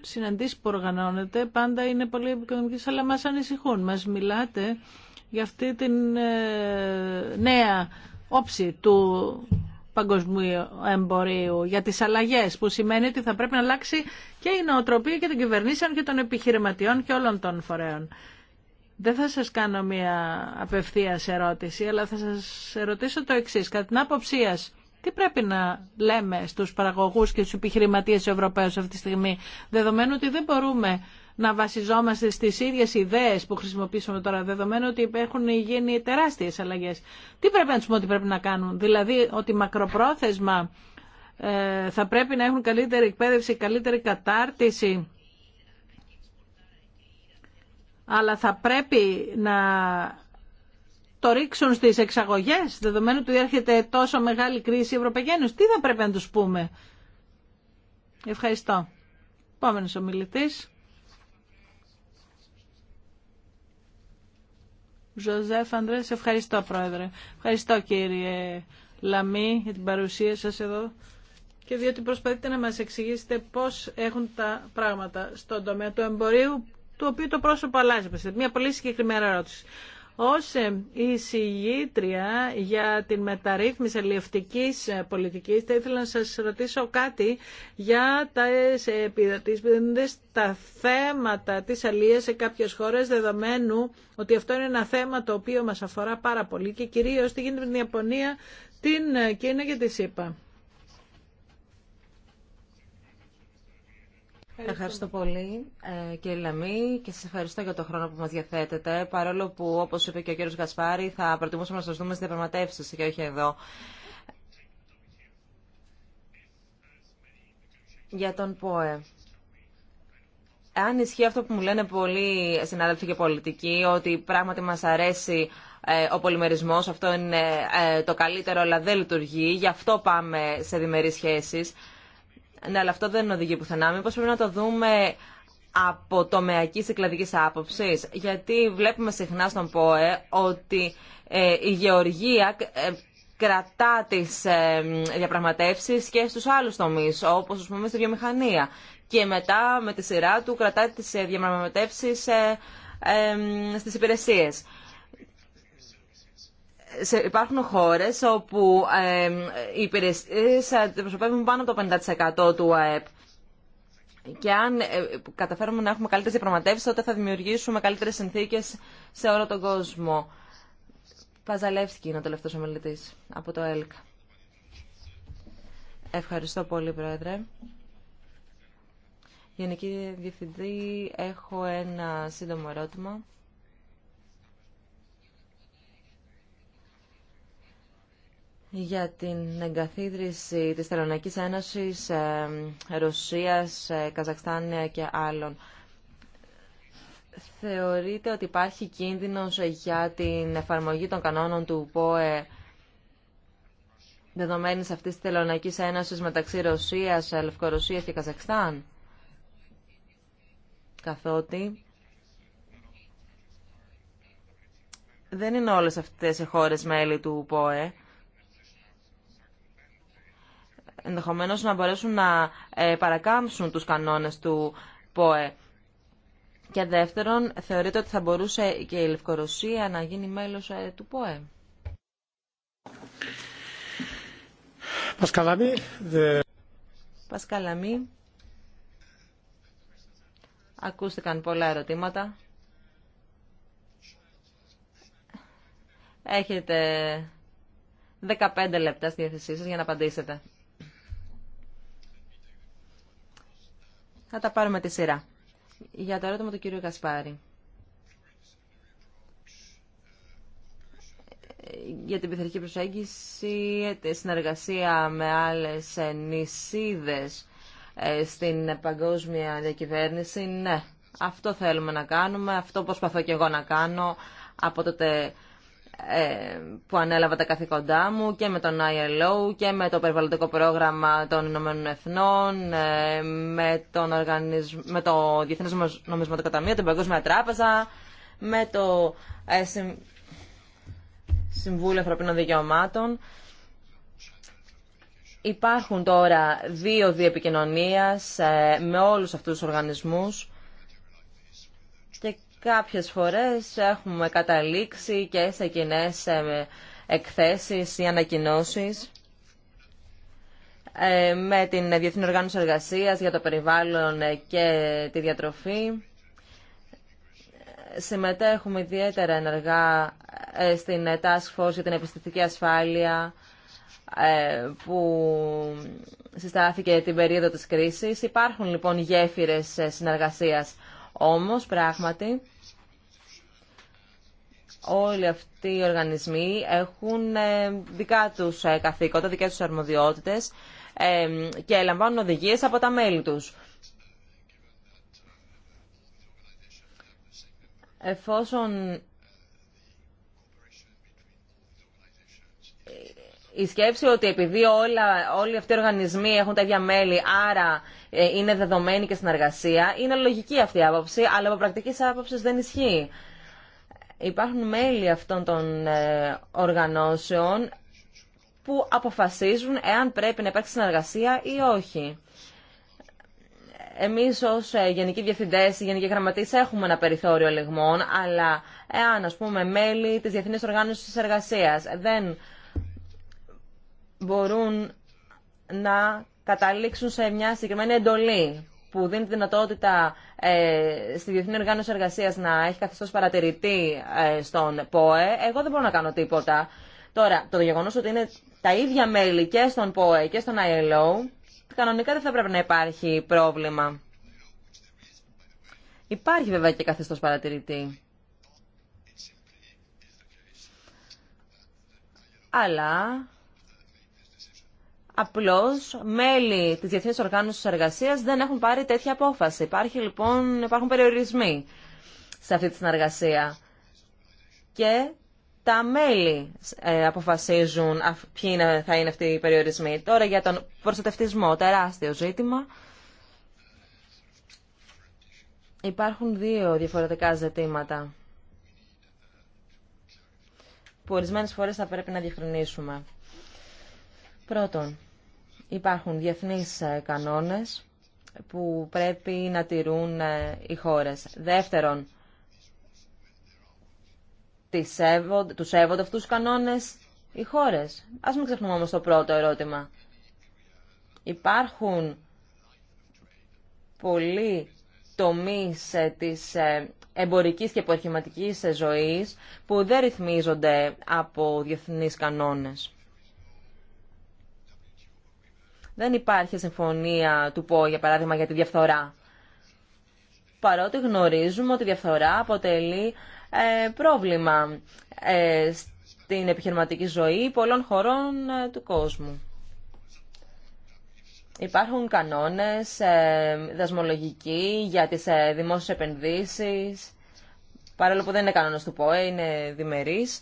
συναντήσεις που οργανώνετε πάντα είναι πολύ επικοινωνικές αλλά μας ανησυχούν. Μας μιλάτε για αυτή την ε, νέα όψη του παγκοσμίου εμπορίου, για τις αλλαγές που σημαίνει ότι θα πρέπει να αλλάξει και η νοοτροπία και των κυβερνήσεων και των επιχειρηματιών και όλων των φορέων. Δεν θα σας κάνω μία απευθείας ερώτηση, αλλά θα σας ερωτήσω το εξής. Κατά την άποψή σας, τι πρέπει να λέμε στους παραγωγούς και στους επιχειρηματίες Ευρωπαίους αυτή τη στιγμή, δεδομένου ότι δεν μπορούμε να βασιζόμαστε στις ίδιες ιδέες που χρησιμοποιήσαμε τώρα, δεδομένου ότι έχουν γίνει τεράστιες αλλαγές. Τι πρέπει να τους πούμε ότι πρέπει να κάνουν, δηλαδή ότι μακροπρόθεσμα ε, θα πρέπει να έχουν καλύτερη εκπαίδευση, καλύτερη κατάρτιση, αλλά θα πρέπει να το ρίξουν στις εξαγωγές, δεδομένου ότι έρχεται τόσο μεγάλη κρίση Ευρωπαϊκή Τι θα πρέπει να τους πούμε. Ευχαριστώ. Επόμενος ομιλητής. Ζωζέφ Ανδρέας. ευχαριστώ πρόεδρε. Ευχαριστώ κύριε Λαμή για την παρουσία σας εδώ και διότι προσπαθείτε να μας εξηγήσετε πώς έχουν τα πράγματα στον τομέα του εμπορίου του οποίου το πρόσωπο αλλάζει. Μια πολύ συγκεκριμένη ερώτηση. Ω ε, εισηγήτρια για την μεταρρύθμιση αλληλευτική ε, πολιτική, θα ήθελα να σα ρωτήσω κάτι για τα τα θέματα τη αλληλείας σε κάποιες χώρες, δεδομένου ότι αυτό είναι ένα θέμα το οποίο μας αφορά πάρα πολύ και κυρίω τι γίνεται με την Ιαπωνία, την ε, Κίνα και τη ΣΥΠΑ. Ευχαριστώ πολύ ε, κύριε Λαμή και σας ευχαριστώ για το χρόνο που μας διαθέτετε παρόλο που όπως είπε και ο κύριος Γασπάρη θα προτιμούσαμε να σας δούμε στην διαπραγματεύσει και όχι εδώ. Για τον ΠΟΕ. Αν ισχύει αυτό που μου λένε πολλοί συνάδελφοι και πολιτικοί ότι πράγματι μας αρέσει ε, ο πολυμερισμός, αυτό είναι ε, το καλύτερο αλλά δεν λειτουργεί, γι' αυτό πάμε σε διμερείς σχέσεις. Ναι, αλλά αυτό δεν οδηγεί πουθενά. Μήπω πρέπει να το δούμε από το ή κλαδική άποψη. Γιατί βλέπουμε συχνά στον ΠΟΕ ότι ε, η γεωργία ε, κρατά τι ε, διαπραγματεύσει και στους άλλους τομείς, όπως, ας πούμε στη βιομηχανία. Και μετά με τη σειρά του κρατά τι διαπραγματεύσει στις υπηρεσίες υπάρχουν χώρε όπου ε, οι υπηρεσίε αντιπροσωπεύουν πάνω από το 50% του ΑΕΠ. Και αν ε, καταφέρουμε να έχουμε καλύτερε διαπραγματεύσει, τότε θα δημιουργήσουμε καλύτερε συνθήκε σε όλο τον κόσμο. Παζαλεύσκη είναι ο τελευταίο ομιλητή από το ΕΛΚ. Ευχαριστώ πολύ, Πρόεδρε. Γενική Διευθυντή, έχω ένα σύντομο ερώτημα. για την εγκαθίδρυση της Τελωνιακή Ένωσης ε, Ρωσίας, ε, Καζακστάν ε, και άλλων. Θεωρείτε ότι υπάρχει κίνδυνος για την εφαρμογή των κανόνων του ΠΟΕ δεδομένης αυτής της Θελωνακής Ένωσης μεταξύ Ρωσίας, Λευκορωσίας και Καζακστάν. Καθότι δεν είναι όλες αυτές οι χώρες μέλη του ΠΟΕ ενδεχομένως να μπορέσουν να ε, παρακάμψουν τους κανόνες του ΠΟΕ. Και δεύτερον, θεωρείτε ότι θα μπορούσε και η Λευκορωσία να γίνει μέλος ε, του ΠΟΕ. Πασκαλαμή. Ακούστηκαν πολλά ερωτήματα. Έχετε 15 λεπτά στη διάθεσή σας για να απαντήσετε. Θα τα πάρουμε τη σειρά. Για το ερώτημα του κύριου Κασπάρη. για την πειθαρχική προσέγγιση, τη συνεργασία με άλλες νησίδες ε, στην παγκόσμια διακυβέρνηση. Ναι, αυτό θέλουμε να κάνουμε, αυτό προσπαθώ και εγώ να κάνω από τότε που ανέλαβα τα καθήκοντά μου και με τον ILO και με το περιβαλλοντικό πρόγραμμα των Ηνωμένων Εθνών, ε, με, τον οργανισ... με το Διεθνές Νομισματικό Ταμείο, την Παγκόσμια Τράπεζα, με το ε, Συμβούλιο Ευρωπαϊκών Δικαιωμάτων. Υπάρχουν τώρα δύο ε, με όλους αυτούς τους οργανισμούς Κάποιες φορές έχουμε καταλήξει και σε κοινέ ε, εκθέσεις ή ανακοινώσεις ε, με την Διεθνή Οργάνωση Εργασίας για το περιβάλλον ε, και τη διατροφή. Συμμετέχουμε ιδιαίτερα ενεργά στην Task Force για την Επιστημική Ασφάλεια που συστάθηκε την περίοδο της κρίσης. Υπάρχουν λοιπόν γέφυρες συνεργασίας όμως πράγματι όλοι αυτοί οι οργανισμοί έχουν ε, δικά τους ε, καθήκοντα, δικές τους αρμοδιότητες ε, και λαμβάνουν οδηγίες από τα μέλη τους. Εφόσον η σκέψη ότι επειδή όλοι αυτοί οι οργανισμοί έχουν τα ίδια μέλη, άρα είναι δεδομένη και στην εργασία, είναι λογική αυτή η άποψη, αλλά από πρακτική άποψη δεν ισχύει υπάρχουν μέλη αυτών των ε, οργανώσεων που αποφασίζουν εάν πρέπει να υπάρξει συνεργασία ή όχι. Εμείς ως ε, γενικοί διευθυντές, οι γενικοί γραμματείς έχουμε ένα περιθώριο λεγμών, αλλά εάν ας πούμε μέλη της Διεθνής Οργάνωσης της Εργασίας δεν μπορούν να καταλήξουν σε μια συγκεκριμένη εντολή που δίνει τη δυνατότητα ε, στη Διεθνή Οργάνωση Εργασία να έχει καθεστώ παρατηρητή ε, στον ΠΟΕ, εγώ δεν μπορώ να κάνω τίποτα. Τώρα, το γεγονό ότι είναι τα ίδια μέλη και στον ΠΟΕ και στον ILO, κανονικά δεν θα πρέπει να υπάρχει πρόβλημα. Υπάρχει βέβαια και καθεστώ παρατηρητή. Αλλά Απλώ μέλη της Διεθνής Οργάνωσης εργασία δεν έχουν πάρει τέτοια απόφαση. Υπάρχει, λοιπόν, υπάρχουν περιορισμοί σε αυτή τη συνεργασία. Και τα μέλη ε, αποφασίζουν ποιοι θα είναι αυτοί οι περιορισμοί. Τώρα για τον προστατευτισμό, τεράστιο ζήτημα. Υπάρχουν δύο διαφορετικά ζητήματα που ορισμένες φορές θα πρέπει να διευκρινίσουμε. Πρώτον, υπάρχουν διεθνείς ε, κανόνες που πρέπει να τηρούν ε, οι χώρες. Δεύτερον, τους σέβονται αυτούς τους κανόνες οι χώρες. Ας μην ξεχνούμε όμως το πρώτο ερώτημα. Υπάρχουν πολλοί τομείς ε, της εμπορικής και εποχηματικής ζωής που δεν ρυθμίζονται από διεθνείς κανόνες. Δεν υπάρχει συμφωνία του ΠΟ, για παράδειγμα, για τη διαφθορά. Παρότι γνωρίζουμε ότι η διαφθορά αποτελεί ε, πρόβλημα ε, στην επιχειρηματική ζωή πολλών χωρών ε, του κόσμου. Υπάρχουν κανόνες δασμολογικοί για τις δημόσιες επενδύσεις, παρόλο που δεν είναι κανόνες του ΠΟΕ, είναι διμερείς.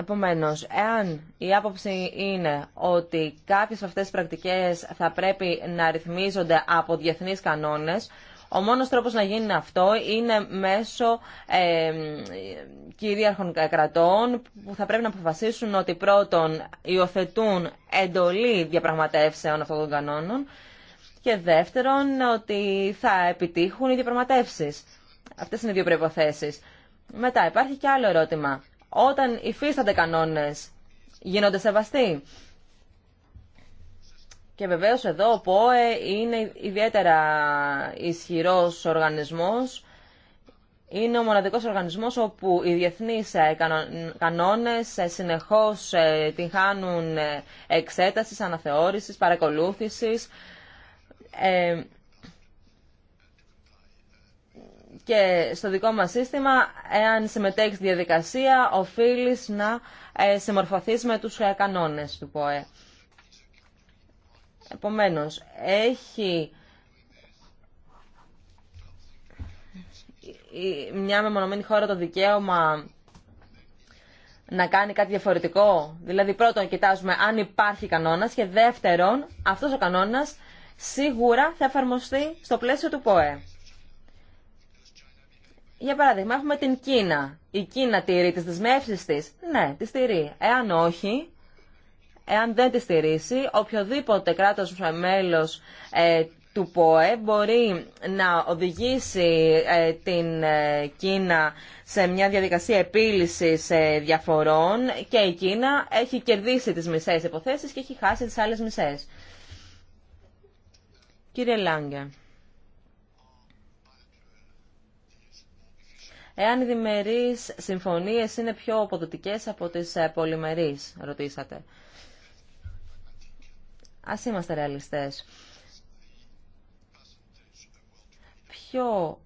Επομένως, εάν η άποψη είναι ότι κάποιες από αυτές τις πρακτικές θα πρέπει να ρυθμίζονται από διεθνείς κανόνες, ο μόνος τρόπος να γίνει αυτό είναι μέσω ε, κυρίαρχων κρατών που θα πρέπει να αποφασίσουν ότι πρώτον υιοθετούν εντολή διαπραγματεύσεων αυτών των κανόνων και δεύτερον ότι θα επιτύχουν οι διαπραγματεύσεις. Αυτές είναι οι δύο προϋποθέσεις. Μετά υπάρχει και άλλο ερώτημα όταν υφίστανται κανόνες γίνονται σεβαστοί. Και βεβαίως εδώ ο ΠΟΕ είναι ιδιαίτερα ισχυρός οργανισμός. Είναι ο μοναδικός οργανισμός όπου οι διεθνείς ε, κανόνες ε, συνεχώς ε, την χάνουν εξέτασης, αναθεώρησης, παρακολούθησης. Και στο δικό μας σύστημα, εάν συμμετέχει στη διαδικασία, οφείλει να ε, συμμορφωθεί με τους ε, κανόνες του ΠΟΕ. Επομένως, έχει μια μεμονωμένη χώρα το δικαίωμα να κάνει κάτι διαφορετικό. Δηλαδή, πρώτον, κοιτάζουμε αν υπάρχει κανόνας και δεύτερον, αυτός ο κανόνας σίγουρα θα εφαρμοστεί στο πλαίσιο του ΠΟΕ. Για παράδειγμα, έχουμε την Κίνα. Η Κίνα τηρεί τις δεσμεύσεις της. Ναι, τη τηρεί. Εάν όχι, εάν δεν τη στηρίσει, οποιοδήποτε κράτος ε, μέλος ε, του ΠΟΕ μπορεί να οδηγήσει ε, την ε, Κίνα σε μια διαδικασία επίλυσης διαφορών και η Κίνα έχει κερδίσει τις μισές υποθέσεις και έχει χάσει τις άλλες μισές. Κύριε Λάγκε. Εάν οι διμερείς συμφωνίες είναι πιο αποδοτικές από τις ε, πολυμερείς, ρωτήσατε. Ας είμαστε ρεαλιστές. Ποιο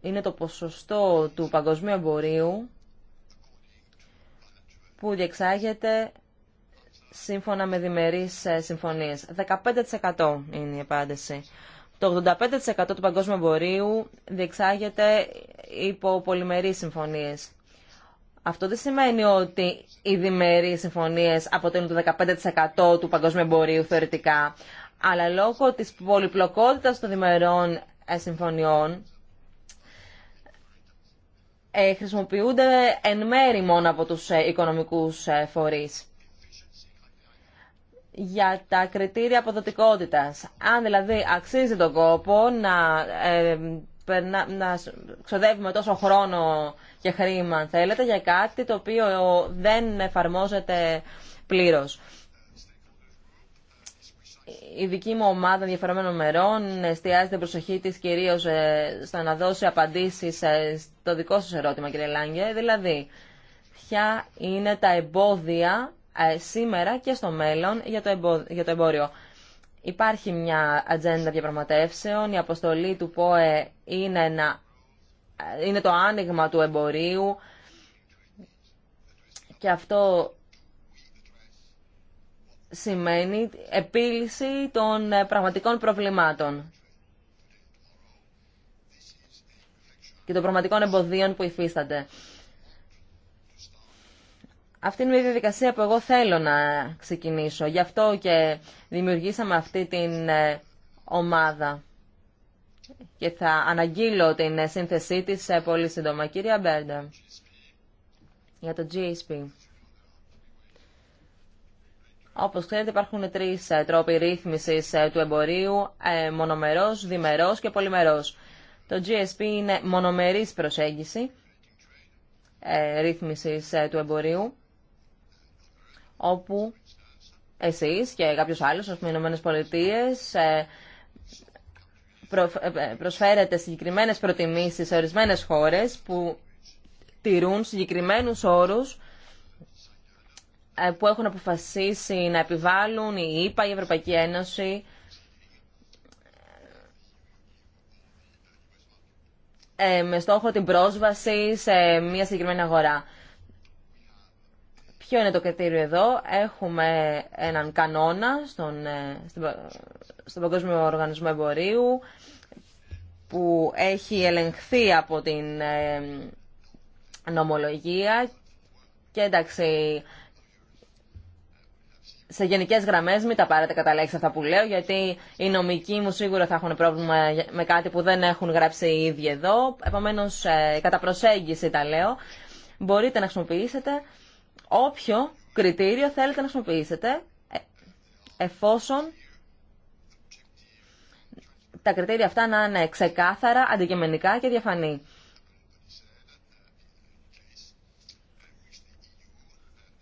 είναι το ποσοστό του παγκοσμίου εμπορίου που διεξάγεται σύμφωνα με διμερείς ε, συμφωνίες. 15% είναι η απάντηση. Το 85% του παγκόσμιου εμπορίου διεξάγεται υπό πολυμερείς συμφωνίες. Αυτό δεν σημαίνει ότι οι διμερείς συμφωνίες αποτελούν το 15% του παγκόσμιου εμπορίου θεωρητικά, αλλά λόγω της πολυπλοκότητας των διμερών ε, συμφωνιών ε, χρησιμοποιούνται εν μέρη μόνο από τους ε, οικονομικούς φορείς για τα κριτήρια αποδοτικότητας. Αν δηλαδή αξίζει τον κόπο να, ε, να, ξοδεύουμε τόσο χρόνο και χρήμα, αν θέλετε, για κάτι το οποίο δεν εφαρμόζεται πλήρως. Η δική μου ομάδα ενδιαφερομένων μερών εστιάζει την προσοχή της κυρίως ε, στο να δώσει απαντήσεις ε, στο δικό σας ερώτημα, κύριε Λάγκε. Δηλαδή, ποια είναι τα εμπόδια ε, σήμερα και στο μέλλον για το εμπόριο. Υπάρχει μια ατζέντα διαπραγματεύσεων, η αποστολή του ΠΟΕ είναι, ένα, ε, είναι το άνοιγμα του εμπορίου και αυτό σημαίνει επίλυση των ε, πραγματικών προβλημάτων και των πραγματικών εμποδίων που υφίστανται. Αυτή είναι μια διαδικασία που εγώ θέλω να ξεκινήσω. Γι' αυτό και δημιουργήσαμε αυτή την ε, ομάδα. Και θα αναγγείλω την ε, σύνθεσή της ε, πολύ σύντομα. Κυρία Μπέρντα, για το GSP. Όπως ξέρετε υπάρχουν τρεις τρόποι ρύθμισης του εμπορίου, μονομερός, διμερός και πολυμερός. Το GSP είναι μονομερής προσέγγιση ρύθμισης του εμπορίου όπου εσείς και κάποιος άλλος, ας πούμε οι Ηνωμένες Πολιτείες, ε, ε, ε, προσφέρετε συγκεκριμένες προτιμήσεις σε ορισμένες χώρες που τηρούν συγκεκριμένους όρους που έχουν αποφασίσει να επιβάλλουν η ΕΠΑ, η Ευρωπαϊκή Ένωση με στόχο την πρόσβαση σε μια συγκεκριμένη αγορά. Ποιο είναι το κριτήριο εδώ. Έχουμε έναν κανόνα στον, ε, στον Παγκόσμιο Οργανισμό Εμπορίου που έχει ελεγχθεί από την ε, νομολογία και εντάξει σε γενικέ γραμμέ, μην τα πάρετε κατά λέξη αυτά που λέω, γιατί οι νομικοί μου σίγουρα θα έχουν πρόβλημα με κάτι που δεν έχουν γράψει οι ίδιοι εδώ. Επομένω, ε, κατά προσέγγιση τα λέω. Μπορείτε να χρησιμοποιήσετε όποιο κριτήριο θέλετε να χρησιμοποιήσετε, ε, εφόσον τα κριτήρια αυτά να είναι ξεκάθαρα, αντικειμενικά και διαφανή.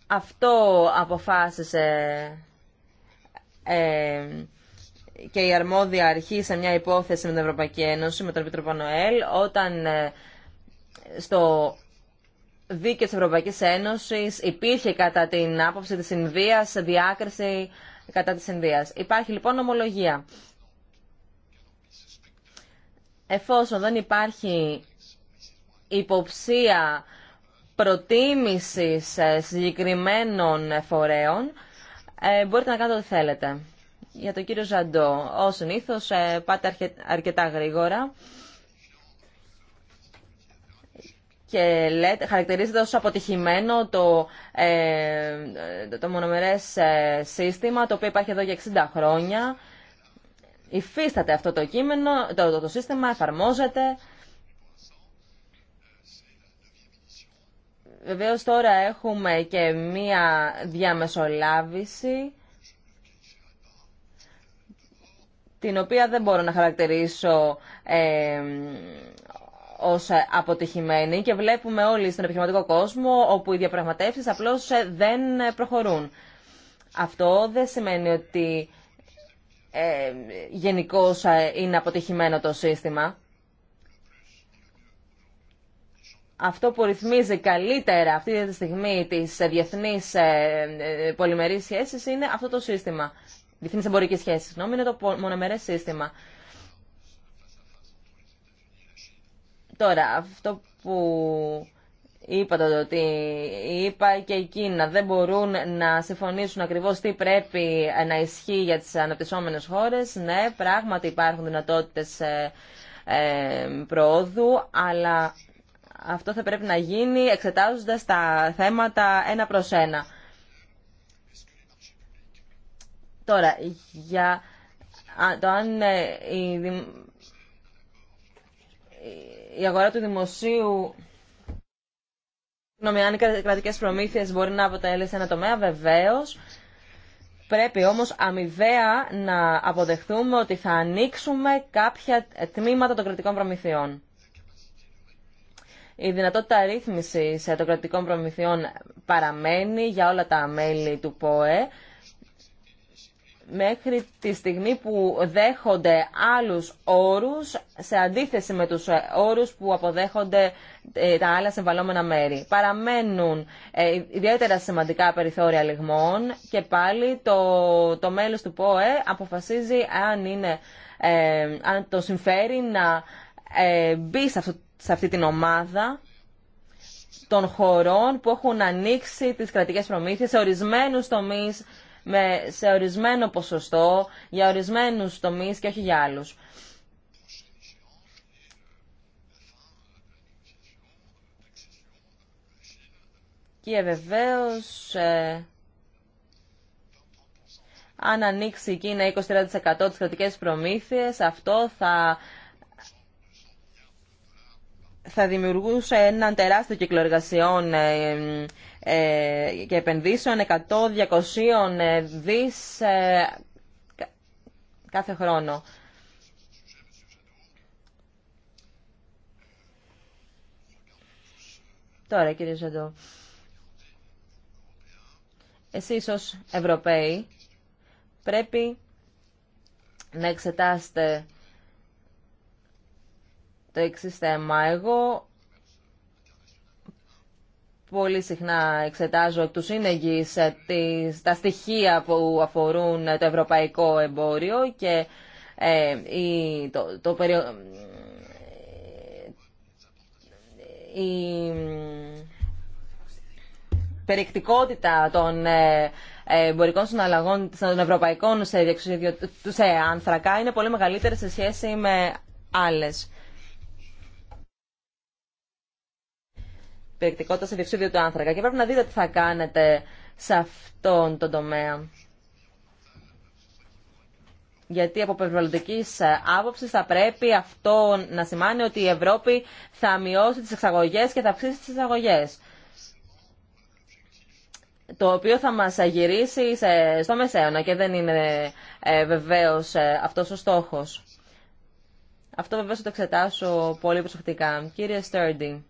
Αυτό αποφάσισε ε, και η αρμόδια αρχή σε μια υπόθεση με την Ευρωπαϊκή Ένωση, με τον Επίτροπο Νοέλ, όταν ε, στο δίκαιο της Ευρωπαϊκής Ένωσης υπήρχε κατά την άποψη της Ινδίας διάκριση κατά της Ινδίας. Υπάρχει λοιπόν ομολογία. Εφόσον δεν υπάρχει υποψία προτίμησης ε, συγκεκριμένων φορέων, ε, μπορείτε να κάνετε ό,τι θέλετε. Για τον κύριο Ζαντό, ως συνήθως ε, πάτε αρκετά γρήγορα. και λέτε, χαρακτηρίζεται ως αποτυχημένο το, ε, το, μονομερές ε, σύστημα το οποίο υπάρχει εδώ για 60 χρόνια. Υφίσταται αυτό το κείμενο, το, το, το σύστημα εφαρμόζεται. Βεβαίω τώρα έχουμε και μία διαμεσολάβηση την οποία δεν μπορώ να χαρακτηρίσω ε, Ω ε, αποτυχημένοι και βλέπουμε όλοι στον επιχειρηματικό κόσμο όπου οι διαπραγματεύσει απλώς ε, δεν ε, προχωρούν. Αυτό δεν σημαίνει ότι ε, γενικώ είναι αποτυχημένο το σύστημα. Αυτό που ρυθμίζει καλύτερα αυτή τη στιγμή τις διεθνείς πολυμερείς σχέσεις είναι αυτό το σύστημα. Διεθνείς εμπορικές σχέσεις, νόμι, είναι το μονομερές σύστημα. Τώρα, αυτό που είπατε ότι είπα και εκείνα, δεν μπορούν να συμφωνήσουν ακριβώς τι πρέπει να ισχύει για τις αναπτυσσόμενες χώρες. Ναι, πράγματι υπάρχουν δυνατότητες ε, ε, προόδου, αλλά αυτό θα πρέπει να γίνει εξετάζοντας τα θέματα ένα προς ένα. Τώρα, για το αν ε, η αγορά του δημοσίου Συγγνώμη, αν οι κρατικέ προμήθειε μπορεί να αποτελέσει ένα τομέα, βεβαίω. Πρέπει όμω αμοιβαία να αποδεχθούμε ότι θα ανοίξουμε κάποια τμήματα των κρατικών προμηθειών. Η δυνατότητα ρύθμισης των κρατικών προμηθειών παραμένει για όλα τα μέλη του ΠΟΕ μέχρι τη στιγμή που δέχονται άλλους όρους σε αντίθεση με τους ε, όρους που αποδέχονται ε, τα άλλα συμβαλόμενα μέρη. Παραμένουν ε, ιδιαίτερα σημαντικά περιθώρια λιγμών και πάλι το, το μέλος του ΠΟΕ αποφασίζει αν, είναι, αν το συμφέρει να μπει σε, αυτή την ομάδα των χωρών που έχουν ανοίξει τις κρατικές προμήθειες σε ορισμένους τομείς με, σε ορισμένο ποσοστό για ορισμένους τομείς και όχι για άλλους. Και βεβαίω, ε, αν ανοίξει η Κίνα 20-30% τις κρατικές προμήθειες αυτό θα θα δημιουργούσε έναν τεράστιο κύκλο εργασιών ε, ε, και επενδύσεων 100-200 ε, δις κάθε χρόνο. Τώρα, κύριε Ζαντώ, εσείς ως Ευρωπαίοι πρέπει να εξετάσετε το εξή θέμα. Εγώ πολύ συχνά εξετάζω του σύνεγγυς ε, τα στοιχεία που αφορούν το ευρωπαϊκό εμπόριο και ε, η, το, το η περιεκτικότητα των ε, εμπορικών συναλλαγών των ευρωπαϊκών σε, σε, άνθρακα είναι πολύ μεγαλύτερη σε σχέση με άλλες. περιεκτικότητα σε διευσίδιο του άνθρακα. Και πρέπει να δείτε τι θα κάνετε σε αυτόν τον τομέα. Γιατί από περιβαλλοντική ε, άποψη θα πρέπει αυτό να σημάνει ότι η Ευρώπη θα μειώσει τις εξαγωγές και θα αυξήσει τις εξαγωγές. Το οποίο θα μας γυρίσει στο μεσαίωνα και δεν είναι ε, βεβαίως ε, αυτός ο στόχος. Αυτό βεβαίως θα το εξετάσω πολύ προσεκτικά. Κύριε Στέρντι.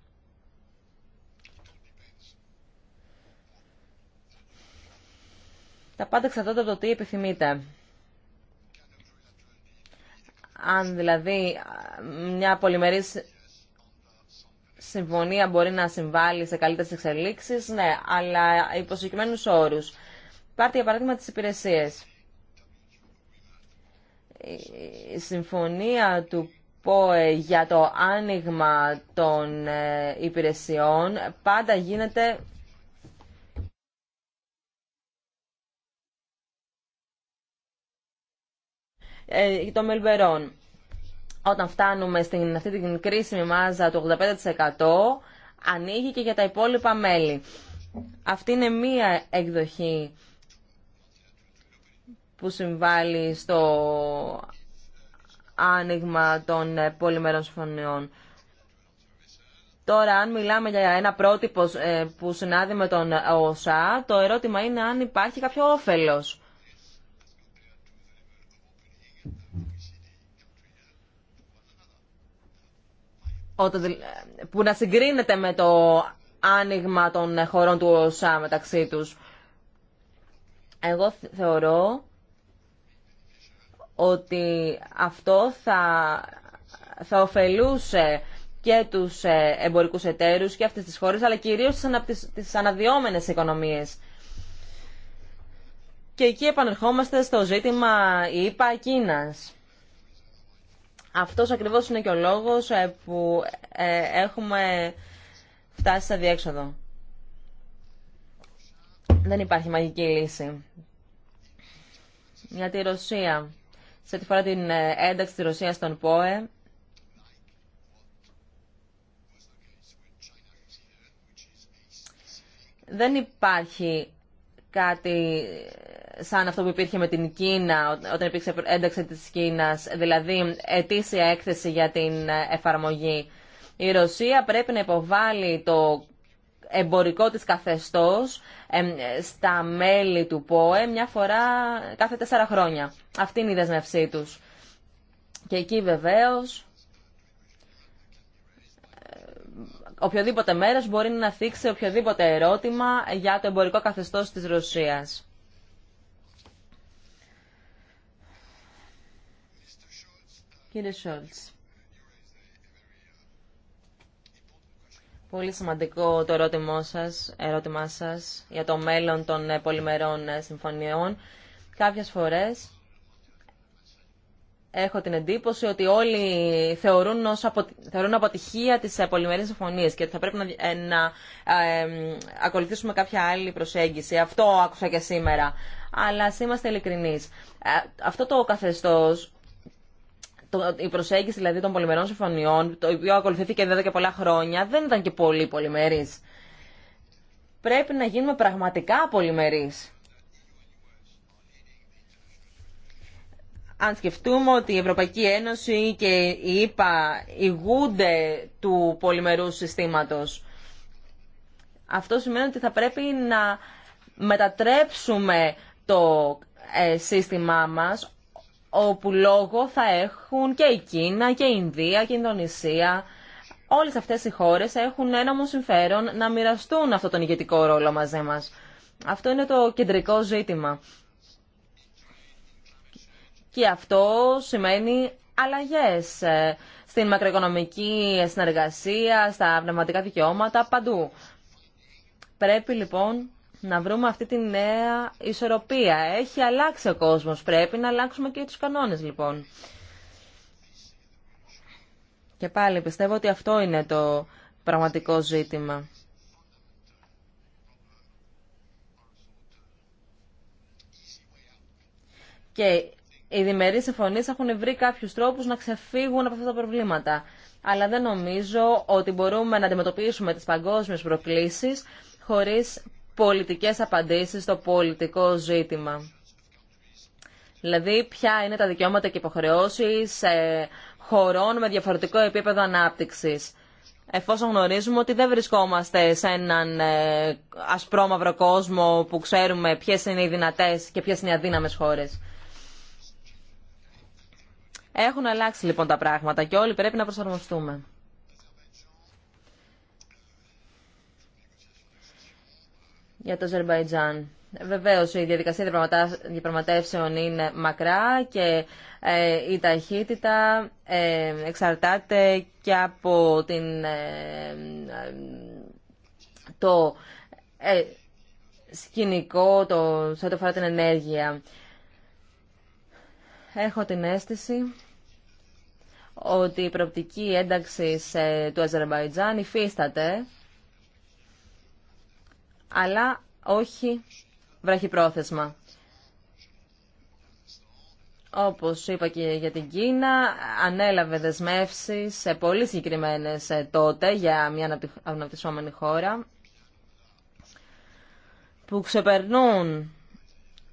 Τα πάντα εξαρτάται από το τι επιθυμείτε. Αν δηλαδή μια πολυμερή συμφωνία μπορεί να συμβάλλει σε καλύτερε εξελίξει, ναι, αλλά υπό συγκεκριμένου όρους. Πάρτε για παράδειγμα τις υπηρεσίες. Η συμφωνία του ΠΟΕ για το άνοιγμα των ε, υπηρεσιών πάντα γίνεται Ε, το μελβερών. Όταν φτάνουμε στην αυτή την κρίσιμη μάζα του 85% ανοίγει και για τα υπόλοιπα μέλη. Αυτή είναι μία εκδοχή που συμβάλλει στο άνοιγμα των πολυμερών συμφωνιών. Τώρα, αν μιλάμε για ένα πρότυπο ε, που συνάδει με τον ΟΣΑ, το ερώτημα είναι αν υπάρχει κάποιο όφελος. που να συγκρίνεται με το άνοιγμα των χωρών του ΩΣΑ μεταξύ τους. Εγώ θεωρώ ότι αυτό θα, θα ωφελούσε και τους ε, εμπορικούς εταίρους και αυτές τις χώρες, αλλά κυρίως τις, ανα, τις αναδυόμενες οικονομίες. Και εκεί επανερχόμαστε στο ζήτημα ΙΠΑ-Κίνας. Αυτός ακριβώς είναι και ο λόγος ε, που ε, έχουμε φτάσει σε διέξοδο. Δεν υπάρχει μαγική λύση. Για τη Ρωσία, σε τη φορά την ε, ένταξη της Ρωσίας στον ΠΟΕ, δεν υπάρχει κάτι σαν αυτό που υπήρχε με την Κίνα, όταν υπήρξε ένταξη της Κίνας, δηλαδή ετήσια έκθεση για την εφαρμογή. Η Ρωσία πρέπει να υποβάλει το εμπορικό της καθεστώς στα μέλη του ΠΟΕ μια φορά κάθε τέσσερα χρόνια. Αυτή είναι η δεσμευσή τους. Και εκεί βεβαίως ε, οποιοδήποτε μέρος μπορεί να θίξει οποιοδήποτε ερώτημα για το εμπορικό καθεστώς της Ρωσίας. Κύριε Σόλτς. Πολύ σημαντικό το ερώτημά σας, ερώτημά σας για το μέλλον των ε, πολυμερών ε, συμφωνιών. Κάποιες φορές έχω την εντύπωση ότι όλοι θεωρούν, ως απο... θεωρούν αποτυχία τις ε, πολυμερές συμφωνίες και ότι θα πρέπει να, να ακολουθήσουμε κάποια άλλη προσέγγιση. Αυτό άκουσα και σήμερα. Αλλά ας είμαστε ειλικρινείς. Αυτό το καθεστώς η προσέγγιση δηλαδή των πολυμερών συμφωνιών, το οποίο ακολουθήθηκε εδώ και πολλά χρόνια, δεν ήταν και πολύ πολυμερή. Πρέπει να γίνουμε πραγματικά πολυμερεί. Αν σκεφτούμε ότι η Ευρωπαϊκή Ένωση και η ΕΠΑ ηγούνται του πολυμερού συστήματος, αυτό σημαίνει ότι θα πρέπει να μετατρέψουμε το ε, σύστημά μας όπου λόγο θα έχουν και η Κίνα και η Ινδία και η Ινδονησία. Όλες αυτές οι χώρες έχουν ένα μου συμφέρον να μοιραστούν αυτό τον ηγετικό ρόλο μαζί μας. Αυτό είναι το κεντρικό ζήτημα. Και αυτό σημαίνει αλλαγές ε, στην μακροοικονομική συνεργασία, στα πνευματικά δικαιώματα, παντού. Πρέπει λοιπόν να βρούμε αυτή τη νέα ισορροπία. Έχει αλλάξει ο κόσμος, πρέπει να αλλάξουμε και τους κανόνες λοιπόν. Και πάλι πιστεύω ότι αυτό είναι το πραγματικό ζήτημα. Και οι διμερείς συμφωνίες έχουν βρει κάποιους τρόπους να ξεφύγουν από αυτά τα προβλήματα. Αλλά δεν νομίζω ότι μπορούμε να αντιμετωπίσουμε τις παγκόσμιες προκλήσεις χωρίς πολιτικές απαντήσεις στο πολιτικό ζήτημα. Δηλαδή, ποια είναι τα δικαιώματα και υποχρεώσεις ε, χωρών με διαφορετικό επίπεδο ανάπτυξης. Εφόσον γνωρίζουμε ότι δεν βρισκόμαστε σε έναν ε, ασπρόμαυρο κόσμο που ξέρουμε ποιες είναι οι δυνατές και ποιες είναι οι αδύναμες χώρες. Έχουν αλλάξει λοιπόν τα πράγματα και όλοι πρέπει να προσαρμοστούμε. για το Αζερβαϊτζάν. Βεβαίω, η διαδικασία διαπραγματεύσεων είναι μακρά και ε, η ταχύτητα ε, εξαρτάται και από την, ε, το σκηνικό, το, σε ό,τι αφορά την ενέργεια. Έχω την αίσθηση ότι η προοπτική ένταξη του Αζερβαϊτζάν υφίσταται αλλά όχι βραχυπρόθεσμα. Όπως είπα και για την Κίνα, ανέλαβε δεσμεύσεις σε πολύ συγκεκριμένε ε, τότε για μια αναπτυσσόμενη χώρα που ξεπερνούν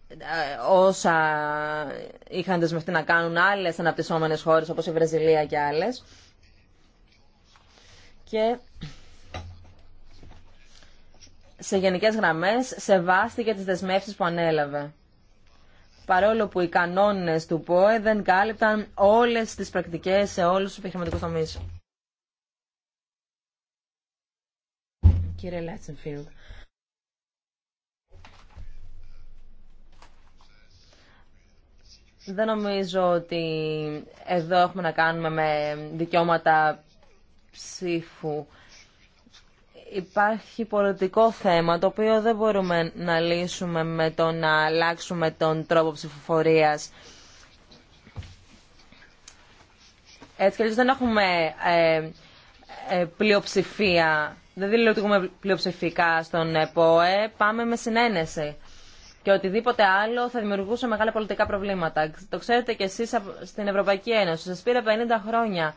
ε, όσα είχαν δεσμευτεί να κάνουν άλλες αναπτυσσόμενες χώρες όπως η Βραζιλία και άλλες. Και σε γενικές γραμμές σεβάστηκε τις δεσμεύσεις που ανέλαβε. Παρόλο που οι κανόνες του ΠΟΕ δεν κάλυπταν όλες τις πρακτικές σε όλους τους επιχειρηματικούς τομείς. Κύριε Δεν νομίζω ότι εδώ έχουμε να κάνουμε με δικαιώματα ψήφου υπάρχει πολιτικό θέμα το οποίο δεν μπορούμε να λύσουμε με το να αλλάξουμε τον τρόπο ψηφοφορίας. Έτσι και δεν έχουμε ε, ε πλειοψηφία, δεν δηλωτικούμε πλειοψηφικά στον ΕΠΟΕ, πάμε με συνένεση. Και οτιδήποτε άλλο θα δημιουργούσε μεγάλα πολιτικά προβλήματα. Το ξέρετε κι εσείς στην Ευρωπαϊκή Ένωση. Σας πήρε 50 χρόνια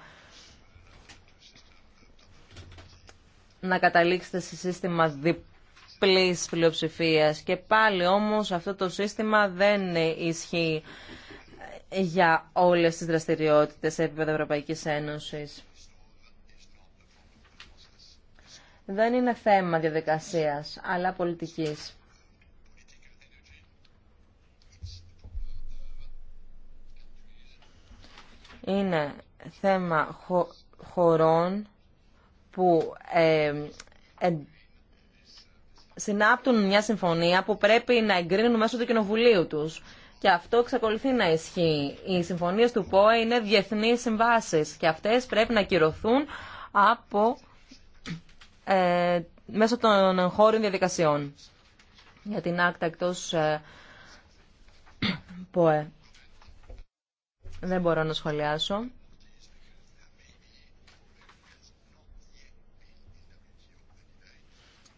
να καταλήξετε σε σύστημα διπλής πλειοψηφίας. Και πάλι όμως αυτό το σύστημα δεν ισχύει για όλες τις δραστηριότητες σε επίπεδο Ευρωπαϊκής Ένωσης. Δεν είναι θέμα διαδικασίας, αλλά πολιτικής. Είναι θέμα χωρών που ε, συνάπτουν μια συμφωνία που πρέπει να εγκρίνουν μέσω του κοινοβουλίου τους. Και αυτό εξακολουθεί να ισχύει. Οι συμφωνίες του ΠΟΕ είναι διεθνείς συμβάσεις και αυτές πρέπει να κυρωθούν από, ε, μέσω των χώρων διαδικασιών. Για την άκτα εκτός ε, ΠΟΕ. Δεν μπορώ να σχολιάσω.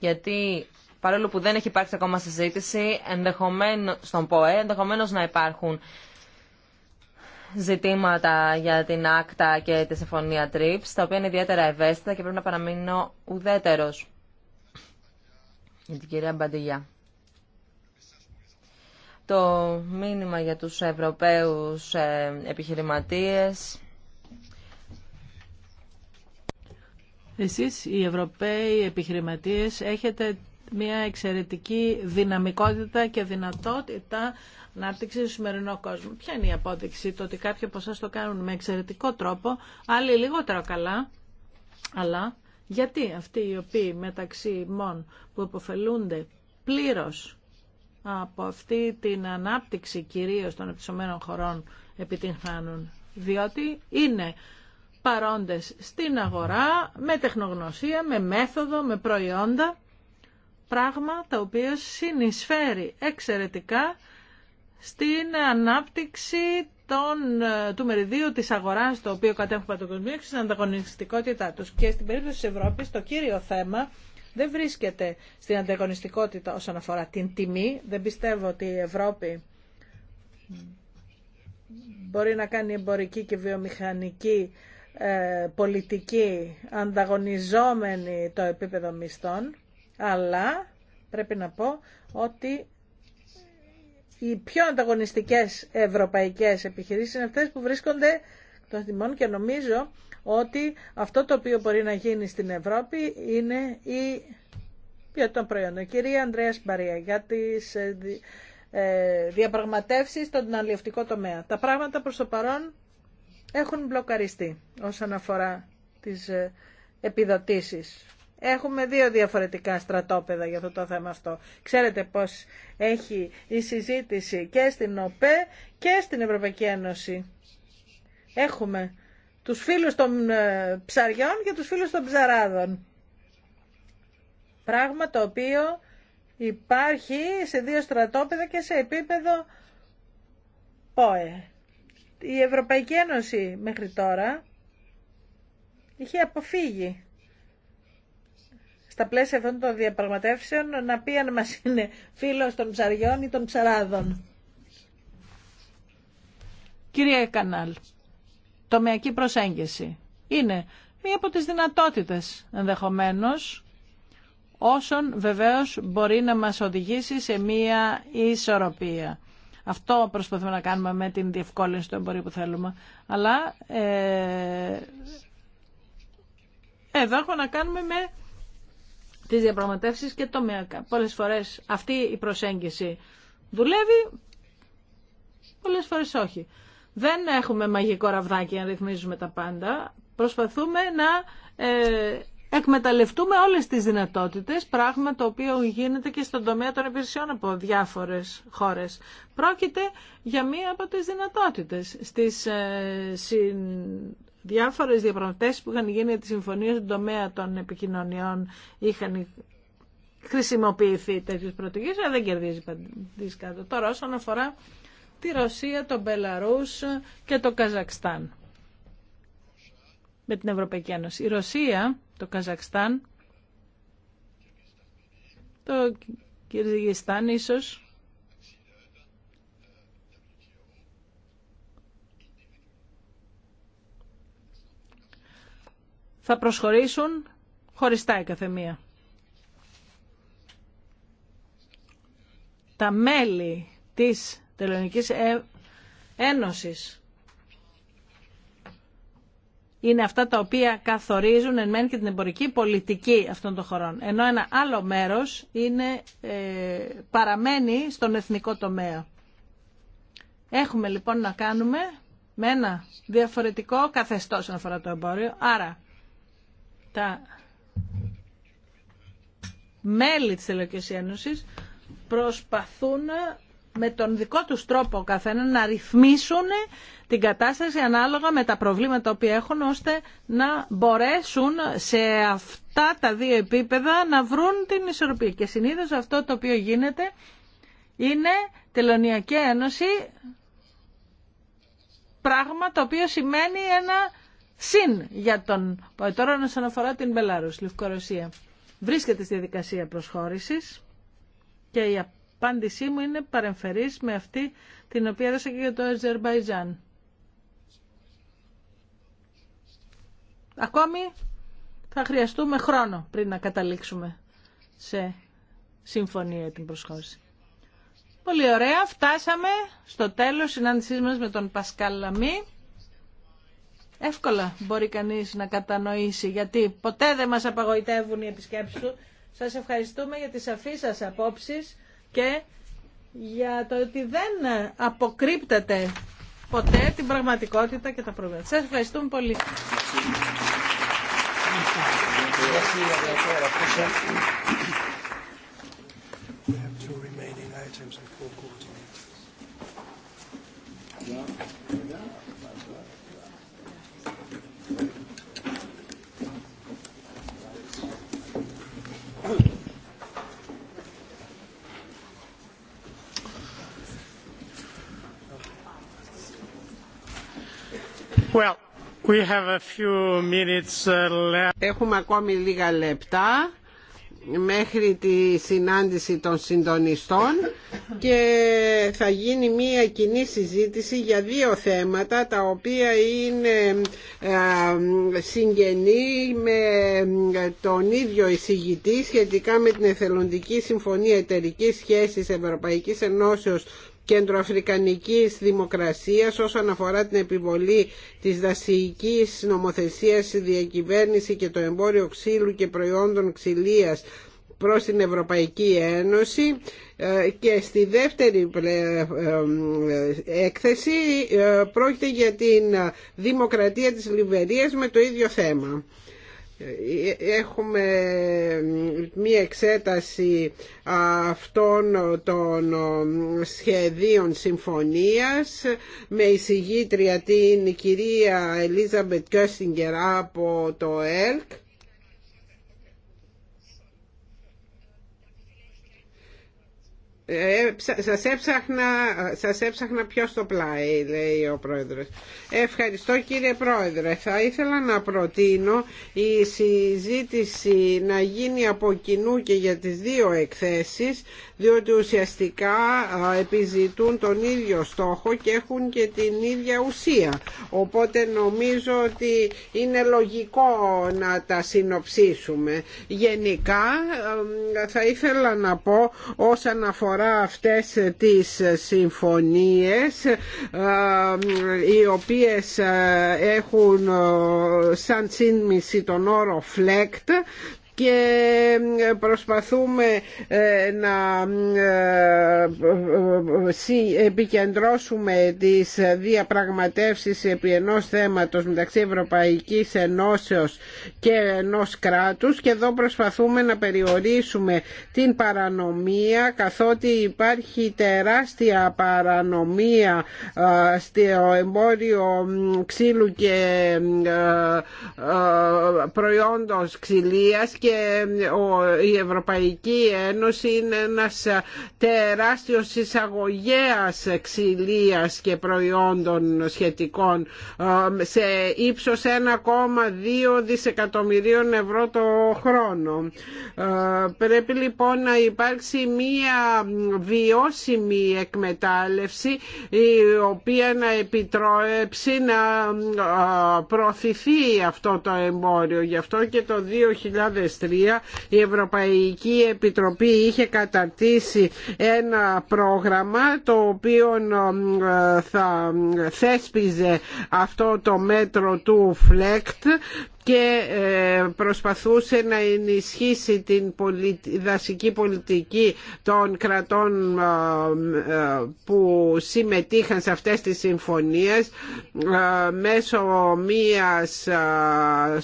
γιατί παρόλο που δεν έχει υπάρξει ακόμα συζήτηση, ενδεχομένως, στον ΠΟΕ ενδεχομένως να υπάρχουν ζητήματα για την άκτα και τη συμφωνία TRIPS, τα οποία είναι ιδιαίτερα ευαίσθητα και πρέπει να παραμείνω ουδέτερος για την κυρία Μπαντιγιά. Το μήνυμα για τους Ευρωπαίους ε, επιχειρηματίες Εσείς οι Ευρωπαίοι επιχειρηματίες έχετε μια εξαιρετική δυναμικότητα και δυνατότητα ανάπτυξη του σημερινό κόσμο. Ποια είναι η απόδειξη το ότι κάποιοι από εσάς το κάνουν με εξαιρετικό τρόπο, άλλοι λιγότερο καλά, αλλά γιατί αυτοί οι οποίοι μεταξύ μόν που υποφελούνται πλήρως από αυτή την ανάπτυξη κυρίως των επισωμένων χωρών επιτυγχάνουν. Διότι είναι παρόντες στην αγορά με τεχνογνωσία, με μέθοδο, με προϊόντα, πράγμα τα οποία συνεισφέρει εξαιρετικά στην ανάπτυξη των, ε, του μεριδίου της αγοράς το οποίο κατέχουν παντοκοσμίου και στην ανταγωνιστικότητά τους. Και στην περίπτωση της Ευρώπης το κύριο θέμα δεν βρίσκεται στην ανταγωνιστικότητα όσον αφορά την τιμή. Δεν πιστεύω ότι η Ευρώπη μπορεί να κάνει εμπορική και βιομηχανική ε, πολιτική ανταγωνιζόμενη το επίπεδο μισθών, αλλά πρέπει να πω ότι οι πιο ανταγωνιστικές ευρωπαϊκές επιχειρήσεις είναι αυτές που βρίσκονται των θυμών και νομίζω ότι αυτό το οποίο μπορεί να γίνει στην Ευρώπη είναι η ποιότητα των προϊόντων. Κυρία Ανδρέας Μπαρία, για τις ε, ε, διαπραγματεύσεις στον αλληλευτικό τομέα. Τα πράγματα προς το παρόν έχουν μπλοκαριστεί όσον αφορά τις ε, επιδοτήσεις. Έχουμε δύο διαφορετικά στρατόπεδα για αυτό το θέμα αυτό. Ξέρετε πώς έχει η συζήτηση και στην ΟΠΕ και στην Ευρωπαϊκή Ένωση. Έχουμε τους φίλους των ε, ψαριών και τους φίλους των ψαράδων. Πράγμα το οποίο υπάρχει σε δύο στρατόπεδα και σε επίπεδο ΠΟΕ η Ευρωπαϊκή Ένωση μέχρι τώρα είχε αποφύγει στα πλαίσια αυτών των διαπραγματεύσεων να πει αν μας είναι φίλος των ψαριών ή των ψαράδων. Κυρία Κανάλ, τομεακή προσέγγιση είναι μία από τις δυνατότητες ενδεχομένως όσων βεβαίως μπορεί να μας οδηγήσει σε μία ισορροπία. Αυτό προσπαθούμε να κάνουμε με την διευκόλυνση του εμπορίου που θέλουμε. Αλλά ε, εδώ έχουμε να κάνουμε με τις διαπραγματεύσεις και τομιακά. Πολλές φορές αυτή η προσέγγιση δουλεύει, πολλές φορές όχι. Δεν έχουμε μαγικό ραβδάκι να ρυθμίζουμε τα πάντα. Προσπαθούμε να ε, εκμεταλλευτούμε όλες τις δυνατότητες, πράγμα το οποίο γίνεται και στον τομέα των υπηρεσιών από διάφορες χώρες. Πρόκειται για μία από τις δυνατότητες στις ε, διάφορες διαπραγματεύσεις που είχαν γίνει τη συμφωνία στον τομέα των επικοινωνιών είχαν χρησιμοποιηθεί τέτοιες πρωτογίες, αλλά δεν κερδίζει παντής κάτω. Τώρα όσον αφορά τη Ρωσία, τον Μπελαρούς και το Καζακστάν με την Ευρωπαϊκή Ένωση. Η Ρωσία το Καζακστάν, το Κυρδιγιστάν ίσως. Θα προσχωρήσουν χωριστά η καθεμία. Τα μέλη της Τελωνικής Ένωσης είναι αυτά τα οποία καθορίζουν εν μέν και την εμπορική πολιτική αυτών των χωρών. Ενώ ένα άλλο μέρος είναι, ε, παραμένει στον εθνικό τομέα. Έχουμε λοιπόν να κάνουμε με ένα διαφορετικό καθεστώς όσον αφορά το εμπόριο. Άρα τα μέλη της ελληνικής Ένωσης προσπαθούν με τον δικό τους τρόπο καθένα να ρυθμίσουν την κατάσταση ανάλογα με τα προβλήματα που έχουν ώστε να μπορέσουν σε αυτά τα δύο επίπεδα να βρουν την ισορροπία. Και συνήθως αυτό το οποίο γίνεται είναι τελωνιακή ένωση πράγμα το οποίο σημαίνει ένα συν για τον Τώρα να αφορά την Μπελάρου, Λευκορωσία. Βρίσκεται στη διαδικασία προσχώρησης και η απάντησή μου είναι παρεμφερής με αυτή την οποία έδωσα και για το Αζερβαϊτζάν. Ακόμη θα χρειαστούμε χρόνο πριν να καταλήξουμε σε συμφωνία την προσχώρηση. Πολύ ωραία. Φτάσαμε στο τέλος συνάντησής μας με τον Πασκάλ Λαμή. Εύκολα μπορεί κανείς να κατανοήσει γιατί ποτέ δεν μας απαγοητεύουν οι επισκέψεις του. Σας ευχαριστούμε για τις σαφείς σας απόψεις και για το ότι δεν αποκρύπτεται ποτέ την πραγματικότητα και τα προβλήματα. Σας ευχαριστούμε πολύ. Uh, Έχουμε ακόμη λίγα λεπτά μέχρι τη συνάντηση των συντονιστών και θα γίνει μία κοινή συζήτηση για δύο θέματα τα οποία είναι ε, συγγενή με τον ίδιο εισηγητή σχετικά με την Εθελοντική Συμφωνία Εταιρικής Σχέσης Ευρωπαϊκής Ενώσεως κεντροαφρικανικής δημοκρασίας όσον αφορά την επιβολή της δασικής νομοθεσίας στη διακυβέρνηση και το εμπόριο ξύλου και προϊόντων ξυλίας προς την Ευρωπαϊκή Ένωση ε, και στη δεύτερη ε, ε, έκθεση πρόκειται για την δημοκρατία της Λιβερίας με το ίδιο θέμα έχουμε μία εξέταση αυτών των σχεδίων συμφωνίας με εισηγήτρια την κυρία Ελίζαμπετ Κιώστιγκερ από το ΕΛΚ Σα σας, έψαχνα, σας έψαχνα πιο στο πλάι, λέει ο Πρόεδρος. Ευχαριστώ κύριε Πρόεδρε. Θα ήθελα να προτείνω η συζήτηση να γίνει από κοινού και για τις δύο εκθέσεις διότι ουσιαστικά επιζητούν τον ίδιο στόχο και έχουν και την ίδια ουσία. Οπότε νομίζω ότι είναι λογικό να τα συνοψίσουμε. Γενικά θα ήθελα να πω όσον αφορά αυτές τις συμφωνίες οι οποίες έχουν σαν σύνμηση τον όρο FLECT και προσπαθούμε ε, να ε, επικεντρώσουμε τις διαπραγματεύσεις επί ενός θέματος μεταξύ Ευρωπαϊκής Ενώσεως και ενός κράτους και εδώ προσπαθούμε να περιορίσουμε την παρανομία καθότι υπάρχει τεράστια παρανομία ε, στο εμπόριο ξύλου και προϊόντος ξυλίας και και η Ευρωπαϊκή Ένωση είναι ένας τεράστιος εισαγωγέας ξυλίας και προϊόντων σχετικών ε, σε ύψος 1,2 δισεκατομμυρίων ευρώ το χρόνο. Ε, πρέπει λοιπόν να υπάρξει μία βιώσιμη εκμετάλλευση η οποία να επιτρέψει να ε, προωθηθεί αυτό το εμπόριο. Γι' αυτό και το 2000 η Ευρωπαϊκή Επιτροπή είχε καταρτήσει ένα πρόγραμμα το οποίο ε, θα θέσπιζε αυτό το μέτρο του FLECT και ε, προσπαθούσε να ενισχύσει την δασική πολιτική των κρατών ε, ε, που συμμετείχαν σε αυτές τις συμφωνίες μέσω μίας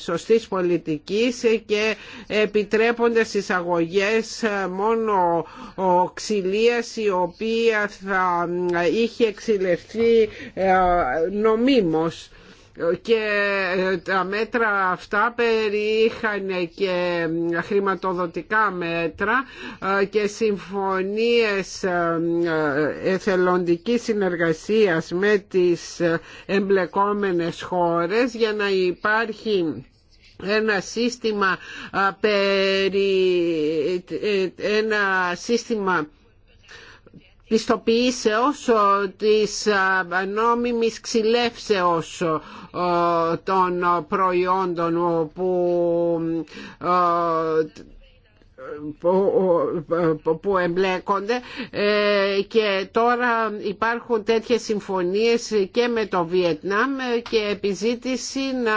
σωστής πολιτικής και επιτρέποντας εισαγωγές μόνο ξυλίας η οποία θα είχε εξηλευθεί νομίμως και ε, τα μέτρα αυτά περιείχαν και χρηματοδοτικά μέτρα ε, και συμφωνίες ε, εθελοντικής συνεργασίας με τις εμπλεκόμενες χώρες για να υπάρχει ένα σύστημα περί, ένα σύστημα πιστοποιήσεως της νόμιμης ξυλεύσεως των προϊόντων που που εμπλέκονται ε, και τώρα υπάρχουν τέτοιες συμφωνίες και με το Βιετνάμ και επιζήτηση να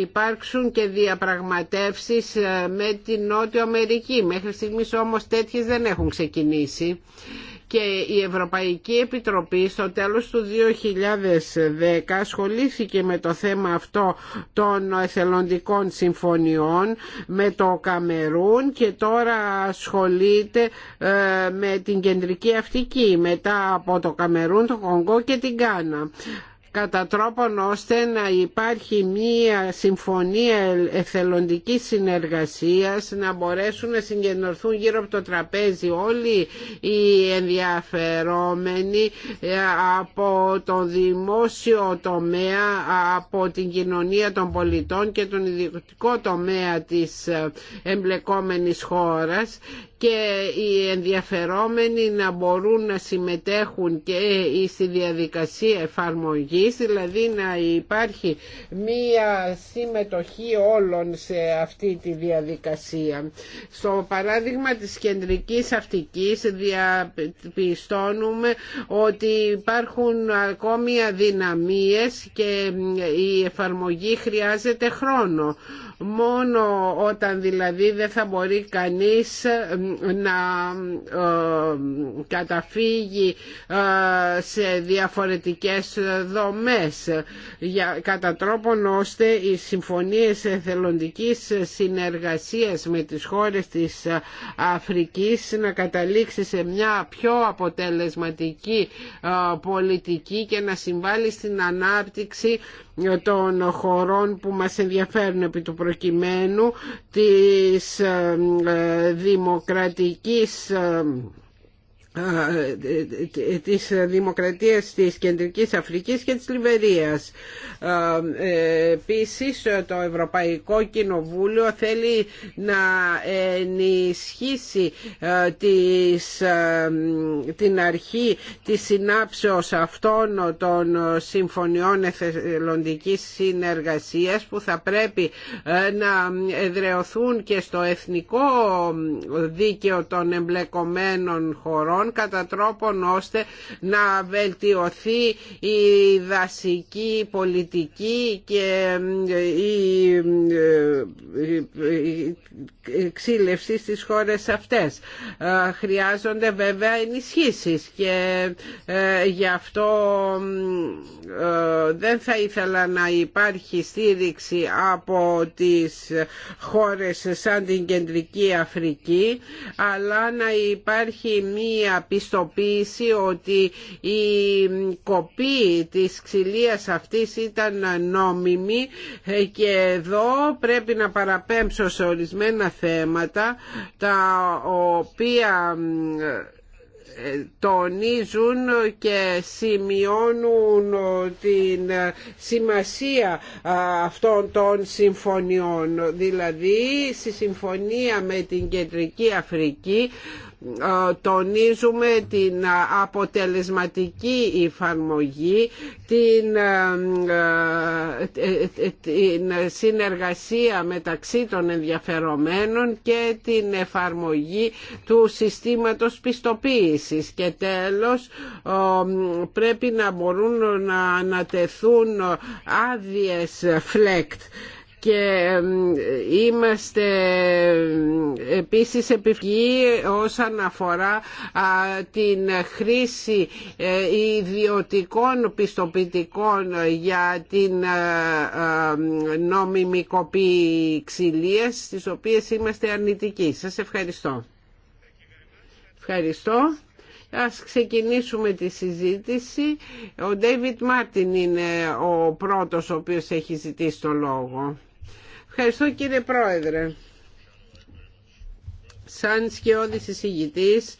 υπάρξουν και διαπραγματεύσεις ε, με την Νότια Αμερική. Μέχρι στιγμής όμως τέτοιες δεν έχουν ξεκινήσει και η Ευρωπαϊκή Επιτροπή στο τέλος του 2010 ασχολήθηκε με το θέμα αυτό των εθελοντικών συμφωνιών με το Καμερούν και τώρα ασχολείται ε, με την κεντρική αυτική μετά από το Καμερούν, το Κονγκό και την Κάνα κατά τρόπον ώστε να υπάρχει μία συμφωνία εθελοντικής συνεργασίας να μπορέσουν να συγκεντρωθούν γύρω από το τραπέζι όλοι οι ενδιαφερόμενοι ε, από το δημόσιο τομέα, από την κοινωνία των πολιτών και τον ιδιωτικό τομέα της ε, εμπλεκόμενης χώρας και οι ενδιαφερόμενοι να μπορούν να συμμετέχουν και στη διαδικασία εφαρμογής, δηλαδή να υπάρχει μία συμμετοχή όλων σε αυτή τη διαδικασία. Στο παράδειγμα της κεντρικής αυτικής διαπιστώνουμε ότι υπάρχουν ακόμη αδυναμίες και η εφαρμογή χρειάζεται χρόνο μόνο όταν δηλαδή δεν θα μπορεί κανείς να ε, καταφύγει ε, σε διαφορετικές δομές για, κατά τρόπον ώστε οι συμφωνίες εθελοντικής συνεργασίας με τις χώρες της ε, Αφρικής να καταλήξει σε μια πιο αποτελεσματική πολιτική και να συμβάλλει στην ανάπτυξη των χωρών που μας ενδιαφέρουν επί του προκειμένου της ε, ε, δημοκρατικής ε, ε, ε, της δημοκρατίας της Κεντρικής Αφρικής και της Λιβερίας. Ε, επίσης το Ευρωπαϊκό Κοινοβούλιο θέλει να ενισχύσει την αρχή της συνάψεως αυτών των συμφωνιών εθελοντικής συνεργασίας που θα πρέπει να εδρεωθούν και στο εθνικό δίκαιο των εμπλεκομένων χωρών κατά τρόπον ώστε να βελτιωθεί η δασική πολιτική και η ξύλευση στις χώρες αυτές. Ε, χρειάζονται βέβαια ενισχύσεις και ε, γι' αυτό ε, δεν θα ήθελα να υπάρχει στήριξη από τις χώρες σαν την Κεντρική Αφρική αλλά να υπάρχει μία μία πιστοποίηση ότι η κοπή της ξυλίας αυτής ήταν νόμιμη και εδώ πρέπει να παραπέμψω σε ορισμένα θέματα τα οποία ε, τονίζουν και σημειώνουν την σημασία αυτών των συμφωνιών. Δηλαδή, στη συμφωνία με την Κεντρική Αφρική ε, τονίζουμε την ε, αποτελεσματική εφαρμογή, την, ε, την συνεργασία μεταξύ των ενδιαφερομένων και την εφαρμογή του συστήματος πιστοποίησης. Και τέλος πρέπει να μπορούν να ανατεθούν άδειες φλεκτ και είμαστε επίσης επιφυγή όσον αφορά την χρήση ε, ιδιωτικών πιστοποιητικών για την ε, ε, κοπή ξυλίας στις οποίες είμαστε αρνητικοί. Σας ευχαριστώ. Ευχαριστώ. Ας ξεκινήσουμε τη συζήτηση. Ο Ντέιβιτ Μάρτιν είναι ο πρώτος ο οποίος έχει ζητήσει το λόγο. Ευχαριστώ κύριε Πρόεδρε. Σαν σκιώδης εισηγητής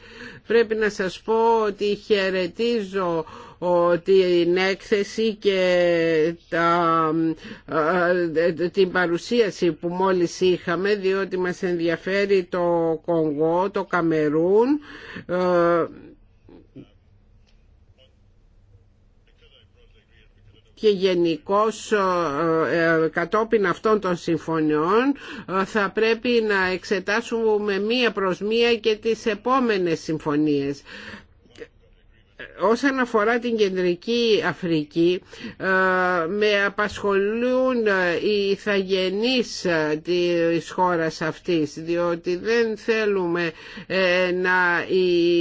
πρέπει να σας πω ότι χαιρετίζω την έκθεση και τα, την παρουσίαση που μόλις είχαμε διότι μας ενδιαφέρει το Κονγό, το Καμερούν ε, και γενικώ ε, ε, κατόπιν αυτών των συμφωνιών ε, θα πρέπει να εξετάσουμε μία προς μία και τις επόμενες συμφωνίες όσον αφορά την Κεντρική Αφρική με απασχολούν οι ηθαγενείς της χώρας αυτής διότι δεν θέλουμε να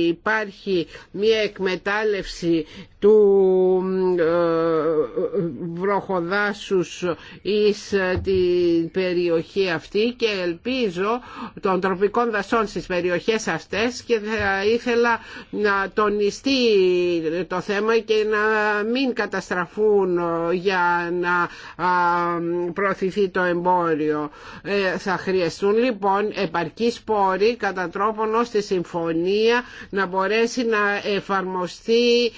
υπάρχει μια εκμετάλλευση του ε, βροχοδάσους εις ε, την περιοχή αυτή και ελπίζω των τροπικών δασών στις περιοχές αυτές και θα ήθελα να τονιστεί το θέμα και να μην καταστραφούν για να προωθηθεί το εμπόριο. Ε, θα χρειαστούν λοιπόν επαρκείς πόροι κατά τρόπον ώστε συμφωνία να μπορέσει να εφαρμοστεί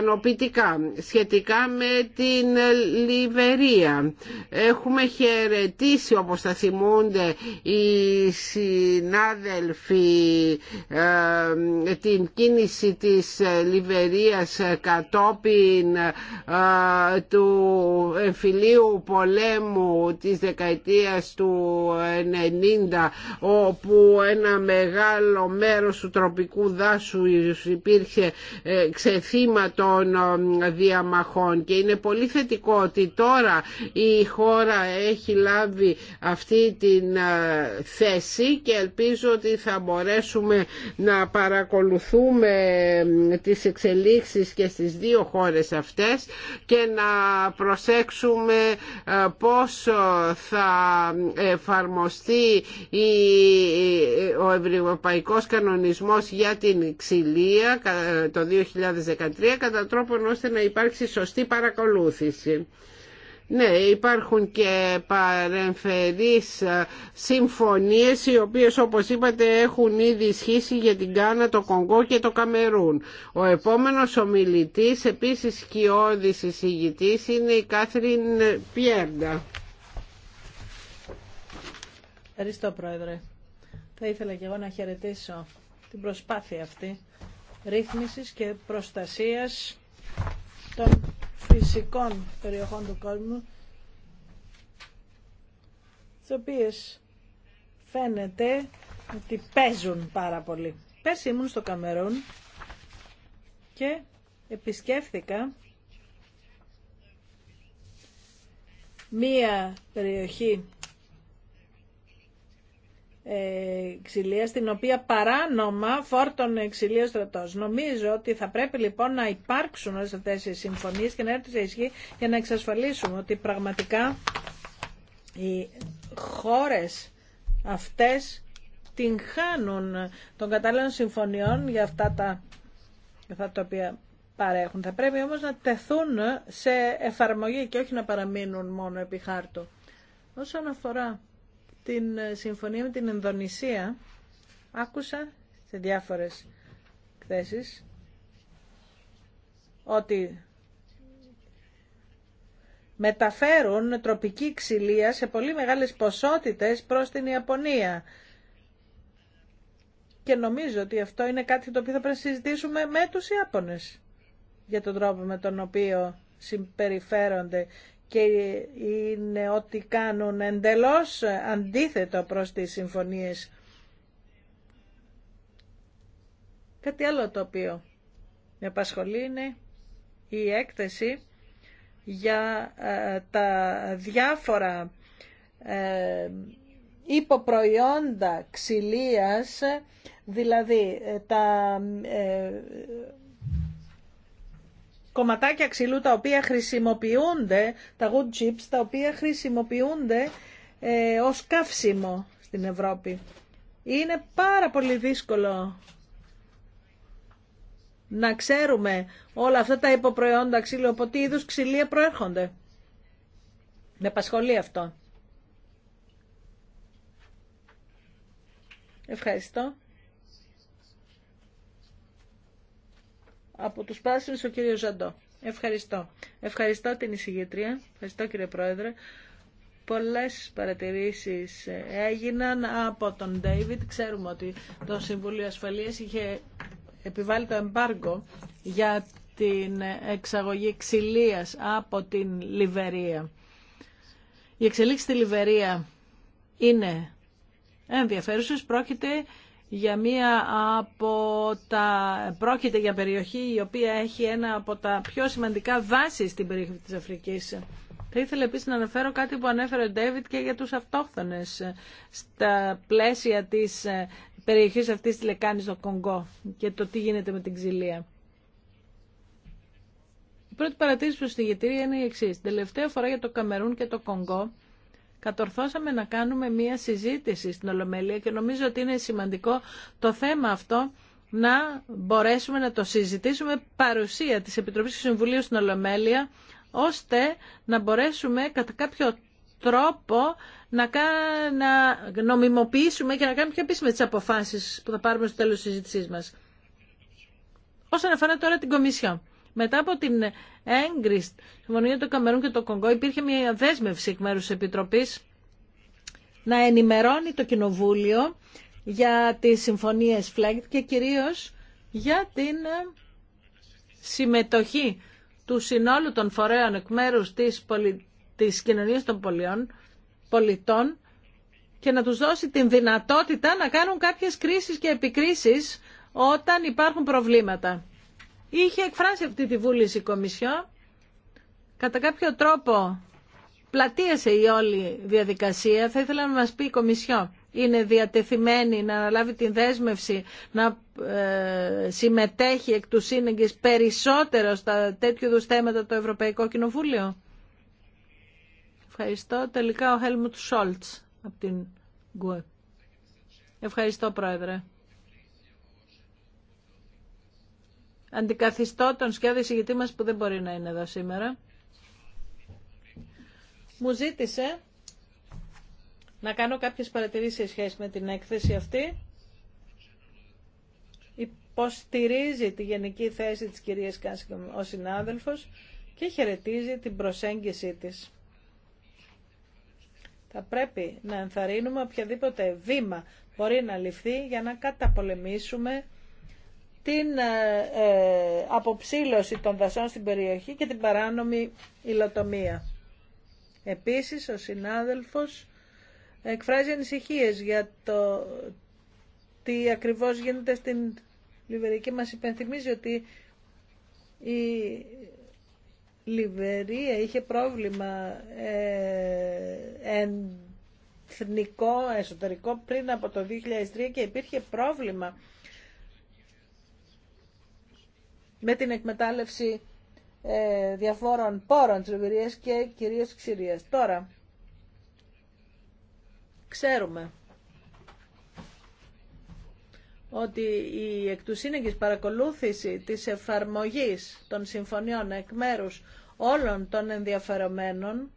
ικανοποιητικά. Σχετικά με την Λιβερία έχουμε χαιρετήσει όπως θα θυμούνται οι συνάδελφοι ε, την κίνηση της Λιβερίας κατόπιν ε, του εμφυλίου πολέμου της δεκαετίας του 90 όπου ένα μεγάλο μέρος του τροπικού δάσου υπήρχε ε, ξεθύματο των ε, διαμαχών και είναι πολύ θετικό ότι τώρα η χώρα έχει λάβει αυτή την ε, θέση και ελπίζω ότι θα μπορέσουμε να παρακολουθούμε ε, τις εξελίξεις και στις δύο χώρες αυτές και να προσέξουμε πώς θα εφαρμοστεί ο ευρωπαϊκός κανονισμός για την ξυλία το 2013 κατά κατά τρόπον ώστε να υπάρξει σωστή παρακολούθηση. Ναι, υπάρχουν και παρεμφερείς ε, συμφωνίες οι οποίες όπως είπατε έχουν ήδη ισχύσει για την Κάνα, το Κονγκό και το Καμερούν. Ο επόμενος ομιλητής, επίσης σκιώδης εισηγητής, είναι η Κάθριν Πιέρντα. Ευχαριστώ Πρόεδρε. Θα ήθελα και εγώ να χαιρετήσω την προσπάθεια αυτή ρύθμισης και προστασίας των φυσικών περιοχών του κόσμου τις οποίες φαίνεται ότι παίζουν πάρα πολύ. Πέρσι ήμουν στο Καμερούν και επισκέφθηκα μία περιοχή ξυλία στην οποία παράνομα φόρτωνε ξυλία στρατό. Νομίζω ότι θα πρέπει λοιπόν να υπάρξουν όλε αυτέ οι συμφωνίε και να έρθουν σε ισχύ για να εξασφαλίσουμε ότι πραγματικά οι χώρε αυτέ την χάνουν των κατάλληλων συμφωνιών για αυτά τα, για αυτά τα οποία παρέχουν. Θα πρέπει όμως να τεθούν σε εφαρμογή και όχι να παραμείνουν μόνο επί χάρτου. Όσον αφορά την ε, συμφωνία με την Ενδονησία άκουσα σε διάφορες εκθέσεις ότι μεταφέρουν τροπική ξυλία σε πολύ μεγάλες ποσότητες προς την Ιαπωνία. Και νομίζω ότι αυτό είναι κάτι το οποίο θα πρέπει να συζητήσουμε με τους Ιάπωνες για τον τρόπο με τον οποίο συμπεριφέρονται και είναι ότι κάνουν εντελώς αντίθετο προς τις συμφωνίες. Κάτι άλλο το οποίο με απασχολεί είναι η έκθεση για ε, τα διάφορα ε, υποπροϊόντα ξυλίας, δηλαδή ε, τα κομματάκια ξυλού τα οποία χρησιμοποιούνται, τα wood chips, τα οποία χρησιμοποιούνται ε, ως καύσιμο στην Ευρώπη. Είναι πάρα πολύ δύσκολο να ξέρουμε όλα αυτά τα υποπροϊόντα ξύλου, από τι είδους ξυλία προέρχονται. Με απασχολεί αυτό. Ευχαριστώ. Από τους πράσινους ο κύριος Ζαντό. Ευχαριστώ. Ευχαριστώ την εισηγήτρια. Ευχαριστώ κύριε Πρόεδρε. Πολλές παρατηρήσεις έγιναν από τον Ντέιβιτ. Ξέρουμε ότι το Συμβούλιο Ασφαλείας είχε επιβάλει το εμπάργκο για την εξαγωγή ξυλίας από την Λιβερία. Η εξελίξη στη Λιβερία είναι ενδιαφέρουσες. Πρόκειται για μία από τα... Πρόκειται για περιοχή η οποία έχει ένα από τα πιο σημαντικά βάσεις στην περιοχή της Αφρικής. Θα ήθελα επίσης να αναφέρω κάτι που ανέφερε ο Ντέβιτ και για τους αυτόχθονες στα πλαίσια της ε, περιοχής αυτής της λεκάνης στο Κονγκό και το τι γίνεται με την ξυλία. Η πρώτη παρατήρηση προς τη γητήρια είναι η εξής. Τελευταία φορά για το Καμερούν και το Κονγκό κατορθώσαμε να κάνουμε μία συζήτηση στην Ολομέλεια και νομίζω ότι είναι σημαντικό το θέμα αυτό να μπορέσουμε να το συζητήσουμε παρουσία της Επιτροπής του Συμβουλίου στην Ολομέλεια ώστε να μπορέσουμε κατά κάποιο τρόπο να, να νομιμοποιήσουμε και να κάνουμε πιο επίσημε τις αποφάσεις που θα πάρουμε στο τέλος της συζήτησής μας. Όσον αφορά τώρα την Κομισιόν. Μετά από την έγκριση συμφωνία του Καμερούν και το Κονγκό υπήρχε μια δέσμευση εκ μέρου τη Επιτροπής να ενημερώνει το Κοινοβούλιο για τις συμφωνίες Φλέκ και κυρίως για την ε, συμμετοχή του συνόλου των φορέων εκ μέρους της, πολι... της κοινωνίας των πολιών, πολιτών και να τους δώσει την δυνατότητα να κάνουν κάποιες κρίσεις και επικρίσεις όταν υπάρχουν προβλήματα είχε εκφράσει αυτή τη βούληση η Κομισιό. Κατά κάποιο τρόπο πλατείασε η όλη διαδικασία. Θα ήθελα να μας πει η Κομισιό. Είναι διατεθειμένη να αναλάβει την δέσμευση να ε, συμμετέχει εκ του σύνεγγυς περισσότερο στα τέτοιου είδους θέματα το Ευρωπαϊκό Κοινοβούλιο. Ευχαριστώ. Τελικά ο Χέλμουτ Σόλτς από την Γουε Ευχαριστώ Πρόεδρε. αντικαθιστώ τον σκιάδη συγητή μας που δεν μπορεί να είναι εδώ σήμερα. Μου ζήτησε να κάνω κάποιες παρατηρήσεις σχέση με την έκθεση αυτή. Υποστηρίζει τη γενική θέση της κυρίας Κάσκεμ ο συνάδελφος και χαιρετίζει την προσέγγιση της. Θα πρέπει να ενθαρρύνουμε οποιαδήποτε βήμα μπορεί να ληφθεί για να καταπολεμήσουμε την ε, ε, αποψήλωση των δασών στην περιοχή και την παράνομη υλοτομία. Επίσης, ο συνάδελφος εκφράζει ανησυχίες για το τι ακριβώς γίνεται στην Λιβερική. Μας υπενθυμίζει ότι η Λιβερία είχε πρόβλημα ε, εθνικό, εσωτερικό πριν από το 2003 και υπήρχε πρόβλημα με την εκμετάλλευση ε, διαφόρων πόρων της και κυρίως ξηρίας. Τώρα, ξέρουμε ότι η εκ του παρακολούθηση της εφαρμογής των συμφωνιών εκ μέρους όλων των ενδιαφερομένων,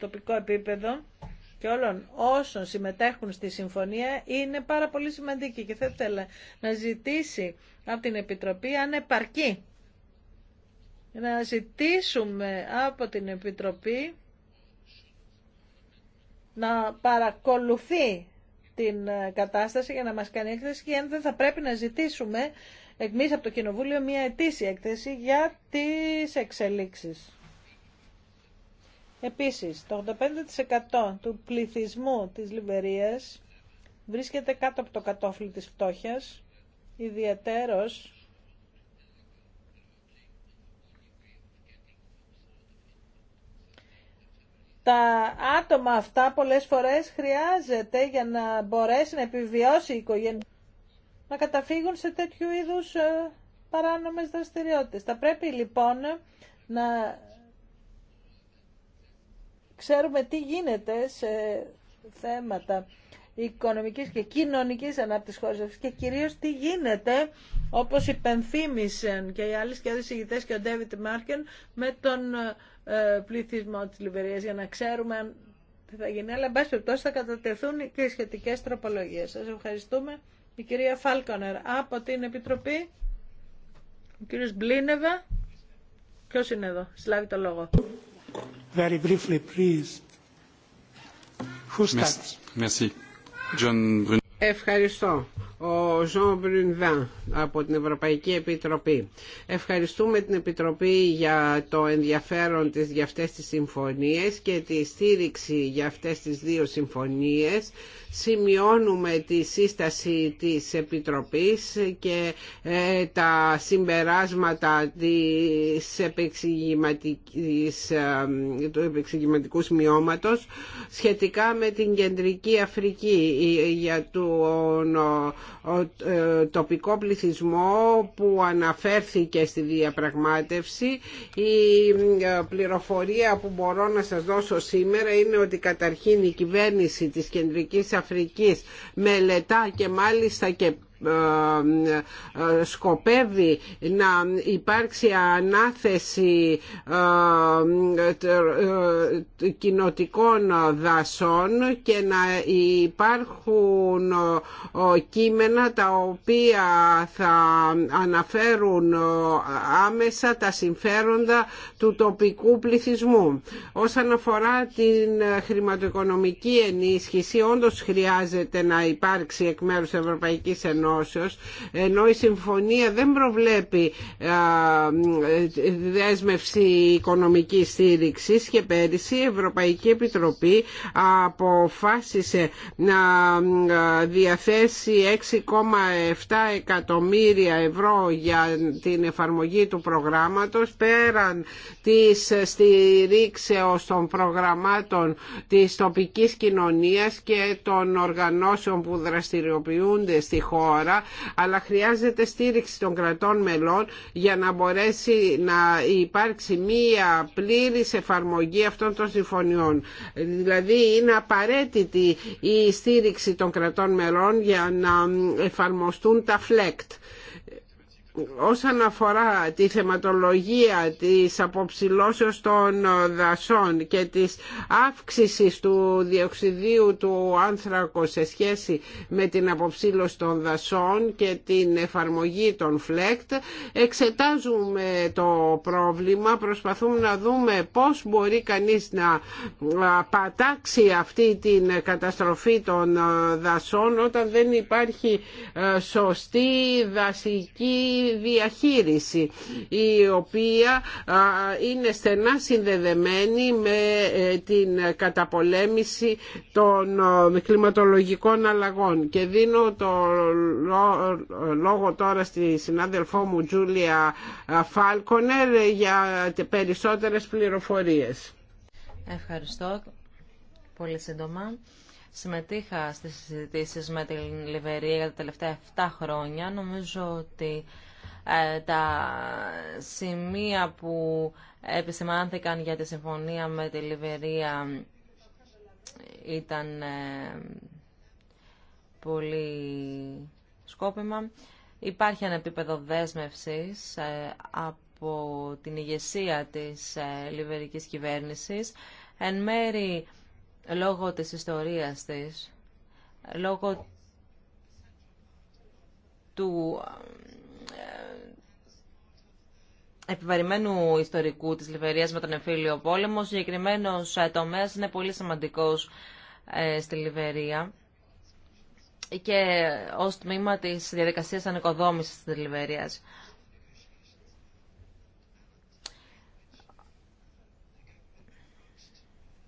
τοπικό επίπεδο, και όλων όσων συμμετέχουν στη συμφωνία είναι πάρα πολύ σημαντική και θα ήθελα να ζητήσει από την Επιτροπή αν επαρκεί. Να ζητήσουμε από την Επιτροπή να παρακολουθεί την ε, κατάσταση για να μας κάνει έκθεση και αν δεν θα πρέπει να ζητήσουμε εμείς από το Κοινοβούλιο μια ετήσια έκθεση για τις εξελίξεις. Επίσης, το 85% του πληθυσμού της Λιβερίας βρίσκεται κάτω από το κατόφλι της φτώχειας, ιδιαίτερος τα άτομα αυτά πολλές φορές χρειάζεται για να μπορέσει να επιβιώσει η οικογένεια να καταφύγουν σε τέτοιου είδους ε, παράνομες δραστηριότητες. Θα πρέπει λοιπόν να ξέρουμε τι γίνεται σε θέματα οικονομικής και κοινωνικής ανάπτυξης χώρας και κυρίως τι γίνεται όπως υπενθύμησαν και οι άλλοι σχεδόν και ο Ντέβιτ Μάρκεν με τον ε, πληθυσμό της Λιβερίας για να ξέρουμε αν θα γίνει αλλά εν πάση θα κατατεθούν και οι σχετικές τροπολογίες. Σας ευχαριστούμε η κυρία Φάλκονερ από την Επιτροπή ο κύριος Μπλίνεβα ποιος είναι εδώ, συλλάβει το λόγο. Very briefly, please. Who starts? Merci. John Ευχαριστώ. Ο Ζων Μπρινδάν, από την Ευρωπαϊκή Επιτροπή. Ευχαριστούμε την Επιτροπή για το ενδιαφέρον της για αυτές τις συμφωνίες και τη στήριξη για αυτές τις δύο συμφωνίες. Σημειώνουμε τη σύσταση της Επιτροπής και ε, τα συμπεράσματα της επεξηγηματικής, ε, του επεξηγηματικού σημειώματος σχετικά με την Κεντρική Αφρική ε, για του ε, τοπικό πληθυσμό που αναφέρθηκε στη διαπραγμάτευση. Η ε, πληροφορία που μπορώ να σας δώσω σήμερα είναι ότι καταρχήν η κυβέρνηση της Κεντρικής Αφρικής μελετά και μάλιστα και ε, ε, σκοπεύει να υπάρξει ανάθεση ε, κοινοτικών δασών και να υπάρχουν κείμενα τα οποία θα αναφέρουν άμεσα τα συμφέροντα του τοπικού πληθυσμού. Όσον αφορά την χρηματοοικονομική ενίσχυση, όντως χρειάζεται να υπάρξει εκ μέρους Ευρωπαϊκής Ενώσης ενώ η συμφωνία δεν προβλέπει δέσμευση οικονομική στήριξης και πέρυσι η Ευρωπαϊκή Επιτροπή αποφάσισε να διαθέσει 6,7 εκατομμύρια ευρώ για την εφαρμογή του προγράμματος πέραν της στηρίξεως των προγραμμάτων της τοπικής κοινωνίας και των οργανώσεων που δραστηριοποιούνται στη χώρα αλλά χρειάζεται στήριξη των κρατών μελών για να μπορέσει να υπάρξει μία πλήρης εφαρμογή αυτών των συμφωνιών. Δηλαδή είναι απαραίτητη η στήριξη των κρατών μελών για να εφαρμοστούν τα ΦΛΕΚΤ όσον αφορά τη θεματολογία της αποψηλώσεως των δασών και της αύξησης του διοξιδίου του άνθρακο σε σχέση με την αποψήλωση των δασών και την εφαρμογή των φλέκτ εξετάζουμε το πρόβλημα προσπαθούμε να δούμε πώς μπορεί κανείς να πατάξει αυτή την καταστροφή των δασών όταν δεν υπάρχει ε, σωστή δασική διαχείριση η οποία είναι στενά συνδεδεμένη με ε, την καταπολέμηση των ε, κλιματολογικών αλλαγών και δίνω το λόγο τώρα στη συνάδελφό μου Τζούλια Φάλκονερ για περισσότερες πληροφορίες. Ευχαριστώ. Πολύ σύντομα. Συμμετείχα στις συζητήσεις με την Λιβερία για τα τελευταία 7 χρόνια. Νομίζω ότι ε, τα σημεία που επισημάνθηκαν για τη συμφωνία με τη Λιβερία ήταν ε, πολύ σκόπιμα. Υπάρχει ένα επίπεδο δέσμευσης ε, από την ηγεσία της λιβερικής κυβέρνησης, εν μέρη λόγω της ιστορίας της, λόγω του επιβαρημένου ιστορικού της Λιβερίας με τον εμφύλιο πόλεμο. Ο συγκεκριμένο ε, τομέα είναι πολύ σημαντικός ε, στη Λιβερία και ως τμήμα της διαδικασίας ανοικοδόμησης της Λιβερίας.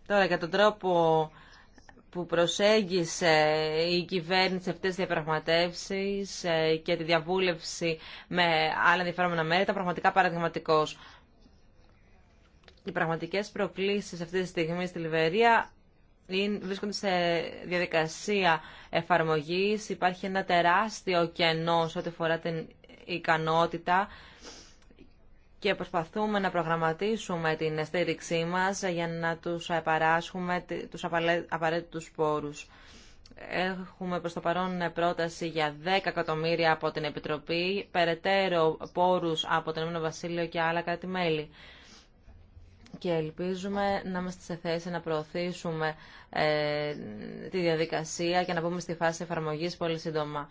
Τώρα, για τον τρόπο που προσέγγισε η κυβέρνηση αυτέ τις διαπραγματεύσεις ε, και τη διαβούλευση με άλλα ενδιαφέροντα μέρη ήταν πραγματικά παραδειγματικό. Οι πραγματικές προκλήσεις αυτή τη στιγμή στη Λιβερία βρίσκονται σε διαδικασία εφαρμογής. Υπάρχει ένα τεράστιο κενό σε ό,τι αφορά την ικανότητα και προσπαθούμε να προγραμματίσουμε την στήριξή μας για να τους παράσχουμε τους απαραίτητους πόρους. Έχουμε προς το παρόν πρόταση για 10 εκατομμύρια από την Επιτροπή, περαιτέρω πόρους από τον Ηνωμένο Βασίλειο και άλλα κράτη-μέλη. Και ελπίζουμε να είμαστε σε θέση να προωθήσουμε ε, τη διαδικασία και να μπούμε στη φάση εφαρμογής πολύ σύντομα.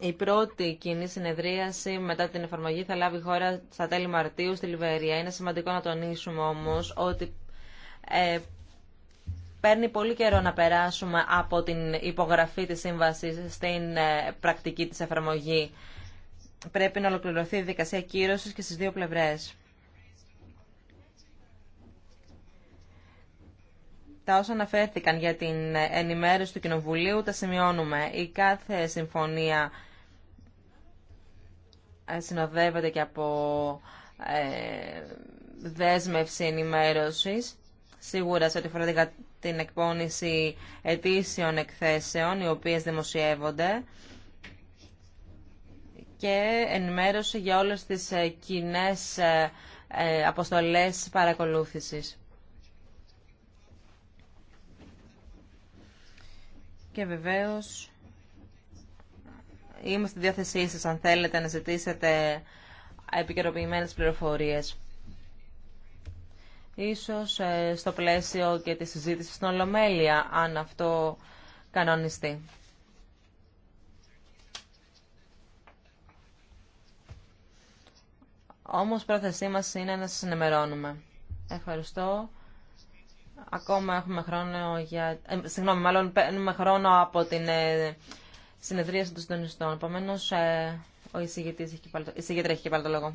Η πρώτη κοινή συνεδρίαση μετά την εφαρμογή θα λάβει χώρα στα τέλη Μαρτίου στη Λιβερία. Είναι σημαντικό να τονίσουμε όμως ότι ε, παίρνει πολύ καιρό να περάσουμε από την υπογραφή της σύμβασης στην ε, πρακτική της εφαρμογή. Πρέπει να ολοκληρωθεί η δικασία κύρωσης και στις δύο πλευρές. Τα όσα αναφέρθηκαν για την ενημέρωση του Κοινοβουλίου τα σημειώνουμε. Η κάθε συμφωνία συνοδεύεται και από ε, δέσμευση ενημέρωσης, σίγουρα σε ό,τι αφορά την εκπόνηση ετήσιων εκθέσεων, οι οποίες δημοσιεύονται, και ενημέρωση για όλες τις ε, κοινέ ε, αποστολές παρακολούθησης. Και βεβαίως είμαι στη διάθεσή αν θέλετε να ζητήσετε επικαιροποιημένες πληροφορίες. Ίσως ε, στο πλαίσιο και τη συζήτηση στην Ολομέλεια, αν αυτό κανονιστεί. Όμως πρόθεσή μας είναι να σας ενημερώνουμε. Ευχαριστώ. Ακόμα έχουμε χρόνο για... Ε, συγγνώμη, μάλλον παίρνουμε χρόνο από την ε, συνεδρίαση των συντονιστών. Επομένω, ε, ο εισηγητή έχει και πάλι το λόγο.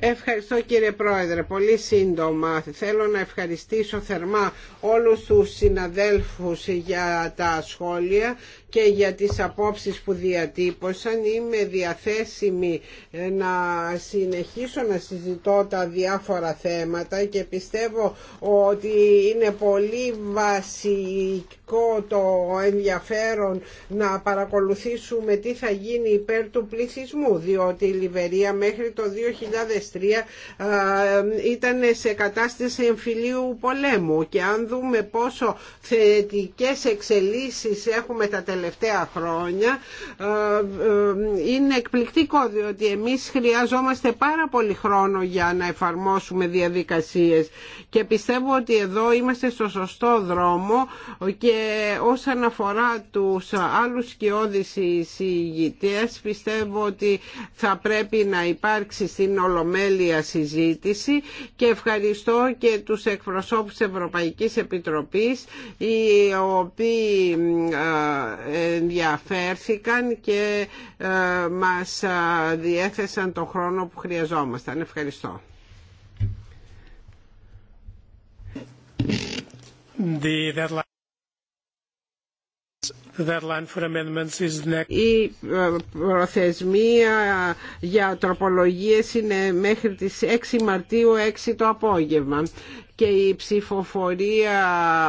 Ευχαριστώ κύριε Πρόεδρε. Πολύ σύντομα θέλω να ευχαριστήσω θερμά όλου του συναδέλφου για τα σχόλια και για τις απόψεις που διατύπωσαν. Είμαι διαθέσιμη ε, να συνεχίσω να συζητώ τα διάφορα θέματα και πιστεύω ότι είναι πολύ βασικό το ενδιαφέρον να παρακολουθήσουμε τι θα γίνει υπέρ του πληθυσμού διότι η Λιβερία μέχρι το 2003 ε, ήταν σε κατάσταση εμφυλίου πολέμου και αν δούμε πόσο θετικές εξελίσεις έχουμε τα τελευταία χρόνια ε, ε, είναι εκπληκτικό διότι εμείς χρειαζόμαστε πάρα πολύ χρόνο για να εφαρμόσουμε διαδικασίες και πιστεύω ότι εδώ είμαστε στο σωστό δρόμο και όσον αφορά τους άλλους σκιώδεις εισηγητές πιστεύω ότι θα πρέπει να υπάρξει στην Ολομέλεια συζήτηση και ευχαριστώ και τους εκπροσώπους Ευρωπαϊκής Επιτροπής οι οποίοι ε, ενδιαφέρθηκαν και ε, μας ε, διέθεσαν τον χρόνο που χρειαζόμασταν. Ευχαριστώ. Η ε, προθεσμία για τροπολογίες είναι μέχρι τις 6 Μαρτίου 6 το απόγευμα και η ψηφοφορία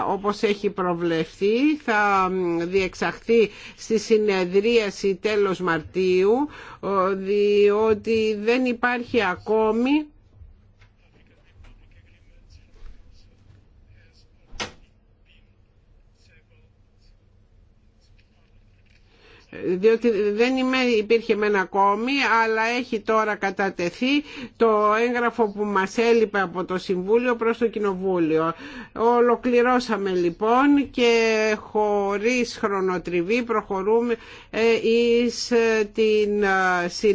όπως έχει προβλεφθεί θα διεξαχθεί στη συνεδρίαση τέλος Μαρτίου διότι δεν υπάρχει ακόμη διότι δεν υπήρχε μεν ακόμη αλλά έχει τώρα κατατεθεί το έγγραφο που μας έλειπε από το Συμβούλιο προς το Κοινοβούλιο. Ολοκληρώσαμε λοιπόν και χωρίς χρονοτριβή προχωρούμε ε, εις ε, την ε,